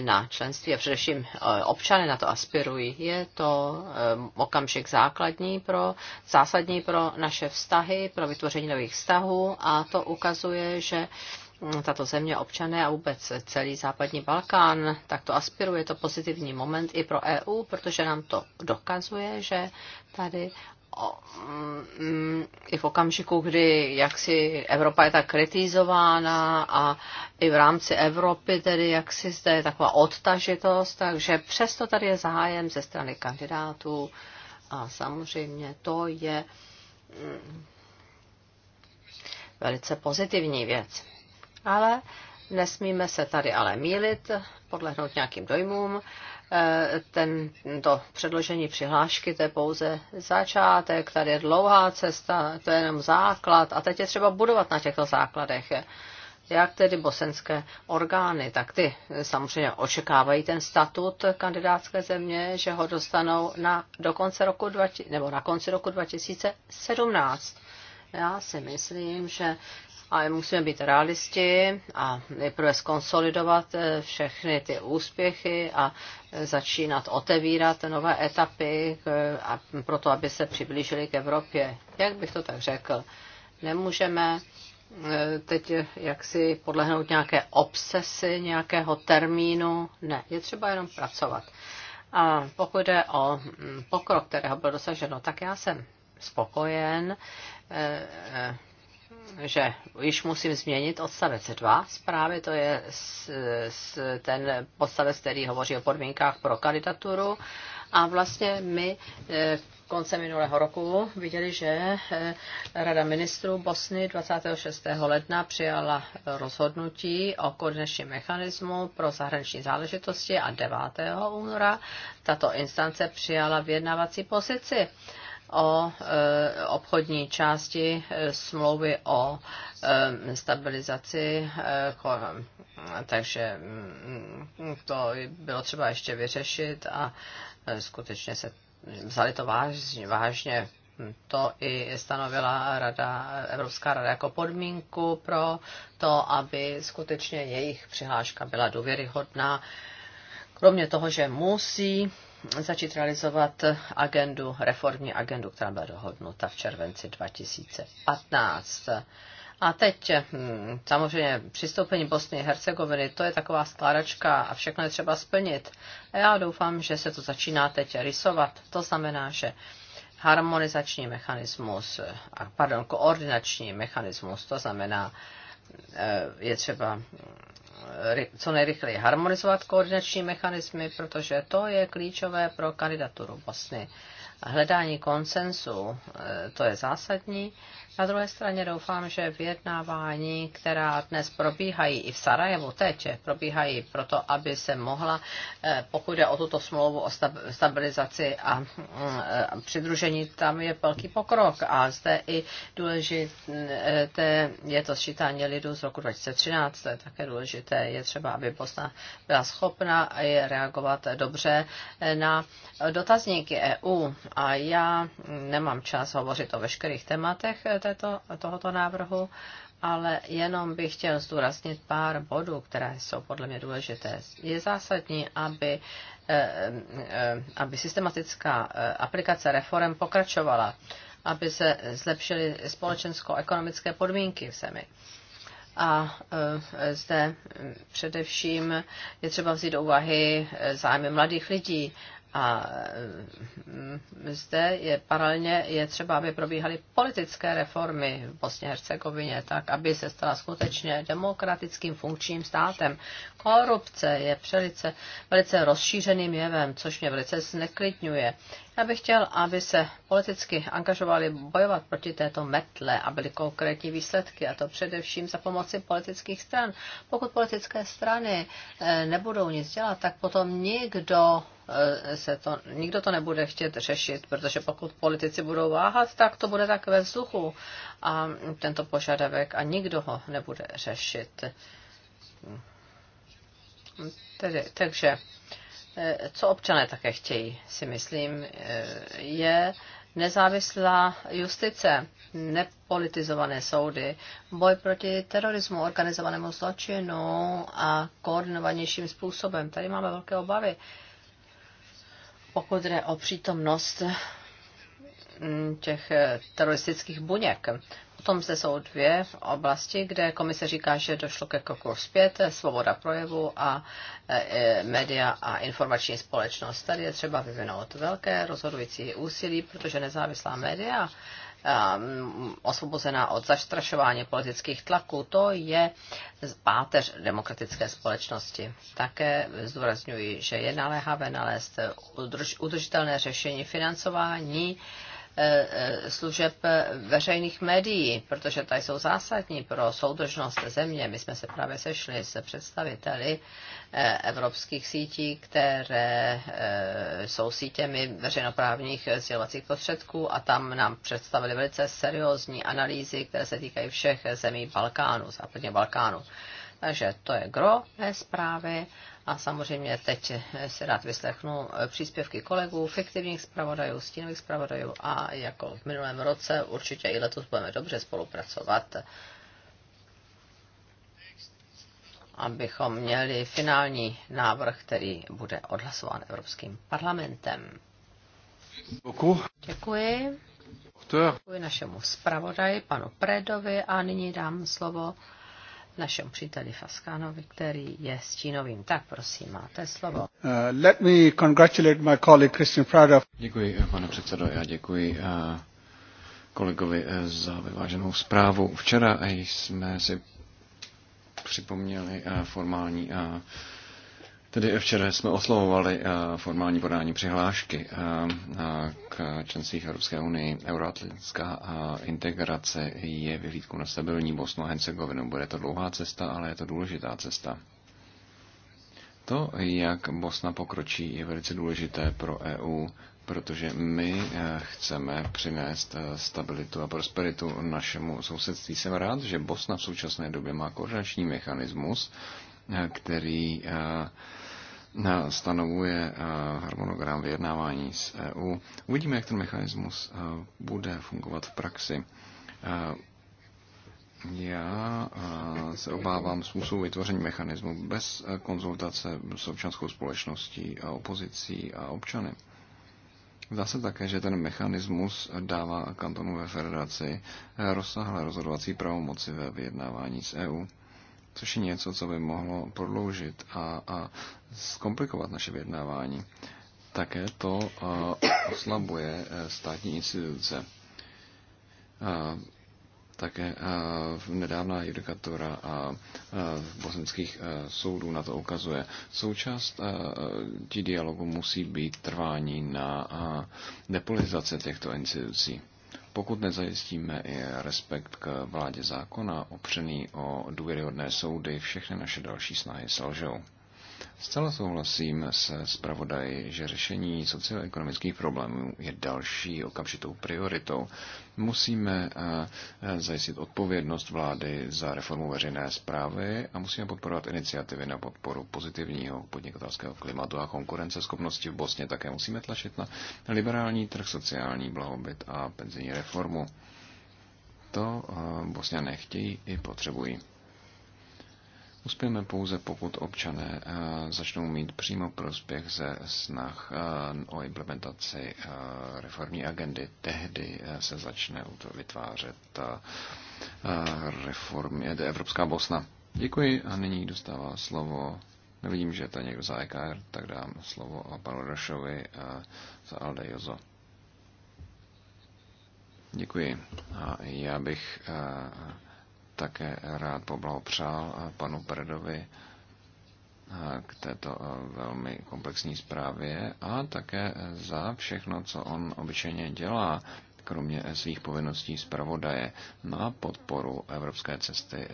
na členství a především e, občany na to aspirují. Je to e, okamžik základní pro, zásadní pro naše vztahy, pro vytvoření nových vztahů a to ukazuje, že tato země, občané a vůbec celý západní Balkán, tak to aspiruje to pozitivní moment i pro EU, protože nám to dokazuje, že tady o, mm, i v okamžiku, kdy jaksi Evropa je tak kritizována a i v rámci Evropy tedy jaksi zde je taková odtažitost, takže přesto tady je zájem ze strany kandidátů a samozřejmě to je mm, velice pozitivní věc ale nesmíme se tady ale mílit, podlehnout nějakým dojmům. Eh, ten, to předložení přihlášky, to je pouze začátek, tady je dlouhá cesta, to je jenom základ a teď je třeba budovat na těchto základech. Jak tedy bosenské orgány, tak ty samozřejmě očekávají ten statut kandidátské země, že ho dostanou na, do konce roku 20, nebo na konci roku 2017. Já si myslím, že ale musíme být realisti a nejprve skonsolidovat eh, všechny ty úspěchy a eh, začínat otevírat nové etapy eh, a proto, aby se přiblížili k Evropě. Jak bych to tak řekl? Nemůžeme teď jaksi podlehnout nějaké obsesy, nějakého termínu. Ne, je třeba jenom pracovat. A pokud jde o mm, pokrok, kterého bylo dosaženo, tak já jsem spokojen že již musím změnit odstavec 2 zprávy, to je s, s ten odstavec, který hovoří o podmínkách pro kandidaturu. A vlastně my eh, konce minulého roku viděli, že eh, Rada ministrů Bosny 26. ledna přijala rozhodnutí o koordinačním mechanismu pro zahraniční záležitosti a 9. února tato instance přijala vyjednávací pozici o e, obchodní části e, smlouvy o e, stabilizaci. Takže mm, to bylo třeba ještě vyřešit a skutečně se vzali to vážně, vážně to i stanovila rada, Evropská rada jako podmínku pro to, aby skutečně jejich přihláška byla důvěryhodná. Kromě toho, že musí začít realizovat agendu, reformní agendu, která byla dohodnuta v červenci 2015. A teď hm, samozřejmě přistoupení Bosny a Hercegoviny, to je taková skládačka a všechno je třeba splnit. A já doufám, že se to začíná teď rysovat. To znamená, že harmonizační mechanismus, pardon, koordinační mechanismus, to znamená, eh, je třeba hm, co nejrychleji harmonizovat koordinační mechanismy, protože to je klíčové pro kandidaturu Bosny. Hledání konsensu, eh, to je zásadní na druhé straně doufám, že vyjednávání, která dnes probíhají i v Sarajevu teď, probíhají proto, aby se mohla, eh, pokud je o tuto smlouvu o stabilizaci a mm, eh, přidružení, tam je velký pokrok. A zde i důležité je to sčítání lidů z roku 2013, to je také důležité. Je třeba, aby Bosna byla schopna reagovat dobře eh, na dotazníky EU. A já mm, nemám čas hovořit o veškerých tématech, této, tohoto návrhu, ale jenom bych chtěl zdůraznit pár bodů, které jsou podle mě důležité. Je zásadní, aby, eh, eh, aby systematická eh, aplikace reform pokračovala, aby se zlepšily společensko-ekonomické podmínky v zemi. A zde především je třeba vzít do úvahy zájmy mladých lidí a mm, zde je paralelně je třeba, aby probíhaly politické reformy v Bosně Hercegovině, tak aby se stala skutečně demokratickým funkčním státem. Korupce je přelice, velice rozšířeným jevem, což mě velice zneklidňuje. Já bych chtěl, aby se politicky angažovali bojovat proti této metle a byly konkrétní výsledky, a to především za pomoci politických stran. Pokud politické strany eh, nebudou nic dělat, tak potom nikdo eh, se to, nikdo to nebude chtět řešit, protože pokud politici budou váhat, tak to bude tak ve vzduchu a tento požadavek a nikdo ho nebude řešit. Tedy, takže Eh, co občané také chtějí, si myslím, eh, je nezávislá justice, nepolitizované soudy, boj proti terorismu, organizovanému zločinu a koordinovanějším způsobem. Tady máme velké obavy, pokud jde o přítomnost hm, těch eh, teroristických buněk tom zde jsou dvě v oblasti, kde komise říká, že došlo ke kroku zpět, svoboda projevu a e, média a informační společnost. Tady je třeba vyvinout velké rozhodující úsilí, protože nezávislá média mm, osvobozená od zastrašování politických tlaků, to je páteř demokratické společnosti. Také zdůrazňuji, že je naléhavé nalézt udrž, udržitelné řešení financování Eh, eh, služeb veřejných médií, protože ta jsou zásadní pro soudržnost země. My jsme se právě sešli se představiteli eh, evropských sítí, které jsou sítěmi veřejnoprávních sdělovacích prostředků a tam nám představili velice seriózní analýzy, které se týkají všech zemí Balkánu, západně Balkánu. Takže to je gro mé zprávy a samozřejmě teď se rád vyslechnu příspěvky kolegů, fiktivních zpravodajů, stínových zpravodajů a jako v minulém roce určitě i letos budeme dobře spolupracovat, abychom měli finální návrh, který bude odhlasován Evropským parlamentem. Děkuji. Děkuji našemu zpravodaji, panu Predovi, a nyní dám slovo našemu příteli Faskánovi, který je stínovým. Tak prosím, máte slovo. Uh, let me congratulate my colleague Christian Prada. Děkuji, eh, pane předsedo, já děkuji uh, kolegovi eh, za vyváženou zprávu. Včera jsme si připomněli uh, formální uh, Tedy včera jsme oslovovali eh, formální podání přihlášky eh, eh, k členství Evropské unii. Euroatlantická integrace je vyhlídkou na stabilní Bosnu a Hercegovinu. Bude to dlouhá cesta, ale je to důležitá cesta. To, jak Bosna pokročí, je velice důležité pro EU, protože my chceme přinést stabilitu a prosperitu našemu sousedství. Jsem rád, že Bosna v současné době má koordinační mechanismus, který uh, stanovuje eh, harmonogram vyjednávání s EU. Uvidíme, jak ten mechanismus eh, bude fungovat v praxi. Eh, já se obávám způsobu vytvoření mechanismu bez konzultace s občanskou společností a opozicí a občany. Zdá se také, že ten mechanismus dává kantonu ve federaci rozsáhlé rozhodovací pravomoci ve vyjednávání s EU což je něco, co by mohlo prodloužit a, a zkomplikovat naše vyjednávání. Také to uh, oslabuje e, státní instituce. Uh, také uh, nedávná judikatura a uh, bosenských uh, soudů na to ukazuje. Součást uh, e, tí dialogu musí být trvání na uh, depolitizace těchto institucí pokud nezajistíme i respekt k vládě zákona opřený o důvěryhodné soudy, všechny naše další snahy selžou. Zcela souhlasím se zpravodaji, že řešení socioekonomických problémů je další okamžitou prioritou. Musíme eh, eh, zajistit odpovědnost vlády za reformu veřejné zprávy a musíme podporovat iniciativy na podporu pozitivního podnikatelského klimatu a konkurenceschopnosti v Bosně. Také musíme tlačit na liberální trh, sociální blahobyt a penzijní reformu. To eh, Bosňané chtějí i potřebují. Uspějeme pouze, pokud občané eh, začnou mít přímo prospěch ze snah eh, o implementaci eh, reformní agendy. Tehdy se začne vytvářet reformy, Evropská Bosna. Děkuji a nyní dostává slovo, nevidím, že to někdo za EKR, tak dám slovo panu Rošovi za Alde Jozo. Děkuji. A já bych také rád poblahopřál eh, panu Predovi eh, k této eh, velmi komplexní zprávě a také za všechno, co on obyčejně dělá, kromě svých povinností zpravodaje na podporu evropské cesty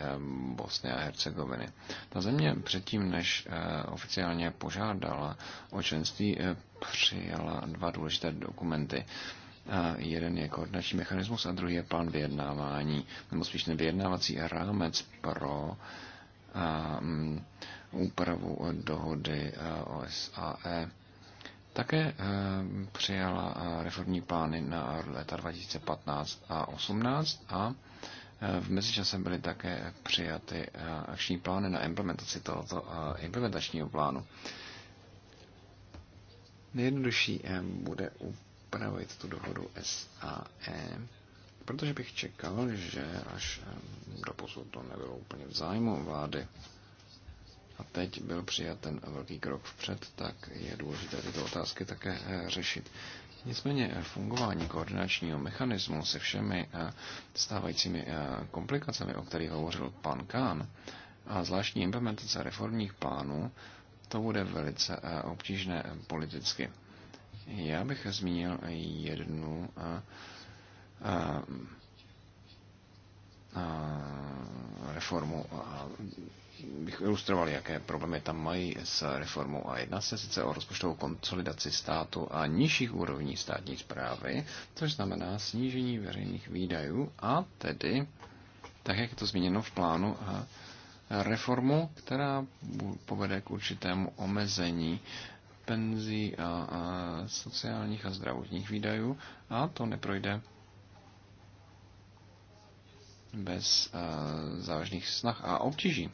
Bosny a Hercegoviny. Ta země předtím, než oficiálně požádala o členství, přijala dva důležité dokumenty. Jeden je koordinační mechanismus a druhý je plán vyjednávání, nebo spíš vyjednávací rámec pro um, úpravu dohody uh, OSAE. Také um, přijala uh, reformní plány na leta 2015 a 2018 a uh, v mezičase byly také přijaty akční plány na implementaci tohoto implementačního plánu. Nejjednodušší bude upravit tu dohodu SAE, protože bych čekal, že až ehm, do posud to nebylo úplně v zájmu vlády a teď byl přijat ten velký krok vpřed, tak je důležité tyto otázky také eh, řešit. Nicméně eh, fungování koordinačního mechanismu se všemi eh, stávajícími komplikacemi, o kterých hovořil pan Kán, a zvláštní implementace reformních plánů, to bude velice obtížné politicky. Já bych zmínil jednu a, a, a reformu a bych ilustroval, jaké problémy tam mají s reformou a jedná se sice o rozpočtovou konsolidaci státu a nižších úrovní státní zprávy, což znamená snížení veřejných výdajů a tedy, tak jak je to zmíněno v plánu, reformu, která povede k určitému omezení penzí a, a sociálních a zdravotních výdajů a to neprojde bez závažných snah a obtíží,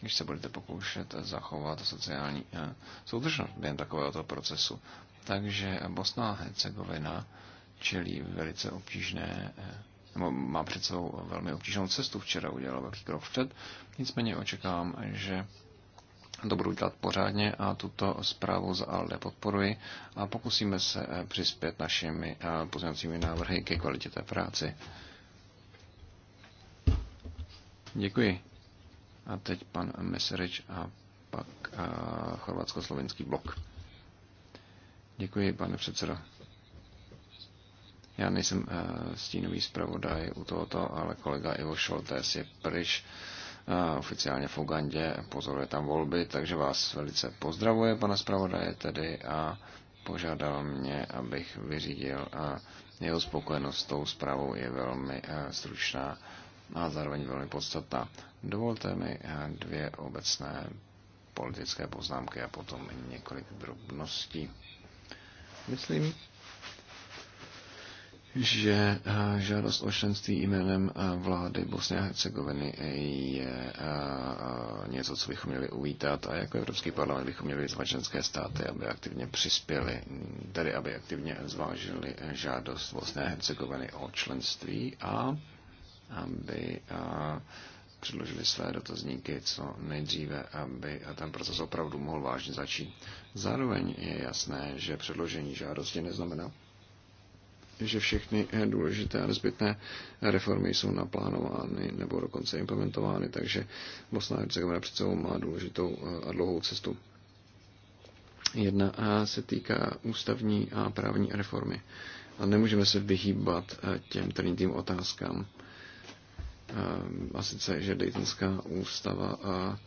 když se budete pokoušet zachovat sociální a, soudržnost během takovéhoto procesu. Takže Bosna a Hercegovina čelí velice obtížné, nebo má před sebou velmi obtížnou cestu. Včera udělal velký krok vpřed, nicméně očekávám, že to budu dělat pořádně a tuto zprávu za ALDE podporuji a pokusíme se eh, přispět našimi eh, pozměňovacími návrhy ke kvalitě té práci. Děkuji. A teď pan Meserič a pak eh, chorvatsko-slovenský blok. Děkuji, pane předsedo. Já nejsem stínový zpravodaj u tohoto, ale kolega Ivo Šoltés je pryč oficiálně v Ugandě, pozoruje tam volby, takže vás velice pozdravuje, pana zpravodaje tedy, a požádal mě, abych vyřídil a jeho spokojenost s tou zprávou je velmi e, stručná a zároveň velmi podstatná. Dovolte mi e, dvě obecné politické poznámky a potom několik drobností. Myslím, že eh, žádost o členství jménem eh, vlády Bosny a Hercegoviny je eh, něco, co bychom měli uvítat a jako Evropský parlament bychom měli vyzvat členské státy, aby aktivně přispěli, tedy aby aktivně zvážili žádost Bosny a Hercegoviny o členství a aby předložili své dotazníky co nejdříve, aby ten proces opravdu mohl vážně začít. Zároveň je jasné, že předložení žádosti neznamená že všechny důležité a nezbytné reformy jsou naplánovány nebo dokonce implementovány, takže Bosna a Hercegovina před sebou má důležitou eh, a dlouhou cestu. Jedna a eh, se týká ústavní a právní reformy. A nemůžeme se vyhýbat eh, těm trnitým otázkám. A sice, že Daytonská ústava a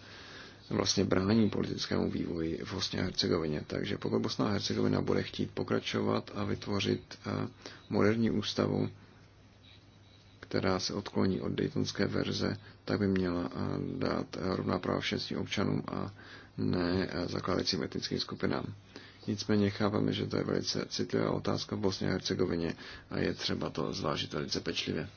vlastně brání politickému vývoji v Bosně a Hercegovině. Takže pokud Bosna a Hercegovina bude chtít pokračovat a vytvořit eh, moderní ústavu, která se odkloní od Daytonské verze, tak by měla eh, dát eh, rovná práva všem svým občanům a ne zakládajícím etnickým skupinám. Nicméně chápeme, že to je velice citlivá otázka v Bosně a Hercegovině a je třeba to zvážit velice pečlivě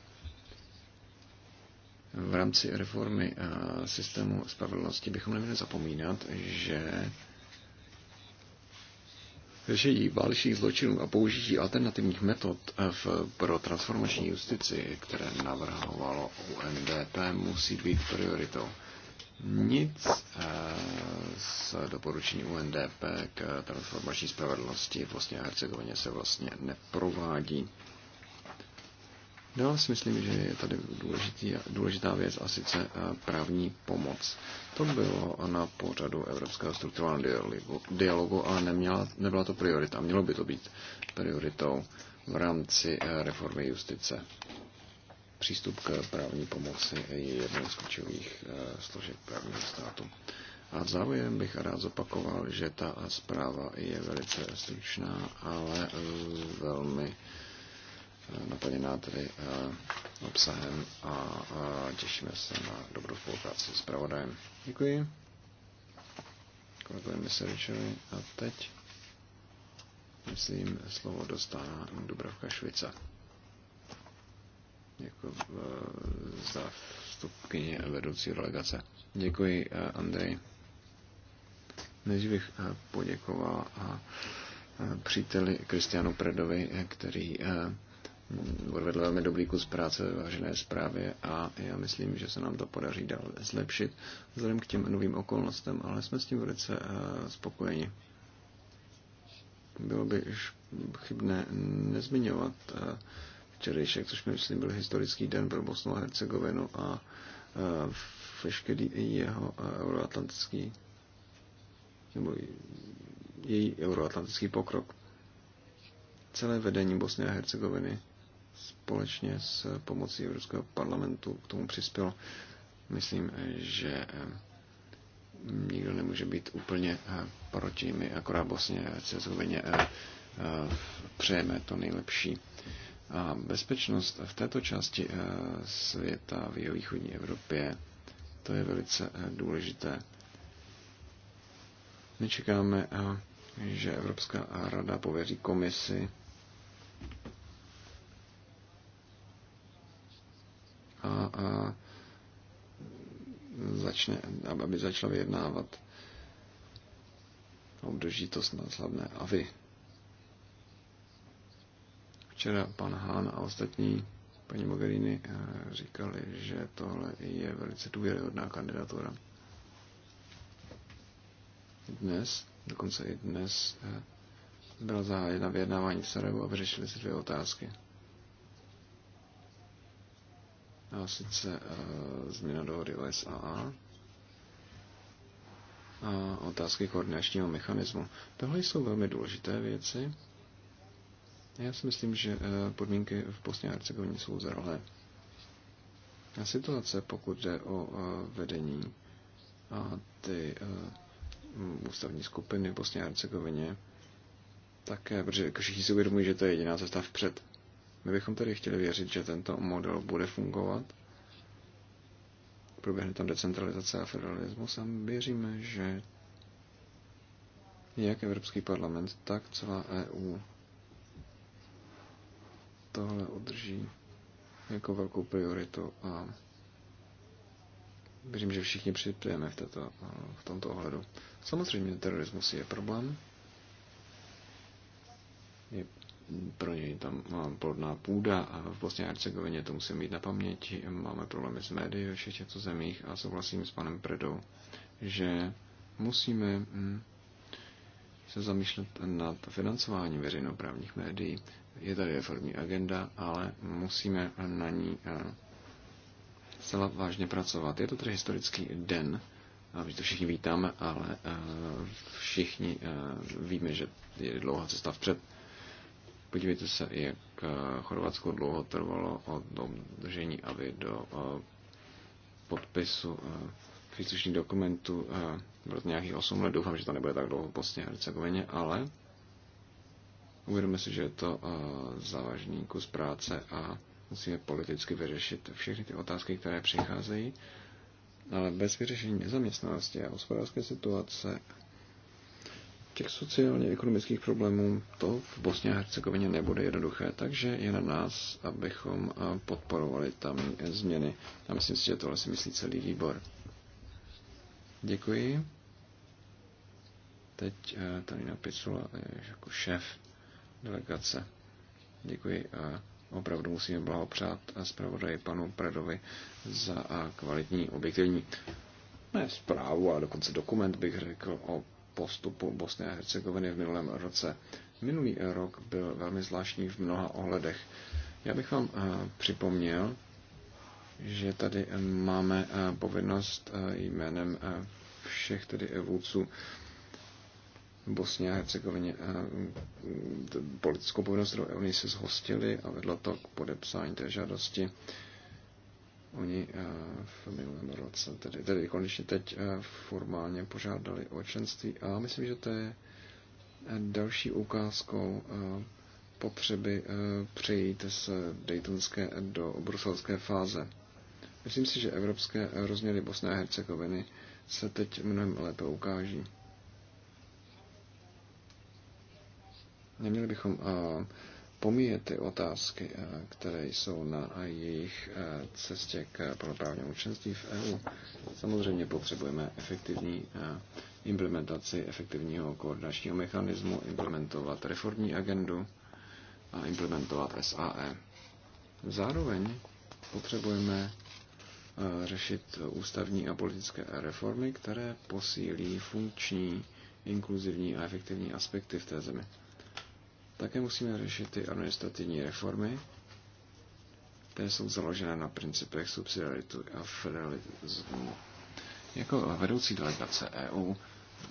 v rámci reformy eh, systému spravedlnosti bychom neměli zapomínat, že řešení válečných zločinů a použití alternativních metod eh, v, pro transformační justici, které navrhovalo UNDP, musí být prioritou. Nic eh, z doporučení UNDP k transformační spravedlnosti v Bosně a Hercegovině se vlastně neprovádí. Dále si myslím, že je tady důležitý, důležitá věc a sice eh, právní pomoc. To bylo na pořadu Evropského strukturálního dialogu, ale neměla, nebyla to priorita. Mělo by to být prioritou v rámci eh, reformy justice. Přístup k právní pomoci je jednou z klíčových eh, složek právního státu. A závěrem bych rád zopakoval, že ta zpráva je velice stručná, ale velmi naplněná tedy eh, obsahem a těšíme se na dobrou spolupráci s pravodajem. Děkuji. Kolegovi Meseričovi a teď myslím slovo dostává Dubravka Švica jako vstupkyně eh, vedoucí delegace. Děkuji, eh, Andrej. Než bych poděkoval a příteli Kristianu Predovi, který odvedl velmi dobrý kus práce ve vážené zprávě a já myslím, že se nám to podaří dál zlepšit vzhledem k těm novým okolnostem, ale jsme s tím velice eh, spokojeni. Bylo by chybné nezmiňovat eh, včerejšek, což mi myslím byl historický den pro Bosnu a Hercegovinu a eh, veškerý jeho euroatlantický nebo její euroatlantický pokrok. Celé vedení Bosny a Hercegoviny společně s pomocí Evropského parlamentu k tomu přispělo. Myslím, že eh, nikdo nemůže být úplně eh, proti. My akorát Bosně a Cezovině eh, přejeme to nejlepší. A bezpečnost v této části světa v východní Evropě, to je velice důležité. My čekáme, že Evropská rada pověří komisi a začne, aby začala vyjednávat. A udrží to snad slavné. A vy. Včera pan Hán a ostatní paní Mogherini eh, říkali, že tohle je velice důvěryhodná kandidatura. Dnes, dokonce i dnes, eh, byla zahájena vyjednávání v Sarajevu a vyřešili se dvě otázky a sice uh, změna dohody OSAA a otázky koordinačního mechanismu. Tohle jsou velmi důležité věci. Já si myslím, že eh, podmínky v Bosně a Hercegovině jsou zrohlé. A situace, pokud jde o eh, vedení a ty ústavní skupiny v Bosně a Hercegovině, také, protože všichni si uvědomují, že to je jediná cesta vpřed. My bychom tedy chtěli věřit, že tento model bude fungovat. Proběhne tam decentralizace a federalismus a věříme, že jak Evropský parlament, tak celá EU tohle udrží jako velkou prioritu a věřím, že všichni přijdeme v, této, v tomto ohledu. Samozřejmě terorismus je problém, je pro něj tam mám plodná půda a v Bosně a Hercegovině to musím mít na paměti. Máme problémy s médií ve všech těchto zemích a souhlasím s panem Predou, že musíme hm, se zamýšlet nad financováním veřejnoprávních médií. Je tady reformní agenda, ale musíme na ní eh, zcela vážně pracovat. Je to tedy historický den, my to všichni vítáme, ale eh, všichni eh, víme, že je dlouhá cesta vpřed. Podívejte se, jak eh, Chorvatsko dlouho trvalo od držení aby do eh, podpisu eh, příslušných dokumentů bylo to nějakých 8 let. Doufám, že to nebude tak dlouho v Bosně Hercegovině, ale uvědomíme si, že je to závažný kus práce a musíme politicky vyřešit všechny ty otázky, které přicházejí. Ale bez vyřešení nezaměstnanosti a hospodářské situace těch sociálně ekonomických problémů to v Bosně a Hercegovině nebude jednoduché, takže je na nás, abychom podporovali tam změny. A myslím si, že tohle si myslí celý výbor. Děkuji. Teď e, tady Picula e, jako šéf delegace. Děkuji a opravdu musíme blahopřát zpravodaji panu Predovi za kvalitní objektivní ne zprávu, ale dokonce dokument bych řekl o postupu Bosny a Hercegoviny v minulém roce. Minulý rok byl velmi zvláštní v mnoha ohledech. Já bych vám eh, připomněl, že tady máme eh, povinnost eh, jménem všech tedy vůdců Bosně a Hercegovině politickou povinnost, kterou oni se zhostili a vedlo to k podepsání té žádosti Oni eh, v minulém roce, tedy, tedy konečně teď eh, formálně požádali o členství a myslím, že to je eh, další ukázkou potřeby přejít z Daytonské do bruselské fáze. Myslím si, že evropské rozměry Bosné a Hercegoviny se teď mnohem lépe ukáží. Neměli bychom uh, pomíje ty otázky, eh, které jsou na jejich eh, cestě k eh, plnoprávnímu členství v EU. Samozřejmě potřebujeme efektivní implementaci efektivního koordinačního mechanismu, implementovat reformní agendu a implementovat SAE. Zároveň potřebujeme řešit ústavní a politické reformy, které posílí funkční, inkluzivní a efektivní aspekty v té zemi. Také musíme řešit ty administrativní reformy, které jsou založené na principech subsidiarity a federalismu. Jako vedoucí delegace EU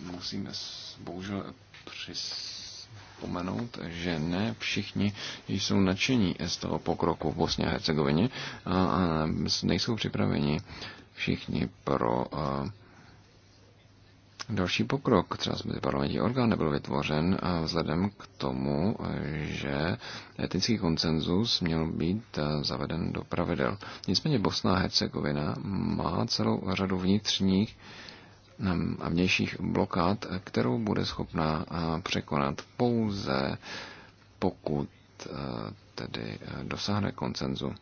musíme bohužel připomenout, že ne všichni jsou nadšení z toho pokroku v Bosně a Hercegovině a nejsou připraveni všichni pro uh, Další pokrok třeba mezi parlamentní orgán nebyl vytvořen a vzhledem k tomu, že etický koncenzus měl být eh, zaveden do pravidel. Nicméně Bosna a Hercegovina má celou řadu vnitřních hm, a vnějších blokád, kterou bude schopná eh, překonat pouze pokud eh, tedy dosáhne koncenzu.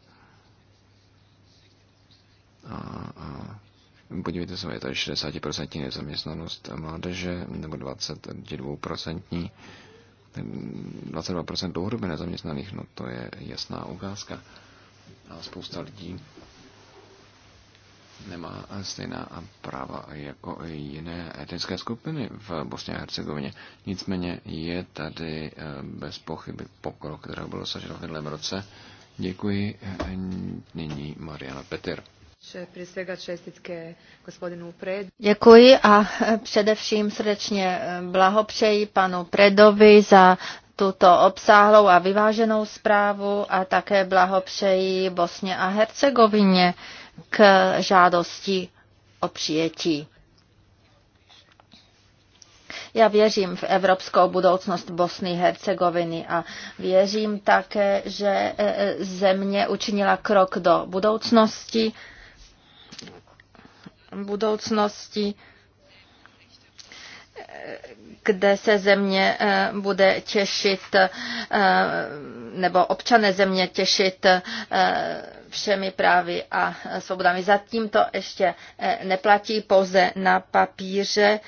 A, a podívejte se, je to 60% nezaměstnanost mládeže nebo 22%, 22% dlouhodobě nezaměstnaných, no to je jasná ukázka. A spousta lidí nemá stejná práva jako jiné etnické skupiny v Bosně a Hercegovině. Nicméně je tady eh, bez pochyby pokrok, který byl dosažen v minulém roce. Děkuji. Eh, nyní Mariana Petr. Děkuji a eh, především srdečně eh, blahopřeji panu Predovi za tuto obsáhlou a vyváženou zprávu a také blahopřeji Bosně a Hercegovině k žádosti o přijetí. Já věřím v evropskou budoucnost Bosny Hercegoviny a věřím také, že eh, země učinila krok do budoucnosti budoucnosti, kde se země eh, bude těšit, eh, nebo občané země těšit eh, všemi právy a svobodami. Zatím to ještě neplatí pouze na papíře,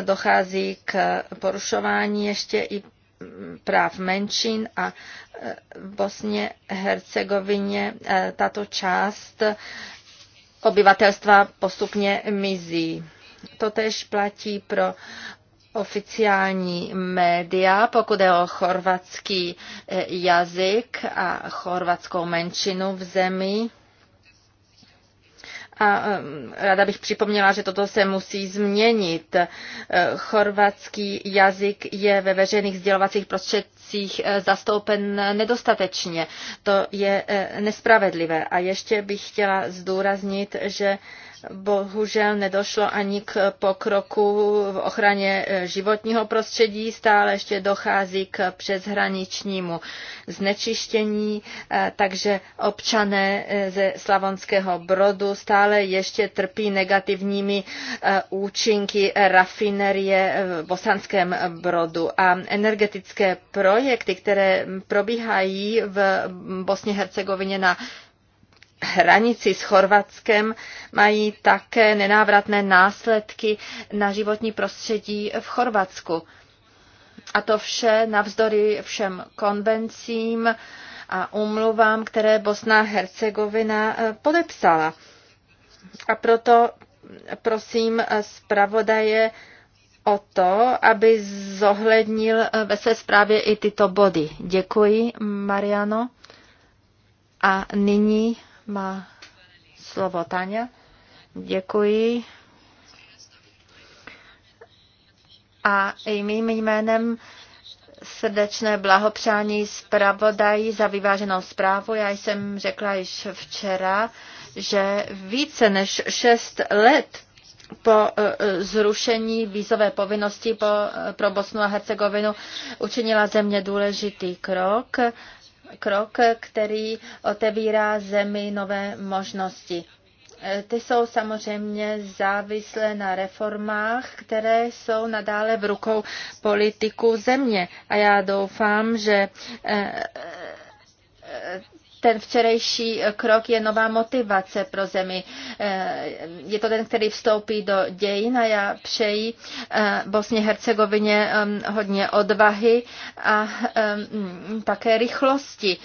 dochází k porušování ještě i mm, práv menšin a v Bosně Hercegovině tato část obyvatelstva postupně mizí. Totež platí pro oficiální média, pokud je o chorvatský eh, jazyk a chorvatskou menšinu v zemi. A eh, ráda bych připomněla, že toto se musí změnit. Eh, chorvatský jazyk je ve veřejných sdělovacích prostředcích eh, zastoupen nedostatečně. To je nespravedlivé. A ještě bych chtěla zdůraznit, že Bohužel nedošlo ani k pokroku v ochraně eh, životního prostředí, stále ještě dochází k přeshraničnímu znečištění, eh, takže občané eh, ze Slavonského Brodu stále ještě trpí negativními účinky rafinerie v Bosanském Brodu a energetické projekty, které probíhají v Bosně-Hercegovině na hranici s Chorvatskem mají také nenávratné následky na životní prostředí v Chorvatsku. A to vše navzdory všem konvencím a umluvám, které Bosna a Hercegovina eh, podepsala. A proto prosím eh, zpravodaje o to, aby zohlednil eh, ve své zprávě i tyto body. Děkuji, Mariano. A nyní má slovo Tania. Děkuji. A i mým jménem srdečné blahopřání zpravodají za vyváženou zprávu. Já jsem řekla již včera, že více než šest let po e, zrušení vízové povinnosti e, pro Bosnu a Hercegovinu učinila země důležitý krok krok, který otevírá zemi nové možnosti. Ty jsou samozřejmě závislé na reformách, které jsou nadále v rukou politiků země. A já doufám, že eh, eh, ten včerejší eh, krok je nová motivace pro zemi. Eh, je to ten, který vstoupí do dějin a já přeji eh, Bosně Hercegovině hodně odvahy a také rychlosti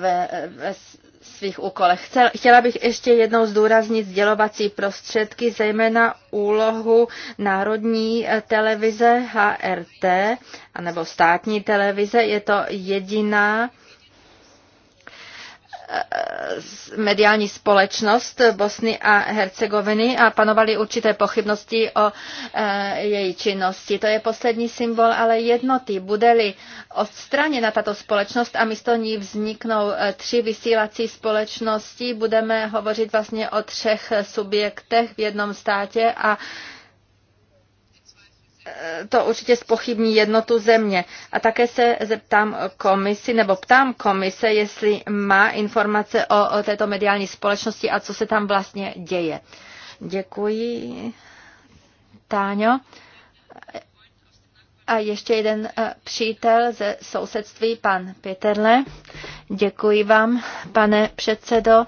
ve, ve svých úkolech. Chtěla bych ještě jednou zdůraznit sdělovací prostředky, zejména úlohu Národní televize HRT, anebo státní televize. Je to jediná Eh, mediální společnost Bosny a Hercegoviny a panovaly určité pochybnosti o eh, její činnosti. To je poslední symbol ale jednoty. Bude-li odstraněna tato společnost a místo ní vzniknou eh, tři vysílací společnosti, budeme hovořit vlastně o třech subjektech v jednom státě a Eh, to určitě spochybní jednotu země. A také se zeptám komisi, nebo ptám komise, jestli má informace o, o této mediální společnosti a co se tam vlastně děje. Děkuji, Táňo. A ještě jeden eh, přítel ze sousedství, pan Peterle. Děkuji vám, pane předsedo.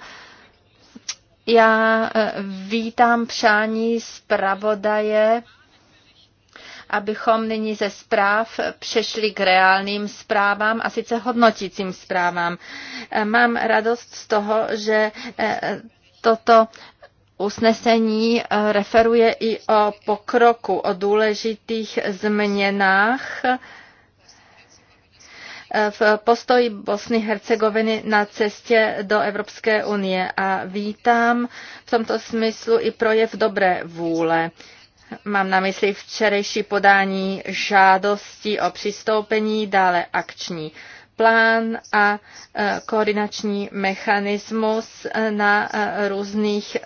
Já eh, vítám přání zpravodaje abychom nyní ze zpráv přešli k reálným zprávám a sice hodnotícím zprávám. E, mám radost z toho, že e, toto usnesení e, referuje i o pokroku, o důležitých změnách v postoji Bosny Hercegoviny na cestě do Evropské unie a vítám v tomto smyslu i projev dobré vůle. Mám na mysli včerejší podání žádosti o přistoupení, dále akční plán a e, koordinační mechanismus e, na e, různých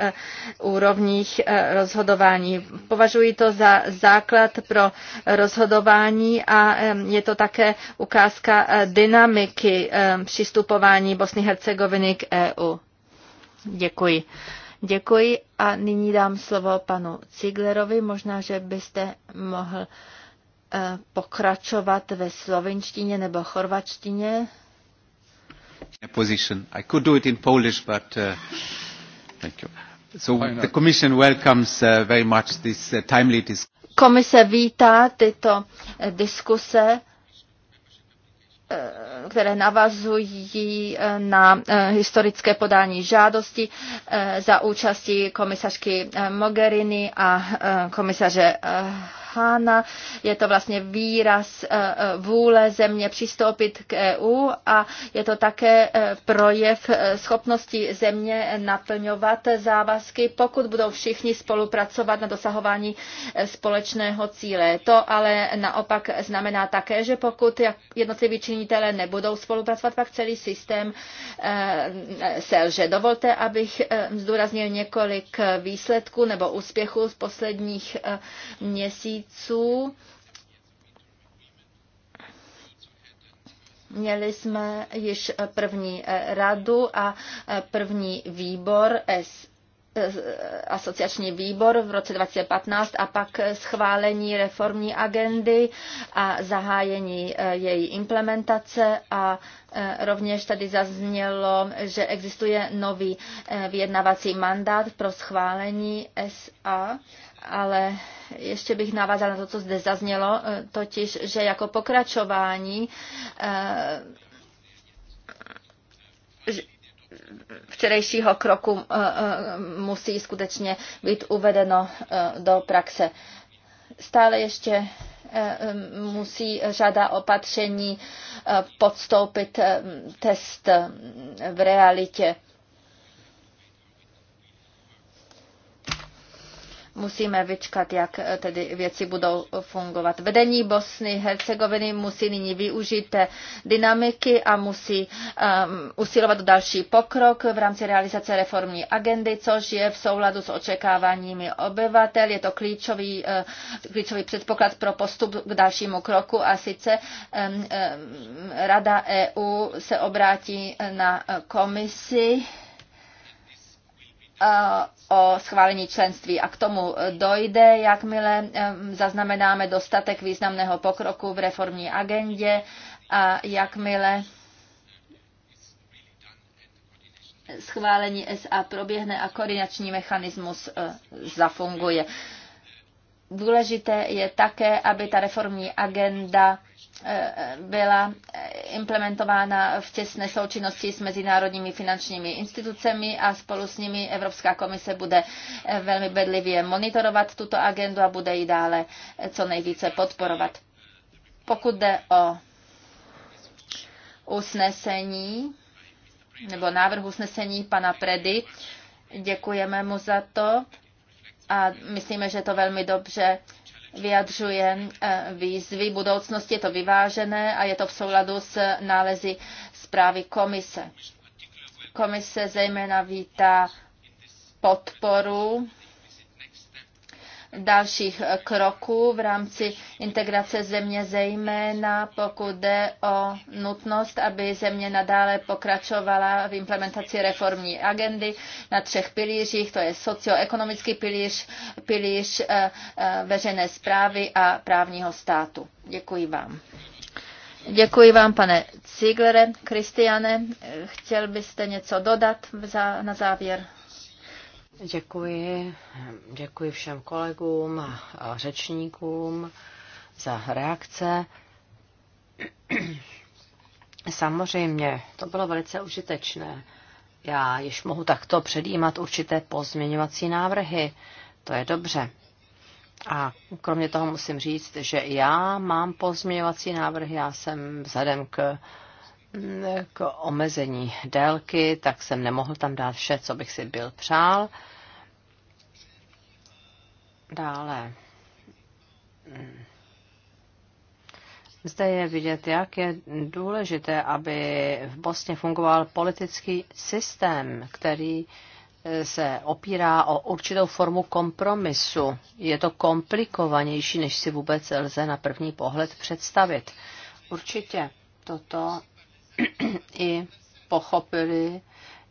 úrovních rozhodování. Považuji to za základ pro rozhodování a je to také ukázka dynamiky přistupování Bosny Hercegoviny k EU. Děkuji. Děkuji a nyní dám slovo panu Ciglerovi. Možná, že byste mohl eh, pokračovat ve slovenštině nebo chorvačtině. Position. I could do it in Polish, but uh, thank you. So the Commission welcomes uh, very much this uh, timely discussion. Komise vítá tyto diskuse které navazují eh, na eh, historické podání žádosti eh, za účasti komisařky Mogherini a komisaře Hána. Je to vlastně výraz eh, eh, vůle země přistoupit k EU a je to také eh, projev schopnosti země naplňovat závazky, pokud budou všichni spolupracovat na dosahování společného cíle. To ale naopak znamená také, že pokud jednotliví činitelé nebudou spolupracovat, pak celý systém selže. Dovolte, abych zdůraznil několik výsledků nebo úspěchů z posledních měsíců měsíců. Měli jsme již první radu a první výbor S asociační výbor v roce 2015 a pak schválení reformní agendy a zahájení její implementace a e, rovněž tady zaznělo, že existuje nový e, vyjednavací mandát pro schválení SA ale ještě bych navázala na to, co zde zaznělo, eh, totiž, že jako pokračování eh, včerejšího kroku eh, musí skutečně být uvedeno do praxe. Stále ještě musí řada opatření podstoupit test v realitě. Musíme vyčkat, jak eh, tedy věci budou fungovat. Vedení Bosny Hercegoviny musí nyní využít té dynamiky a musí um, usilovat o další pokrok v rámci realizace reformní agendy, což je v souladu s očekáváními obyvatel. Je to klíčový, uh, klíčový předpoklad pro postup k dalšímu kroku a sice um, um, Rada EU se obrátí na komisi o schválení členství a k tomu dojde, jakmile zaznamenáme dostatek významného pokroku v reformní agendě a jakmile schválení SA proběhne a koordinační mechanismus e, zafunguje. Důležité je také, aby ta reformní agenda byla implementována v těsné součinnosti s mezinárodními finančními institucemi a spolu s nimi Evropská komise bude velmi bedlivě monitorovat tuto agendu a bude ji dále co nejvíce podporovat. Pokud jde o usnesení nebo návrh usnesení pana Predy, děkujeme mu za to a myslíme, že to velmi dobře vyjadřuje eh, výzvy budoucnosti, je to vyvážené a je to v souladu s nálezy zprávy komise. Komise zejména vítá podporu dalších eh, kroků v rámci integrace země, zejména pokud jde o nutnost, aby země nadále pokračovala v implementaci reformní agendy na třech pilířích, to je socioekonomický pilíř, pilíř eh, eh, veřejné zprávy a právního státu. Děkuji vám. Děkuji vám, pane Ziglere. Kristiane, chtěl byste něco dodat na závěr? Děkuji, děkuji všem kolegům a řečníkům za reakce. Samozřejmě, to bylo velice užitečné. Já již mohu takto předjímat určité pozměňovací návrhy. To je dobře. A kromě toho musím říct, že já mám pozměňovací návrhy, já jsem vzhledem k uh, k omezení délky, tak jsem nemohl tam dát vše, co bych si byl přál. Dále. Zde je vidět, jak je důležité, aby v Bosně fungoval politický systém, který eh, se opírá o určitou formu kompromisu. Je to komplikovanější, než si vůbec lze na první pohled představit. Určitě toto i pochopili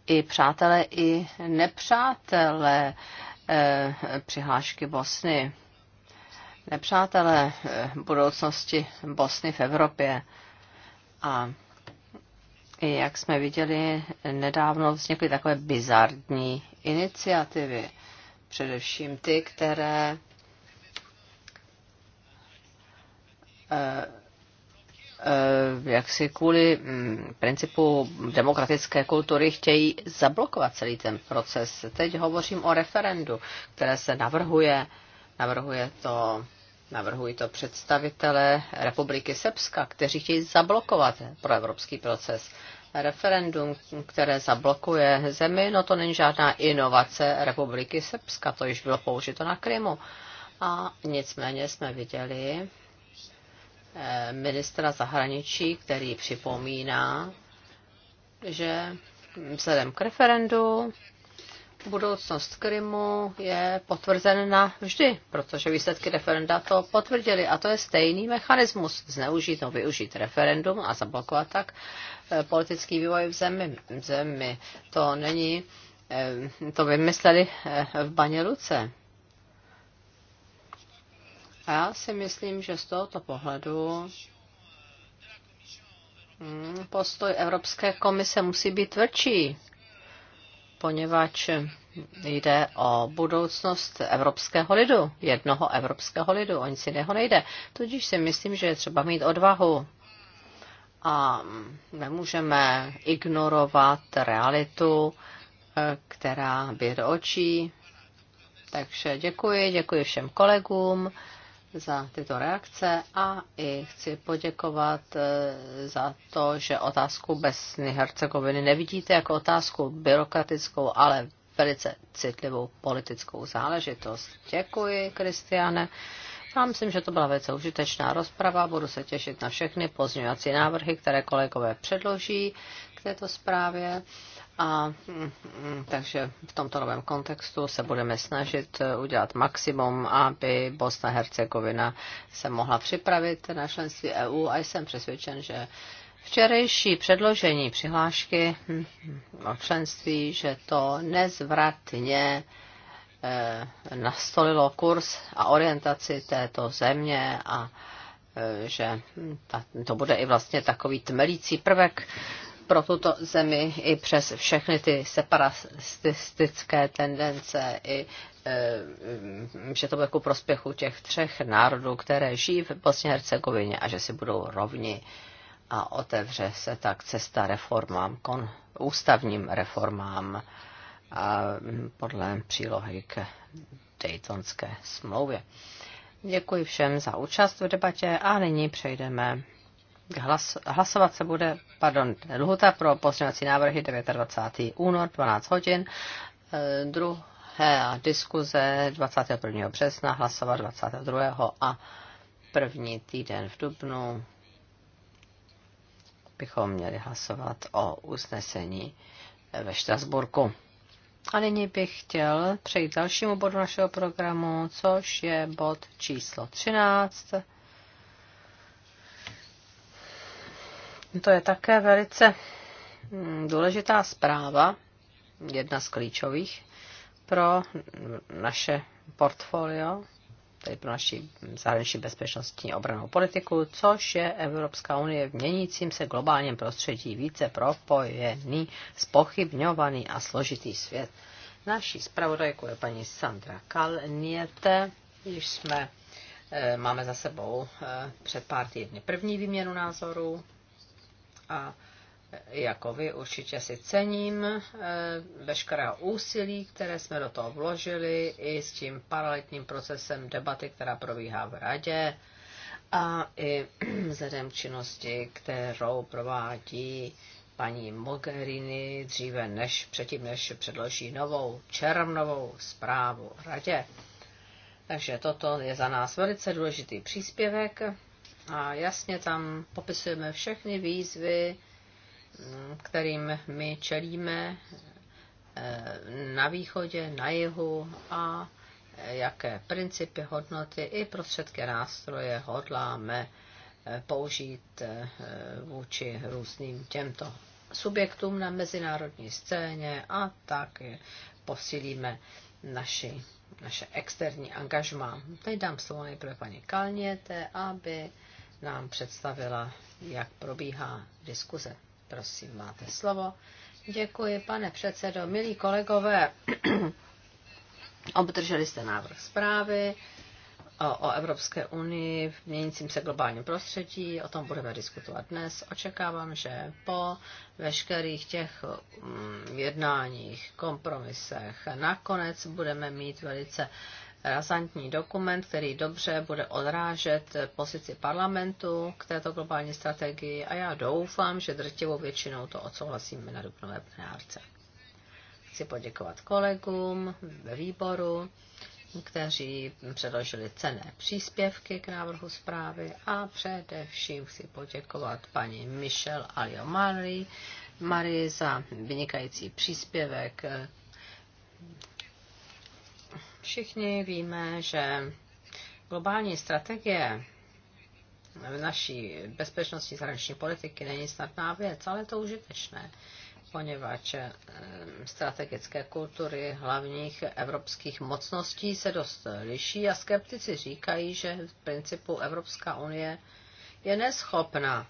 i přátelé, i nepřátelé eh, přihlášky Bosny. Nepřátelé eh, budoucnosti Bosny v Evropě. A i jak jsme viděli, nedávno vznikly takové bizardní iniciativy. Především ty, které eh, Eh, jak si kvůli mm, principu demokratické kultury chtějí zablokovat celý ten proces. Teď hovořím o referendu, které se navrhuje, navrhuje to, navrhují to představitele Republiky Srbska, kteří chtějí zablokovat proevropský proces. Referendum, které zablokuje zemi, no to není žádná inovace Republiky Srbska, to již bylo použito na Krymu. A nicméně jsme viděli, ministra zahraničí, který připomíná, že vzhledem k referendu budoucnost Krymu je potvrzena vždy, protože výsledky referenda to potvrdili. A to je stejný mechanismus. Zneužít nebo využít referendum a zablokovat tak eh, politický vývoj v zemi. V zemi. To není, eh, to vymysleli eh, v Baně Luce. A já si myslím, že z tohoto pohledu hm, postoj Evropské komise musí být tvrdší, poněvadž jde o budoucnost evropského lidu, jednoho evropského lidu, o nic jiného nejde. Tudíž si myslím, že je třeba mít odvahu a nemůžeme ignorovat realitu, eh, která běr očí. Takže děkuji, děkuji všem kolegům za tyto reakce a i chci poděkovat e, za to, že otázku Besny Hercegoviny nevidíte jako otázku byrokratickou, ale velice citlivou politickou záležitost. Děkuji, Kristiane. Já myslím, že to byla velice užitečná rozprava. Budu se těšit na všechny pozměňovací návrhy, které kolegové předloží k této zprávě. A takže v tomto novém kontextu se budeme snažit eh, udělat maximum, aby Bosna Hercegovina se mohla připravit na členství EU a jsem přesvědčen, že včerejší předložení přihlášky hm, o členství, že to nezvratně eh, nastolilo kurz a orientaci této země a eh, že to bude i vlastně takový tmelící prvek pro tuto zemi i přes všechny ty separatistické tendence, i, e, že to bude ku prospěchu těch třech národů, které žijí v Bosně Hercegovině a že si budou rovni a otevře se tak cesta reformám, kon, ústavním reformám a podle přílohy k Daytonské smlouvě. Děkuji všem za účast v debatě a nyní přejdeme hlas, hlasovat se bude, pardon, lhuta pro pozměňovací návrhy 29. únor 12 hodin, eh, druhé diskuze 21. března, hlasovat 22. a první týden v dubnu bychom měli hlasovat o usnesení ve Štrasburku. A nyní bych chtěl přejít dalšímu bodu našeho programu, což je bod číslo 13. To je také velice mm, důležitá zpráva, jedna z klíčových pro naše portfolio, tedy pro naši zahraniční bezpečnostní obranou politiku, což je Evropská unie v měnícím se globálním prostředí více propojený, spochybňovaný a složitý svět. Naší zpravodajku je paní Sandra Kalniete, již jsme eh, Máme za sebou eh, před pár týdny první výměnu názorů a jako vy určitě si cením eh, veškerá úsilí, které jsme do toho vložili, i s tím paralelním procesem debaty, která probíhá v radě a i vzhledem k činnosti, kterou provádí paní Mogherini dříve než, předtím než předloží novou červnovou zprávu radě. Takže toto je za nás velice důležitý příspěvek a jasně tam popisujeme všechny výzvy, mm, kterým my čelíme eh, na východě, na jihu a eh, jaké principy, hodnoty i prostředky nástroje hodláme eh, použít vůči různým těmto subjektům na mezinárodní scéně a tak posílíme naši, naše externí angažma. Teď dám slovo nejprve paní Kalněte, aby nám představila, jak probíhá diskuze. Prosím, máte slovo. Děkuji, pane předsedo. Milí kolegové, obdrželi jste návrh zprávy o, o Evropské unii v měnícím se globálním prostředí. O tom budeme diskutovat dnes. Očekávám, že po veškerých těch mm, jednáních, kompromisech nakonec budeme mít velice razantní dokument, který dobře bude odrážet pozici parlamentu k této globální strategii a já doufám, že drtivou většinou to odsouhlasíme na dubnové plenárce. Chci poděkovat kolegům ve výboru, kteří předložili cené příspěvky k návrhu zprávy a především chci poděkovat paní Michelle Aliomari Marie za vynikající příspěvek Všichni víme, že globální strategie v naší bezpečnosti zahraniční politiky není snadná věc, ale je to užitečné, poněvadž eh, strategické kultury hlavních evropských mocností se dost liší a skeptici říkají, že v principu Evropská unie je neschopná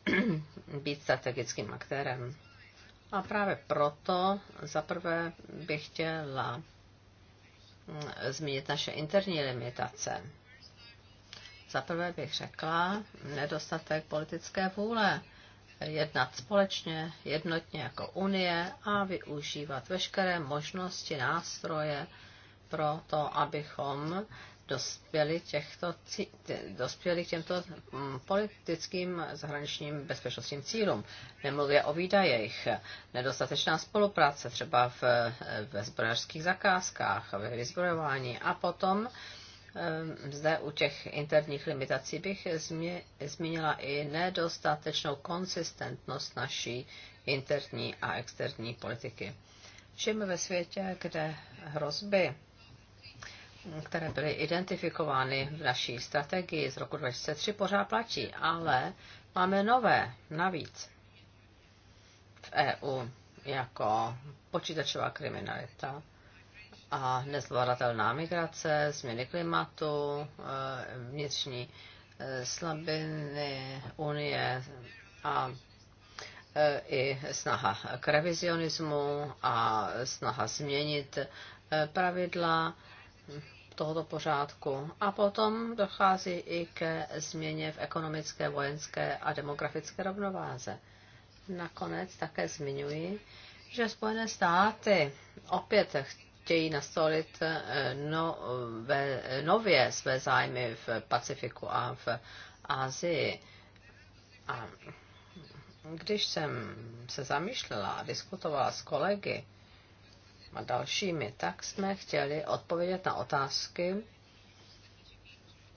být strategickým aktérem. A právě proto zaprvé bych chtěla Eh, zmínit naše interní limitace. Za prvé bych řekla nedostatek politické vůle jednat společně, jednotně jako Unie a využívat veškeré možnosti, nástroje pro to, abychom dospěli, těchto, dospěli k těmto mm, politickým zahraničním bezpečnostním cílům. Nemluvě o výdajech, nedostatečná spolupráce třeba v, eh, ve zbrojařských zakázkách, ve vyzbrojování a potom eh, zde u těch interních limitací bych zmínila i nedostatečnou konsistentnost naší interní a externí politiky. Žijeme ve světě, kde hrozby které byly identifikovány v naší strategii z roku 2003, pořád platí, ale máme nové navíc v EU, jako počítačová kriminalita a nezvladatelná migrace, změny klimatu, eh, vnitřní eh, slabiny Unie a eh, i snaha k revizionismu a snaha změnit pravidla tohoto pořádku. A potom dochází i ke změně v ekonomické, vojenské a demografické rovnováze. Nakonec také zmiňuji, že Spojené státy opět chtějí nastolit eh, no, ve, nově své zájmy v Pacifiku a v Asii. A když jsem se zamýšlela a diskutovala s kolegy, a dalšími, tak jsme chtěli odpovědět na otázky,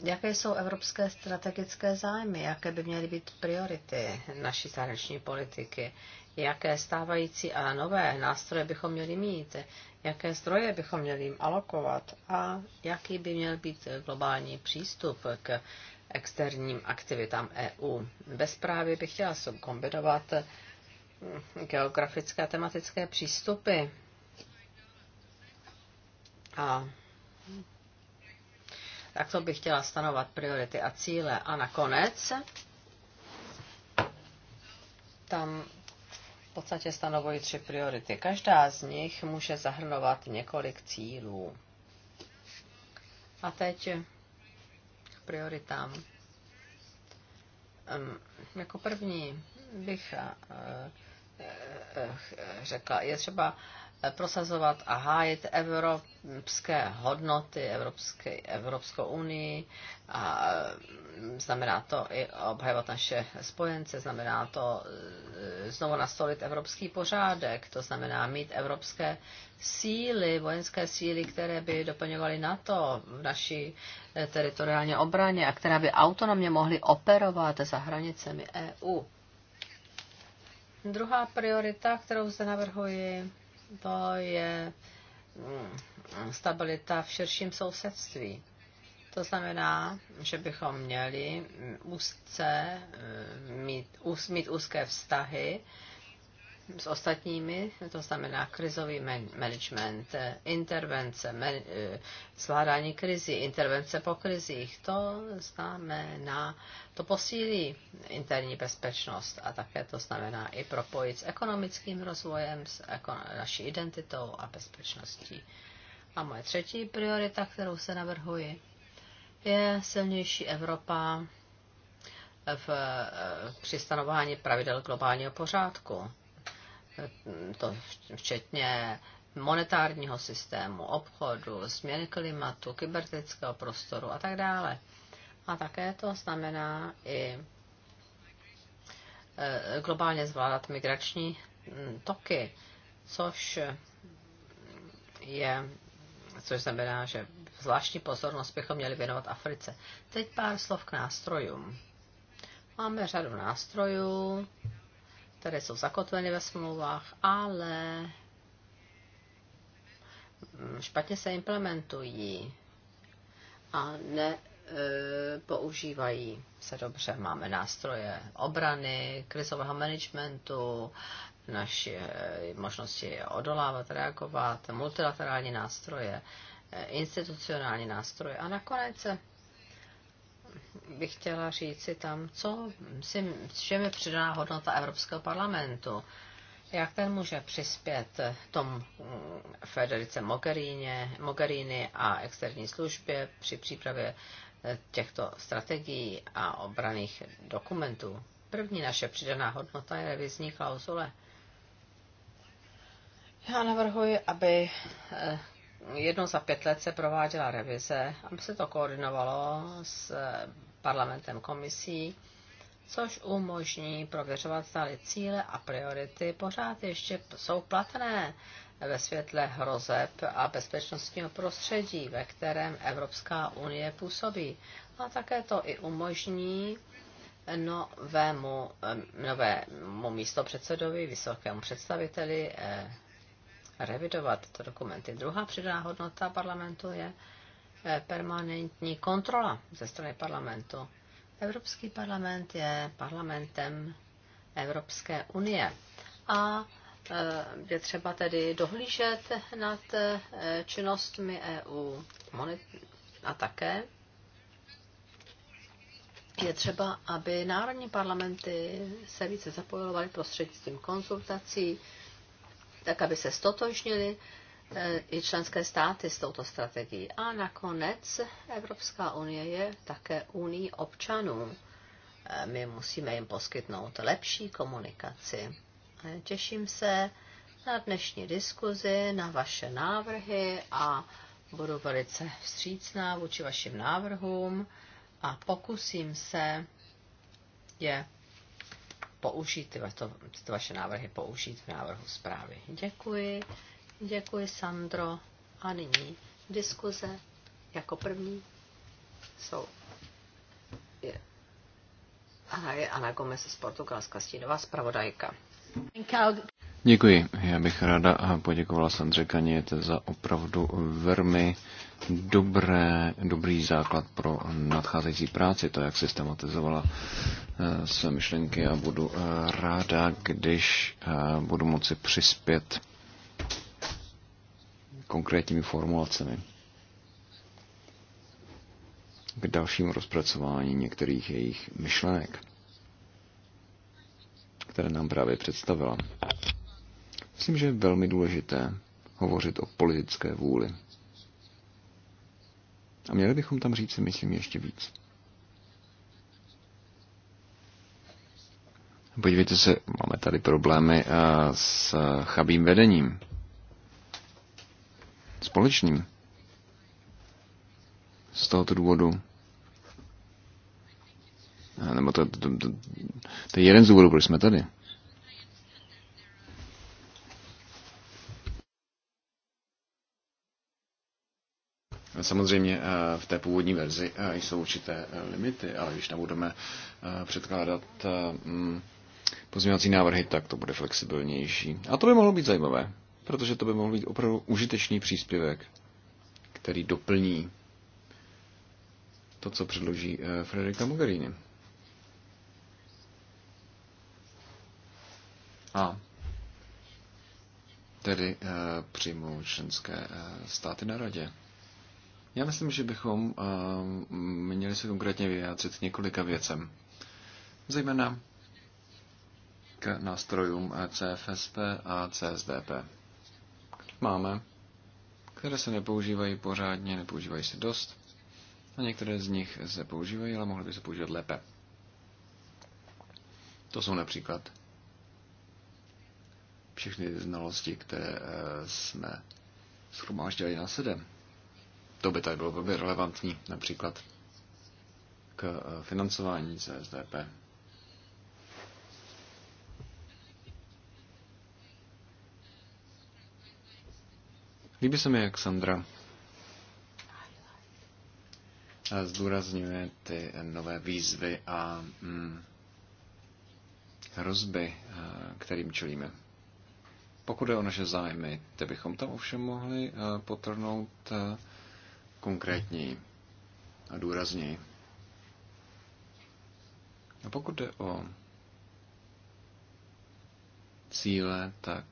jaké jsou evropské strategické zájmy, jaké by měly být priority naší zahraniční politiky, jaké stávající a nové nástroje bychom měli mít, jaké zdroje bychom měli jim alokovat a jaký by měl být globální přístup k externím aktivitám EU. Bez právě bych chtěla kombinovat geografické a tematické přístupy a tak to bych chtěla stanovat priority a cíle. A nakonec tam v podstatě stanovují tři priority. Každá z nich může zahrnovat několik cílů. A teď k prioritám. Jako první bych eh, eh, eh, řekla, je třeba prosazovat a hájit evropské hodnoty, evropské, Evropskou unii. A mm, znamená to i obhajovat naše spojence, znamená to e, znovu nastolit evropský pořádek, to znamená mít evropské síly, vojenské síly, které by doplňovaly NATO v naší e, teritoriální obraně a které by autonomně mohly operovat za hranicemi EU. Druhá priorita, kterou zde navrhuji, to je mm, stabilita v širším sousedství. To znamená, že bychom měli mm, úzce mm, mít, mít úzké vztahy s ostatními, to znamená krizový management, intervence, man, eh, zvládání krizi, intervence po krizích, to znamená, to posílí interní bezpečnost a také to znamená i propojit s ekonomickým rozvojem, s ekon- naší identitou a bezpečností. A moje třetí priorita, kterou se navrhuji, je silnější Evropa v, eh, při stanování pravidel globálního pořádku to včetně monetárního systému, obchodu, změny klimatu, kybernetického prostoru a tak dále. A také to znamená i e, globálně zvládat migrační toky, což je, což znamená, že zvláštní pozornost bychom měli věnovat Africe. Teď pár slov k nástrojům. Máme řadu nástrojů, které jsou zakotveny ve smlouvách, ale mm, špatně se implementují a ne, e, používají se dobře. Máme nástroje obrany, krizového managementu, naše možnosti odolávat, reagovat, multilaterální nástroje, e, institucionální nástroje a nakonec bych chtěla říci tam, co si, čem je přidaná hodnota Evropského parlamentu. Jak ten může přispět tom mm, Federice Mogherini a externí službě při přípravě eh, těchto strategií a obraných dokumentů? První naše přidaná hodnota je revizní klauzule. Já navrhuji, aby eh, jednou za pět let se prováděla revize, aby se to koordinovalo s eh, parlamentem komisí, což umožní prověřovat stále cíle a priority pořád ještě jsou platné ve světle hrozeb a bezpečnostního prostředí, ve kterém Evropská unie působí. A také to i umožní novému, eh, novému předsedovi, vysokému představiteli eh, revidovat tyto dokumenty. Druhá přidaná hodnota parlamentu je eh, permanentní kontrola ze strany parlamentu. Evropský parlament je parlamentem Evropské unie a eh, je třeba tedy dohlížet nad eh, činnostmi EU a také je třeba, aby národní parlamenty se více zapojovaly prostřednictvím konzultací, tak aby se stotožnili eh, i členské státy s touto strategií. A nakonec Evropská unie je také unii občanů. Eh, my musíme jim poskytnout lepší komunikaci. Eh, těším se na dnešní diskuzi, na vaše návrhy a budu velice vstřícná vůči vašim návrhům a pokusím se je použít, ty, to, to vaše návrhy použít v návrhu zprávy. Děkuji, děkuji Sandro. A nyní diskuze jako první jsou je. Ana, je Ana Gomez z Portugalska, stínová zpravodajka. Děkuji. Já bych ráda poděkovala Sandře Kaněte za opravdu velmi dobré, dobrý základ pro nadcházející práci, to, jak systematizovala eh, své myšlenky a budu eh, ráda, když eh, budu moci přispět konkrétními formulacemi k dalšímu rozpracování některých jejich myšlenek, které nám právě představila. Myslím, že je velmi důležité hovořit o politické vůli. A měli bychom tam říct myslím, ještě víc. Podívejte se, máme tady problémy eh, s chabým vedením. Společným. Z tohoto důvodu. Eh, nebo to, to, to, to je jeden z důvodů, proč jsme tady. No, samozřejmě eh, v té původní verzi eh, jsou určité eh, limity, ale když nebudeme předkládat mm, pozměňovací návrhy, tak to bude flexibilnější. A to by mohlo být zajímavé, protože to by mohl být opravdu užitečný příspěvek, který doplní to, co předloží Frederika Mogherini. A tedy přijmou členské státy na radě. Já myslím, že bychom eh, měli se konkrétně vyjádřit několika věcem. Zejména k nástrojům CFSP a CSDP. Máme, které se nepoužívají pořádně, nepoužívají se dost a některé z nich se používají, ale mohly by se používat lépe. To jsou například všechny znalosti, které eh, jsme schromáždili na sedem to by tady bylo velmi relevantní, například k eh, financování CSDP. Líbí se mi, jak Sandra eh, zdůrazňuje ty nové výzvy a hm, hrozby, eh, kterým čelíme. Pokud je o naše zájmy, ty bychom tam ovšem mohli potrhnout konkrétněji a důrazněji. A pokud jde o cíle, tak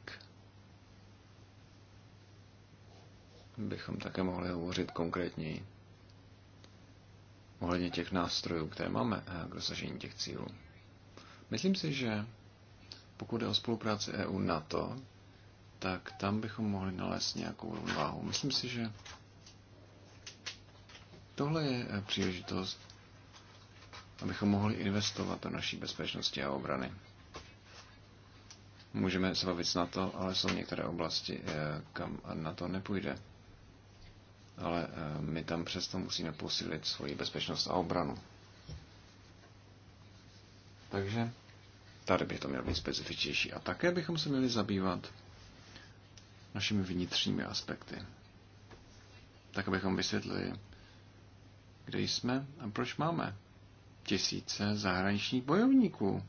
bychom také mohli hovořit konkrétněji ohledně těch nástrojů, které máme eh, k dosažení těch cílů. Myslím si, že pokud jde o spolupráci EU-NATO, tak tam bychom mohli nalézt nějakou rovnováhu. Myslím si, že Tohle je eh, příležitost, abychom mohli investovat do naší bezpečnosti a obrany. Můžeme se bavit na to, ale jsou některé oblasti, eh, kam na to nepůjde. Ale eh, my tam přesto musíme posílit svoji bezpečnost a obranu. Takže tady by to mělo být specifičnější. A také bychom se měli zabývat našimi vnitřními aspekty. Tak abychom vysvětlili kde jsme a proč máme tisíce zahraničních bojovníků,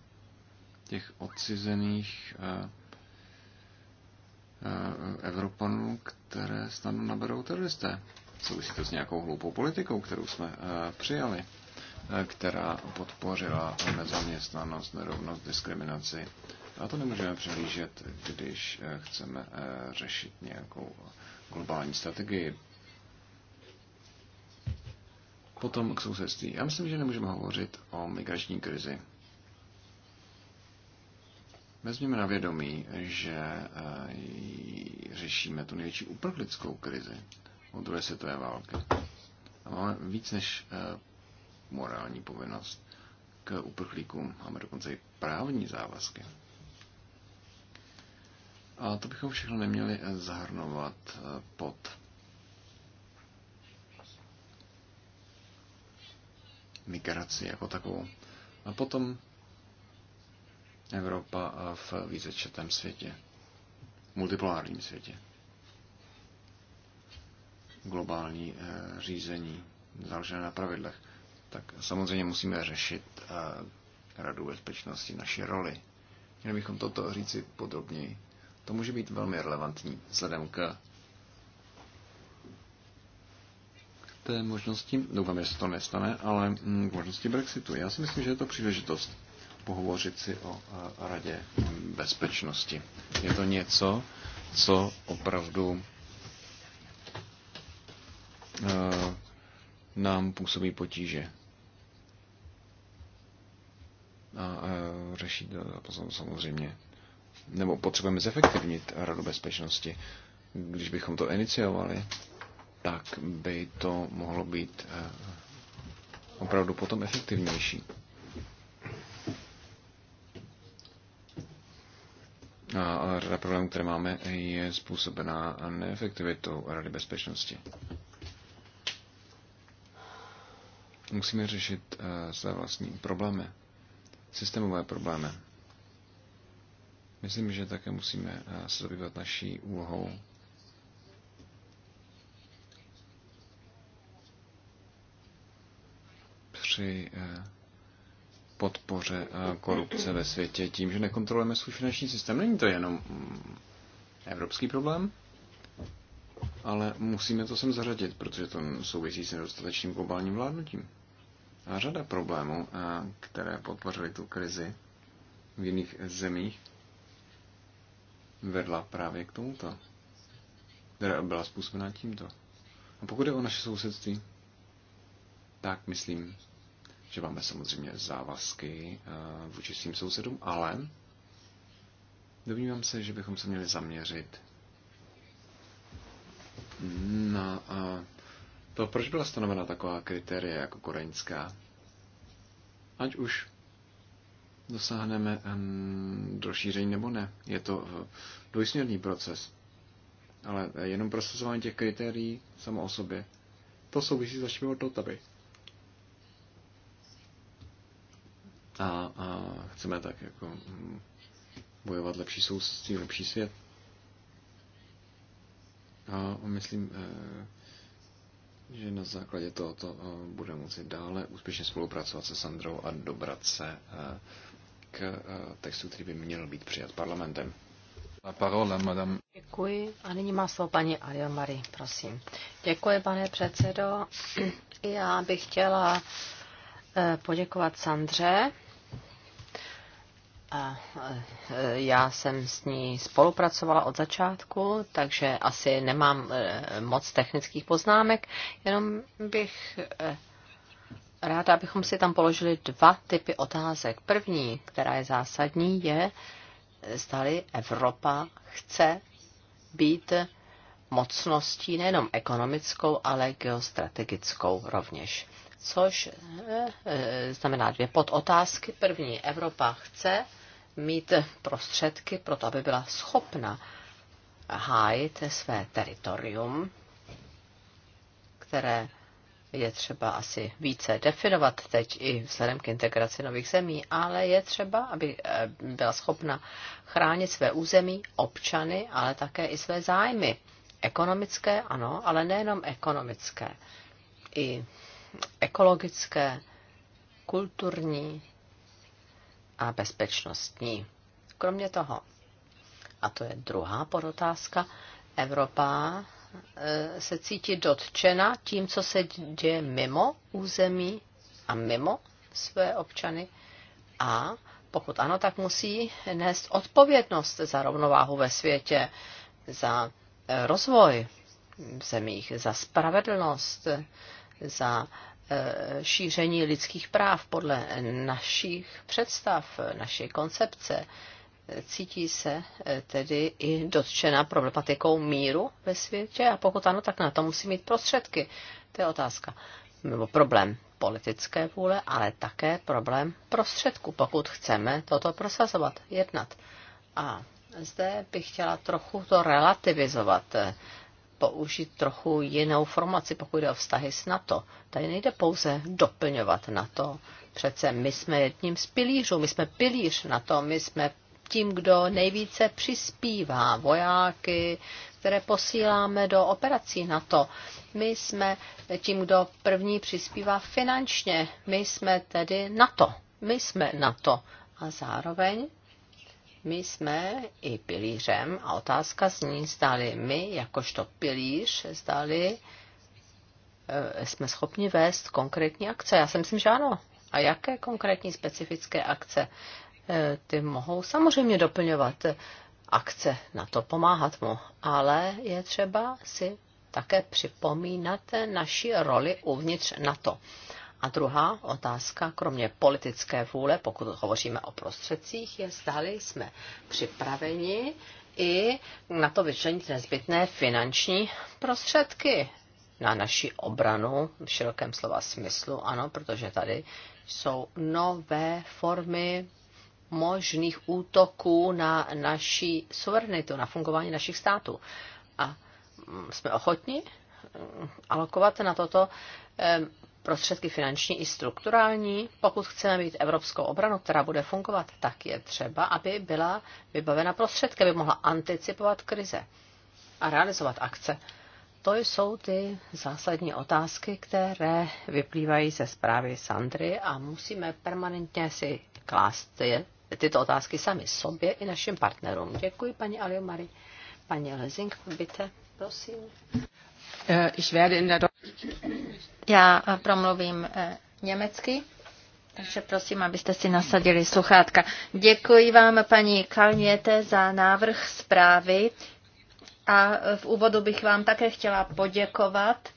těch odcizených eh, eh, Evropanů, které snadno naberou teroristé. Souvisí to s nějakou hloupou politikou, kterou jsme eh, přijali, která podpořila nezaměstnanost, nerovnost, diskriminaci. A to nemůžeme přehlížet, když chceme řešit nějakou globální strategii Potom k sousedství. Já myslím, že nemůžeme hovořit o migrační krizi. Vezměme na vědomí, že eh, řešíme tu největší uprchlickou krizi od druhé světové války. A máme víc než eh, morální povinnost k uprchlíkům. Máme dokonce i právní závazky. A to bychom všechno neměli eh, zahrnovat pod migraci jako takovou. A potom Evropa v vícečetém světě, multipolárním světě, globální eh, řízení založené na pravidlech, tak samozřejmě musíme řešit eh, Radu bezpečnosti, naši roli. Měli bychom toto říci podrobněji. To může být velmi relevantní vzhledem k té možnosti, doufám, že se to nestane, ale mm, k možnosti Brexitu. Já si myslím, že je to příležitost pohovořit si o Radě bezpečnosti. Je to něco, co opravdu e, nám působí potíže. A e, řeší to samozřejmě. Nebo potřebujeme zefektivnit Radu bezpečnosti. Když bychom to iniciovali, tak by to mohlo být eh, opravdu potom efektivnější. A řada problémů, které máme, je způsobená neefektivitou Rady bezpečnosti. Musíme řešit eh, své vlastní problémy, systémové problémy. Myslím, že také musíme eh, se zabývat naší úlohou při eh, podpoře eh, korupce ve světě tím, že nekontrolujeme svůj finanční systém. Není to jenom mm, evropský problém, ale musíme to sem zařadit, protože to souvisí s nedostatečným globálním vládnutím. A řada problémů, eh, které podpořily tu krizi v jiných zemích, vedla právě k tomuto. Která byla způsobena tímto. A pokud je o naše sousedství, tak myslím, že máme samozřejmě závazky eh, vůči svým sousedům, ale domnívám se, že bychom se měli zaměřit na eh, to, proč byla stanovena taková kritéria jako koreňská. Ať už dosáhneme rozšíření nebo ne. Je to eh, dvojsměrný proces. Ale jenom procesování těch kritérií samo o sobě. To souvisí s našimi hodnotami. a, a chceme tak jako mm, bojovat lepší sousedství, lepší svět. A myslím, eh, že na základě tohoto eh, bude moci dále úspěšně spolupracovat se Sandrou a dobrat se eh, k textu, který by měl být přijat parlamentem. La parole, madame. Děkuji. A nyní má slovo paní Ariel Marie, prosím. Děkuji, pane předsedo. Já bych chtěla poděkovat Sandře a e, já jsem s ní spolupracovala od začátku, takže asi nemám e, moc technických poznámek, jenom bych e, ráda, abychom si tam položili dva typy otázek. První, která je zásadní, je, zdali Evropa chce být mocností nejenom ekonomickou, ale geostrategickou rovněž. Což znamená dvě podotázky. První, Evropa chce mít prostředky pro to, aby byla schopna hájit své teritorium, které je třeba asi více definovat teď i vzhledem k integraci nových zemí, ale je třeba, aby eh, byla schopna chránit své území, občany, ale také i své zájmy. Ekonomické, ano, ale nejenom ekonomické. I ekologické, kulturní, a bezpečnostní. Kromě toho, a to je druhá podotázka, Evropa eh, se cítí dotčena tím, co se děje mimo území a mimo své občany a pokud ano, tak musí nést odpovědnost za rovnováhu ve světě, za eh, rozvoj v zemích, za spravedlnost, za Eh, šíření lidských práv podle našich představ, naší koncepce. Eh, cítí se eh, tedy i dotčena problematikou míru ve světě a pokud ano, tak na to musí mít prostředky. To je otázka. Nebo problém politické vůle, ale také problém prostředku, pokud chceme toto prosazovat, jednat. A zde bych chtěla trochu to relativizovat použít trochu jinou formaci, pokud jde o vztahy s NATO. Tady nejde pouze doplňovat NATO. Přece my jsme jedním z pilířů, my jsme pilíř NATO, my jsme tím, kdo nejvíce přispívá vojáky, které posíláme do operací NATO. My jsme tím, kdo první přispívá finančně. My jsme tedy NATO. My jsme NATO. A zároveň my jsme i pilířem a otázka ní zdali my, jakožto pilíř, zdali eh, jsme schopni vést konkrétní akce. Já si myslím, že ano. A jaké konkrétní specifické akce? Eh, ty mohou samozřejmě doplňovat akce, na to pomáhat mu, ale je třeba si také připomínat naši roli uvnitř na to. A druhá otázka, kromě politické vůle, pokud hovoříme o prostředcích, je, zdali jsme připraveni i na to vyčlenit nezbytné finanční prostředky na naši obranu v širokém slova smyslu, ano, protože tady jsou nové formy možných útoků na naši suverenitu, na fungování našich států. A mm, jsme ochotni mm, alokovat na toto prostředky finanční i strukturální. Pokud chceme mít evropskou obranu, která bude fungovat, tak je třeba, aby byla vybavena prostředky, aby mohla anticipovat krize a realizovat akce. To jsou ty zásadní otázky, které vyplývají ze zprávy Sandry a musíme permanentně si klást ty, tyto otázky sami sobě i našim partnerům. Děkuji, paní Aliomari. Paní Lezing, byte, prosím. Eh, Já eh, promluvím eh, německy. Takže prosím, abyste si nasadili sluchátka. Děkuji vám, paní Kalněte, za návrh zprávy a v úvodu bych vám také chtěla poděkovat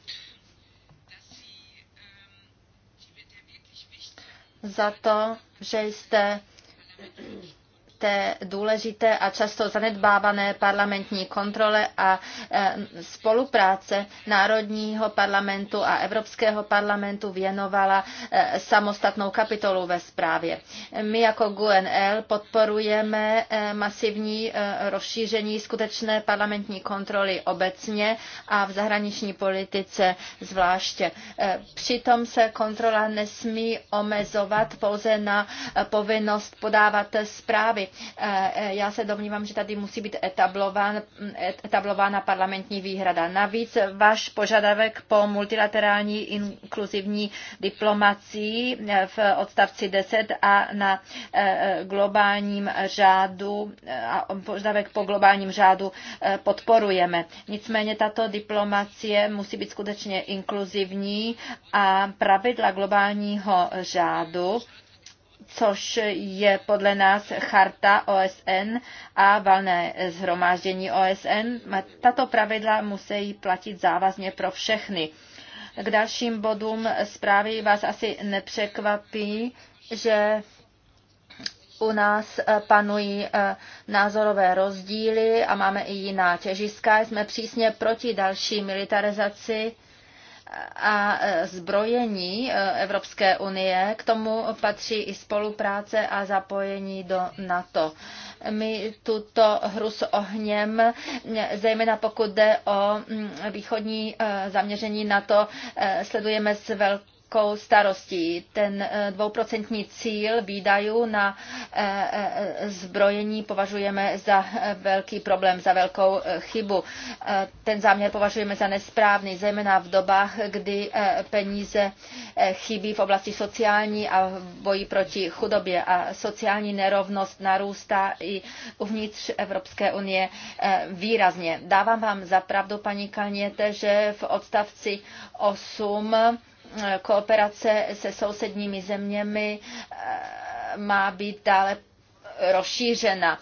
za to, že jste té důležité a často zanedbávané parlamentní kontrole a e, spolupráce Národního parlamentu a Evropského parlamentu věnovala e, samostatnou kapitolu ve zprávě. My jako GUNL podporujeme e, masivní rozšíření skutečné parlamentní kontroly obecně a v zahraniční politice zvláště. Přitom se kontrola nesmí omezovat pouze na povinnost podávat zprávy. Eh, eh, já se domnívám, že tady musí být etablován, eh, etablována parlamentní výhrada. Navíc váš požadavek po multilaterální inkluzivní diplomacii v odstavci 10 a na globálním řádu a požadavek po globálním řádu podporujeme. Nicméně tato diplomacie musí být skutečně inkluzivní a pravidla globálního řádu což je podle nás charta OSN a valné zhromáždění OSN. Tato pravidla musí platit závazně pro všechny. K dalším bodům zprávy vás asi nepřekvapí, že u nás panují eh, názorové rozdíly a máme i jiná těžiska. Jsme přísně proti další militarizaci a zbrojení e, Evropské unie. K tomu patří i spolupráce a zapojení do NATO. My tuto hru s ohněm, zejména pokud jde o východní e, zaměření NATO, e, sledujeme s velkou obrovskou starostí. Ten eh, dvouprocentní cíl výdajů na eh, eh, zbrojení považujeme za velký problém, za velkou chybu. Ten záměr považujeme za nesprávný, zejména v dobách, kdy peníze chybí v oblasti sociální a boji proti chudobě a sociální nerovnost narůstá i uvnitř Evropské unie výrazně. Dávám vám za pravdu, paní Kalněte, že v odstavci 8 kooperace se sousedními zeměmi eh, má být dále rozšířena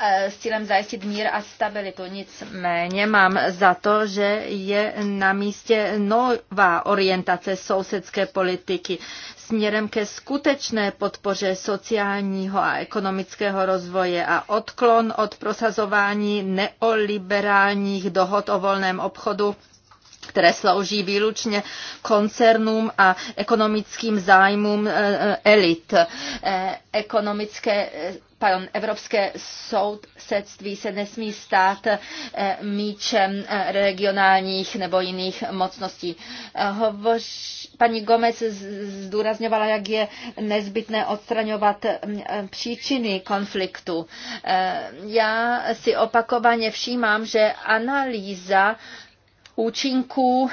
eh, s cílem zajistit mír a stabilitu. Nicméně mám za to, že je na místě nová orientace sousedské politiky směrem ke skutečné podpoře sociálního a ekonomického rozvoje a odklon od prosazování neoliberálních dohod o volném obchodu které slouží výlučně koncernům a ekonomickým zájmům eh, eh, elit. Eh, ekonomické pardon, evropské sousedství se nesmí stát míčem regionálních nebo jiných mocností. Hovoř, paní Gomez zdůrazňovala, jak je nezbytné odstraňovat mm, příčiny konfliktu. Já si opakovaně všímám, že analýza účinků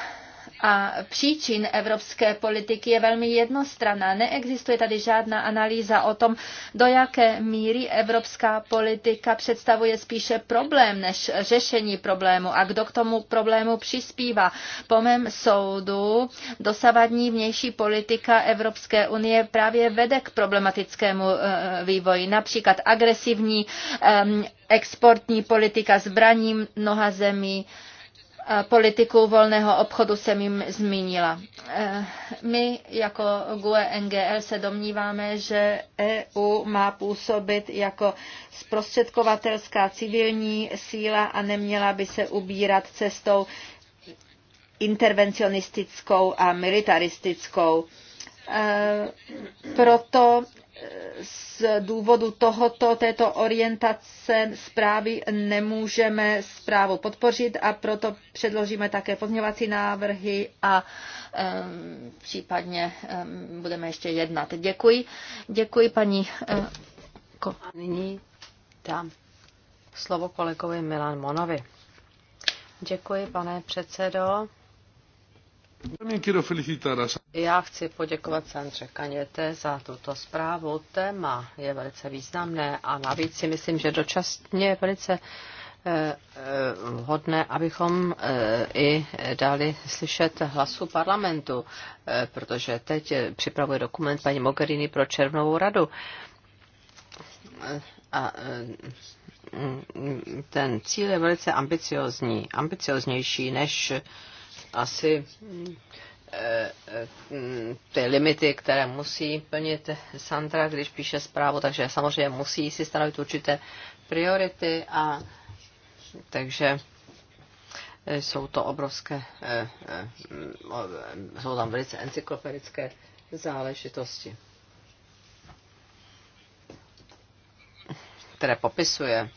a příčin evropské politiky je velmi jednostranná. Neexistuje tady žádná analýza o tom, do jaké míry evropská politika představuje spíše problém než řešení problému a kdo k tomu problému přispívá. Po mém soudu dosavadní vnější politika Evropské unie právě vede k problematickému eh, vývoji, například agresivní eh, exportní politika zbraní mnoha zemí, politiku volného obchodu jsem jim zmínila. E, my jako GUE NGL se domníváme, že EU má působit jako zprostředkovatelská civilní síla a neměla by se ubírat cestou intervencionistickou a militaristickou Eh, proto eh, z důvodu tohoto, této orientace zprávy nemůžeme zprávu podpořit a proto předložíme také pozměňovací návrhy a um, případně um, budeme ještě jednat. Děkuji. Děkuji paní. Uh, ko. nyní dám slovo kolegovi Milan Monovi. Děkuji, pane předsedo. Já chci poděkovat Sandře Kaněte za tuto zprávu. Téma je velice významné a navíc si myslím, že dočasně je velice eh, eh, vhodné, abychom eh, i dali slyšet hlasu parlamentu, protože teď připravuje dokument paní Mogherini pro Červnovou radu. A ten cíl je velice ambiciozní, ambicioznější než asi eh, eh, ty limity, které musí plnit Sandra, když píše zprávu, takže samozřejmě musí si stanovit určité priority a takže eh, jsou to obrovské, jsou tam velice encyklopedické záležitosti, které popisuje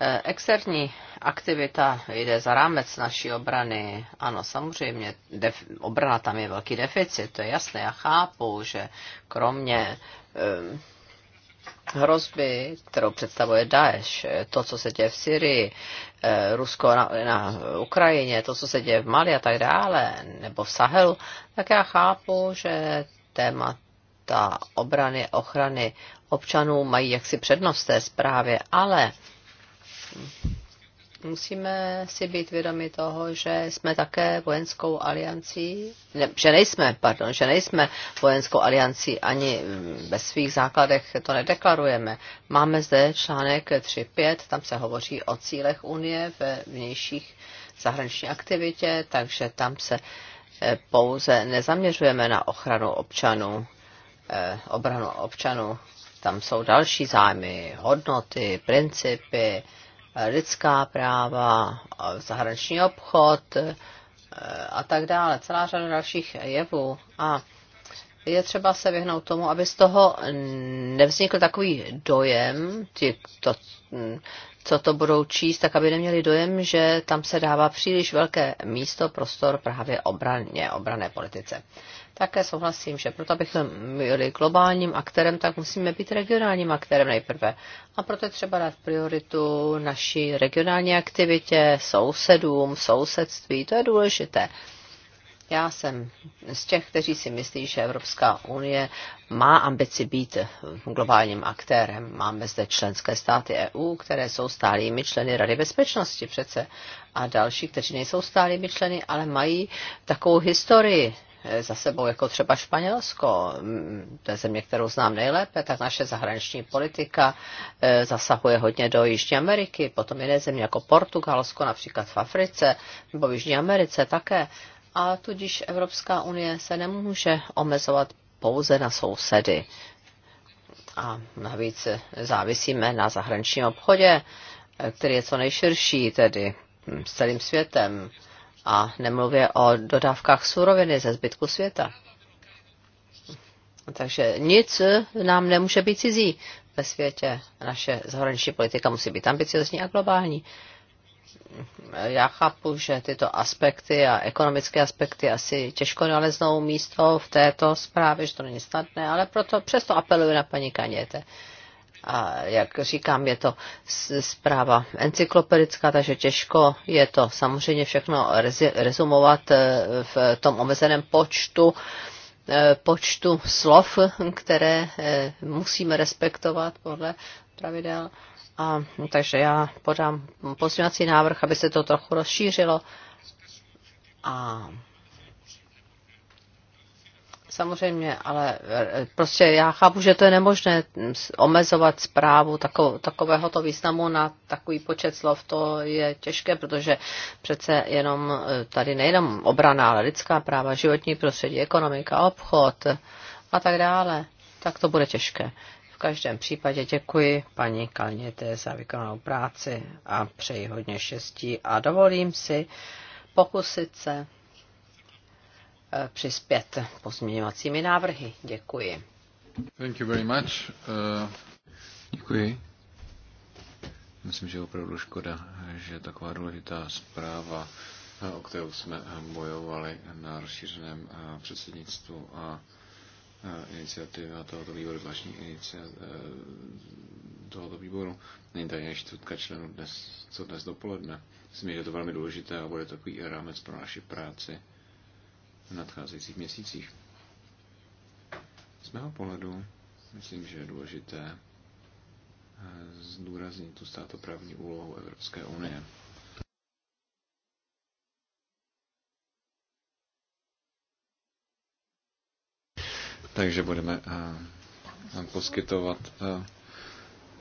Eh, externí aktivita jde za rámec naší obrany. Ano, samozřejmě, def, obrana tam je velký deficit, to je jasné. Já chápu, že kromě eh, hrozby, kterou představuje Daesh, eh, to, co se děje v Syrii, eh, Rusko na, na Ukrajině, to, co se děje v Mali a tak dále, nebo v Sahelu, tak já chápu, že témata obrany, ochrany občanů mají jaksi přednost té zprávě, ale musíme si být vědomi toho, že jsme také vojenskou aliancí, ne, že nejsme, pardon, že nejsme vojenskou aliancí, ani ve svých základech to nedeklarujeme. Máme zde článek 3.5, tam se hovoří o cílech Unie ve vnějších zahraniční aktivitě, takže tam se eh, pouze nezaměřujeme na ochranu občanů, eh, obranu občanů. Tam jsou další zájmy, hodnoty, principy, lidská práva, zahraniční obchod eh, a tak dále, celá řada dalších jevů. A je třeba se vyhnout tomu, aby z toho nevznikl takový dojem, ty, to, hm, co to budou číst, tak aby neměli dojem, že tam se dává příliš velké místo, prostor právě obraně, obrané politice. Také souhlasím, že proto, abychom byli globálním aktérem, tak musíme být regionálním aktérem nejprve. A proto je třeba dát prioritu naší regionální aktivitě, sousedům, sousedství. To je důležité. Já jsem z těch, kteří si myslí, že Evropská unie má ambici být globálním aktérem. Máme zde členské státy EU, které jsou stálými členy Rady bezpečnosti přece a další, kteří nejsou stálými členy, ale mají takovou historii za sebou, jako třeba Španělsko, mm, to je země, kterou znám nejlépe, tak naše zahraniční politika e, zasahuje hodně do Jižní Ameriky, potom jiné země jako Portugalsko, například v Africe, nebo v Jižní Americe také. A tudíž Evropská unie se nemůže omezovat pouze na sousedy. A navíc závisíme na zahraničním obchodě, e, který je co nejširší, tedy mm, s celým světem a nemluvě o dodávkách suroviny ze zbytku světa. Takže nic nám nemůže být cizí ve světě. Naše zahraniční politika musí být ambiciozní a globální. Já chápu, že tyto aspekty a ekonomické aspekty asi těžko naleznou místo v této zprávě, že to není snadné, ale proto přesto apeluji na paní Kaněte a jak říkám, je to zpráva encyklopedická, takže těžko je to samozřejmě všechno rezumovat e, v tom omezeném počtu e, počtu slov, které e, musíme respektovat podle pravidel. A, takže já podám pozměňovací návrh, aby se to trochu rozšířilo. A Samozřejmě, ale e, prostě já chápu, že to je nemožné omezovat zprávu tako, takovéhoto významu na takový počet slov. To je těžké, protože přece jenom e, tady nejenom obrana, ale lidská práva, životní prostředí, ekonomika, obchod a tak dále. Tak to bude těžké. V každém případě děkuji paní Kalněte za vykonanou práci a přeji hodně štěstí a dovolím si pokusit se Eh, přispět pozměňovacími návrhy. Děkuji. Thank you very much. Uh... Děkuji. Myslím, že je opravdu škoda, že taková důležitá zpráva, eh, o kterou jsme bojovali na rozšířeném předsednictvu a iniciativa tohoto výboru, zvláštní iniciativa tohoto výboru, není tady než čtvrtka členů dnes, co dnes dopoledne. Myslím, že je to velmi důležité a bude takový rámec pro naši práci v nadcházejících měsících. Z mého pohledu myslím, že je důležité eh, zdůraznit tu státoprávní úlohu Evropské unie. Takže budeme eh, poskytovat eh,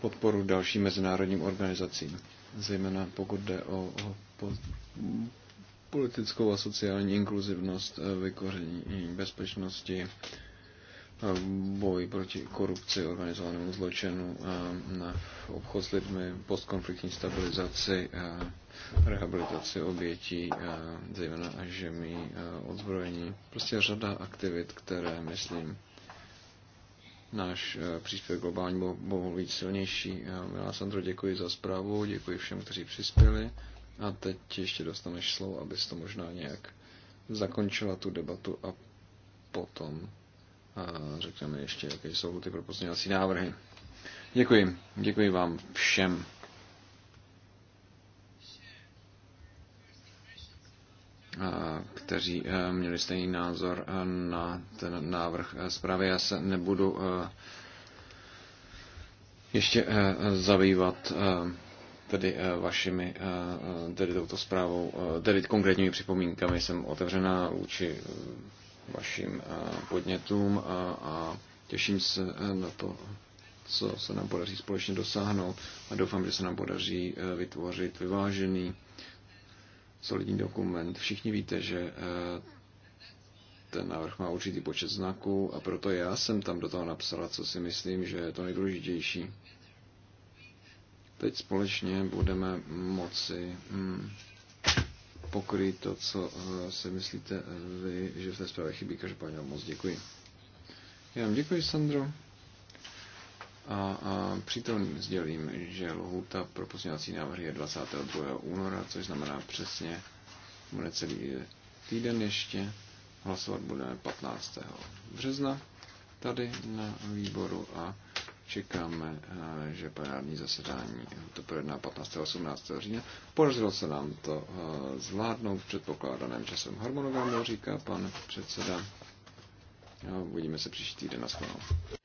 podporu dalším mezinárodním organizacím, zejména pokud jde o politickou a sociální inkluzivnost, eh, vykoření bezpečnosti, eh, boj proti korupci, organizovanému zločinu, eh, obchod s lidmi, postkonfliktní stabilizaci, rehabilitaci obětí, zejména žemí, odzbrojení. Prostě řada aktivit, které, myslím, náš příspěvek globální mohl být silnější. Já Sandro, děkuji za zprávu, děkuji všem, kteří přispěli. A teď ještě dostaneš slovo, abys to možná nějak zakončila tu debatu a potom a řekneme ještě, jaké jsou ty propozňovací návrhy. Děkuji. Děkuji vám všem. kteří e, měli stejný názor e, na ten návrh zprávy. Já se nebudu e, ještě zabývat tedy eh, vašimi, eh, eh, tedy touto zprávou, tedy konkrétními připomínkami jsem otevřená vůči vašim podnětům a, a těším se na to, co se nám podaří společně dosáhnout a doufám, že se nám podaří vytvořit vyvážený, solidní dokument. Všichni víte, že ten návrh má určitý počet znaků a proto já jsem tam do toho napsala, co si myslím, že je to nejdůležitější Teď společně budeme moci hm, pokryt to, co eh, si myslíte eh, vy, že v té zprávě chybí. Každopádně vám moc děkuji. Já vám děkuji, Sandro. A, a přítomným sdělím, že lhůta pro pozměňovací návrhy je 22. února, což znamená přesně, bude celý eh, týden ještě. Hlasovat budeme 15. března tady na výboru a čekáme, eh, že plenární zasedání to projedná 15. a 18. října. Podařilo se nám to eh, zvládnout v předpokládaném časem harmonogramu, říká pan předseda. No, uvidíme se příští týden na shledanou.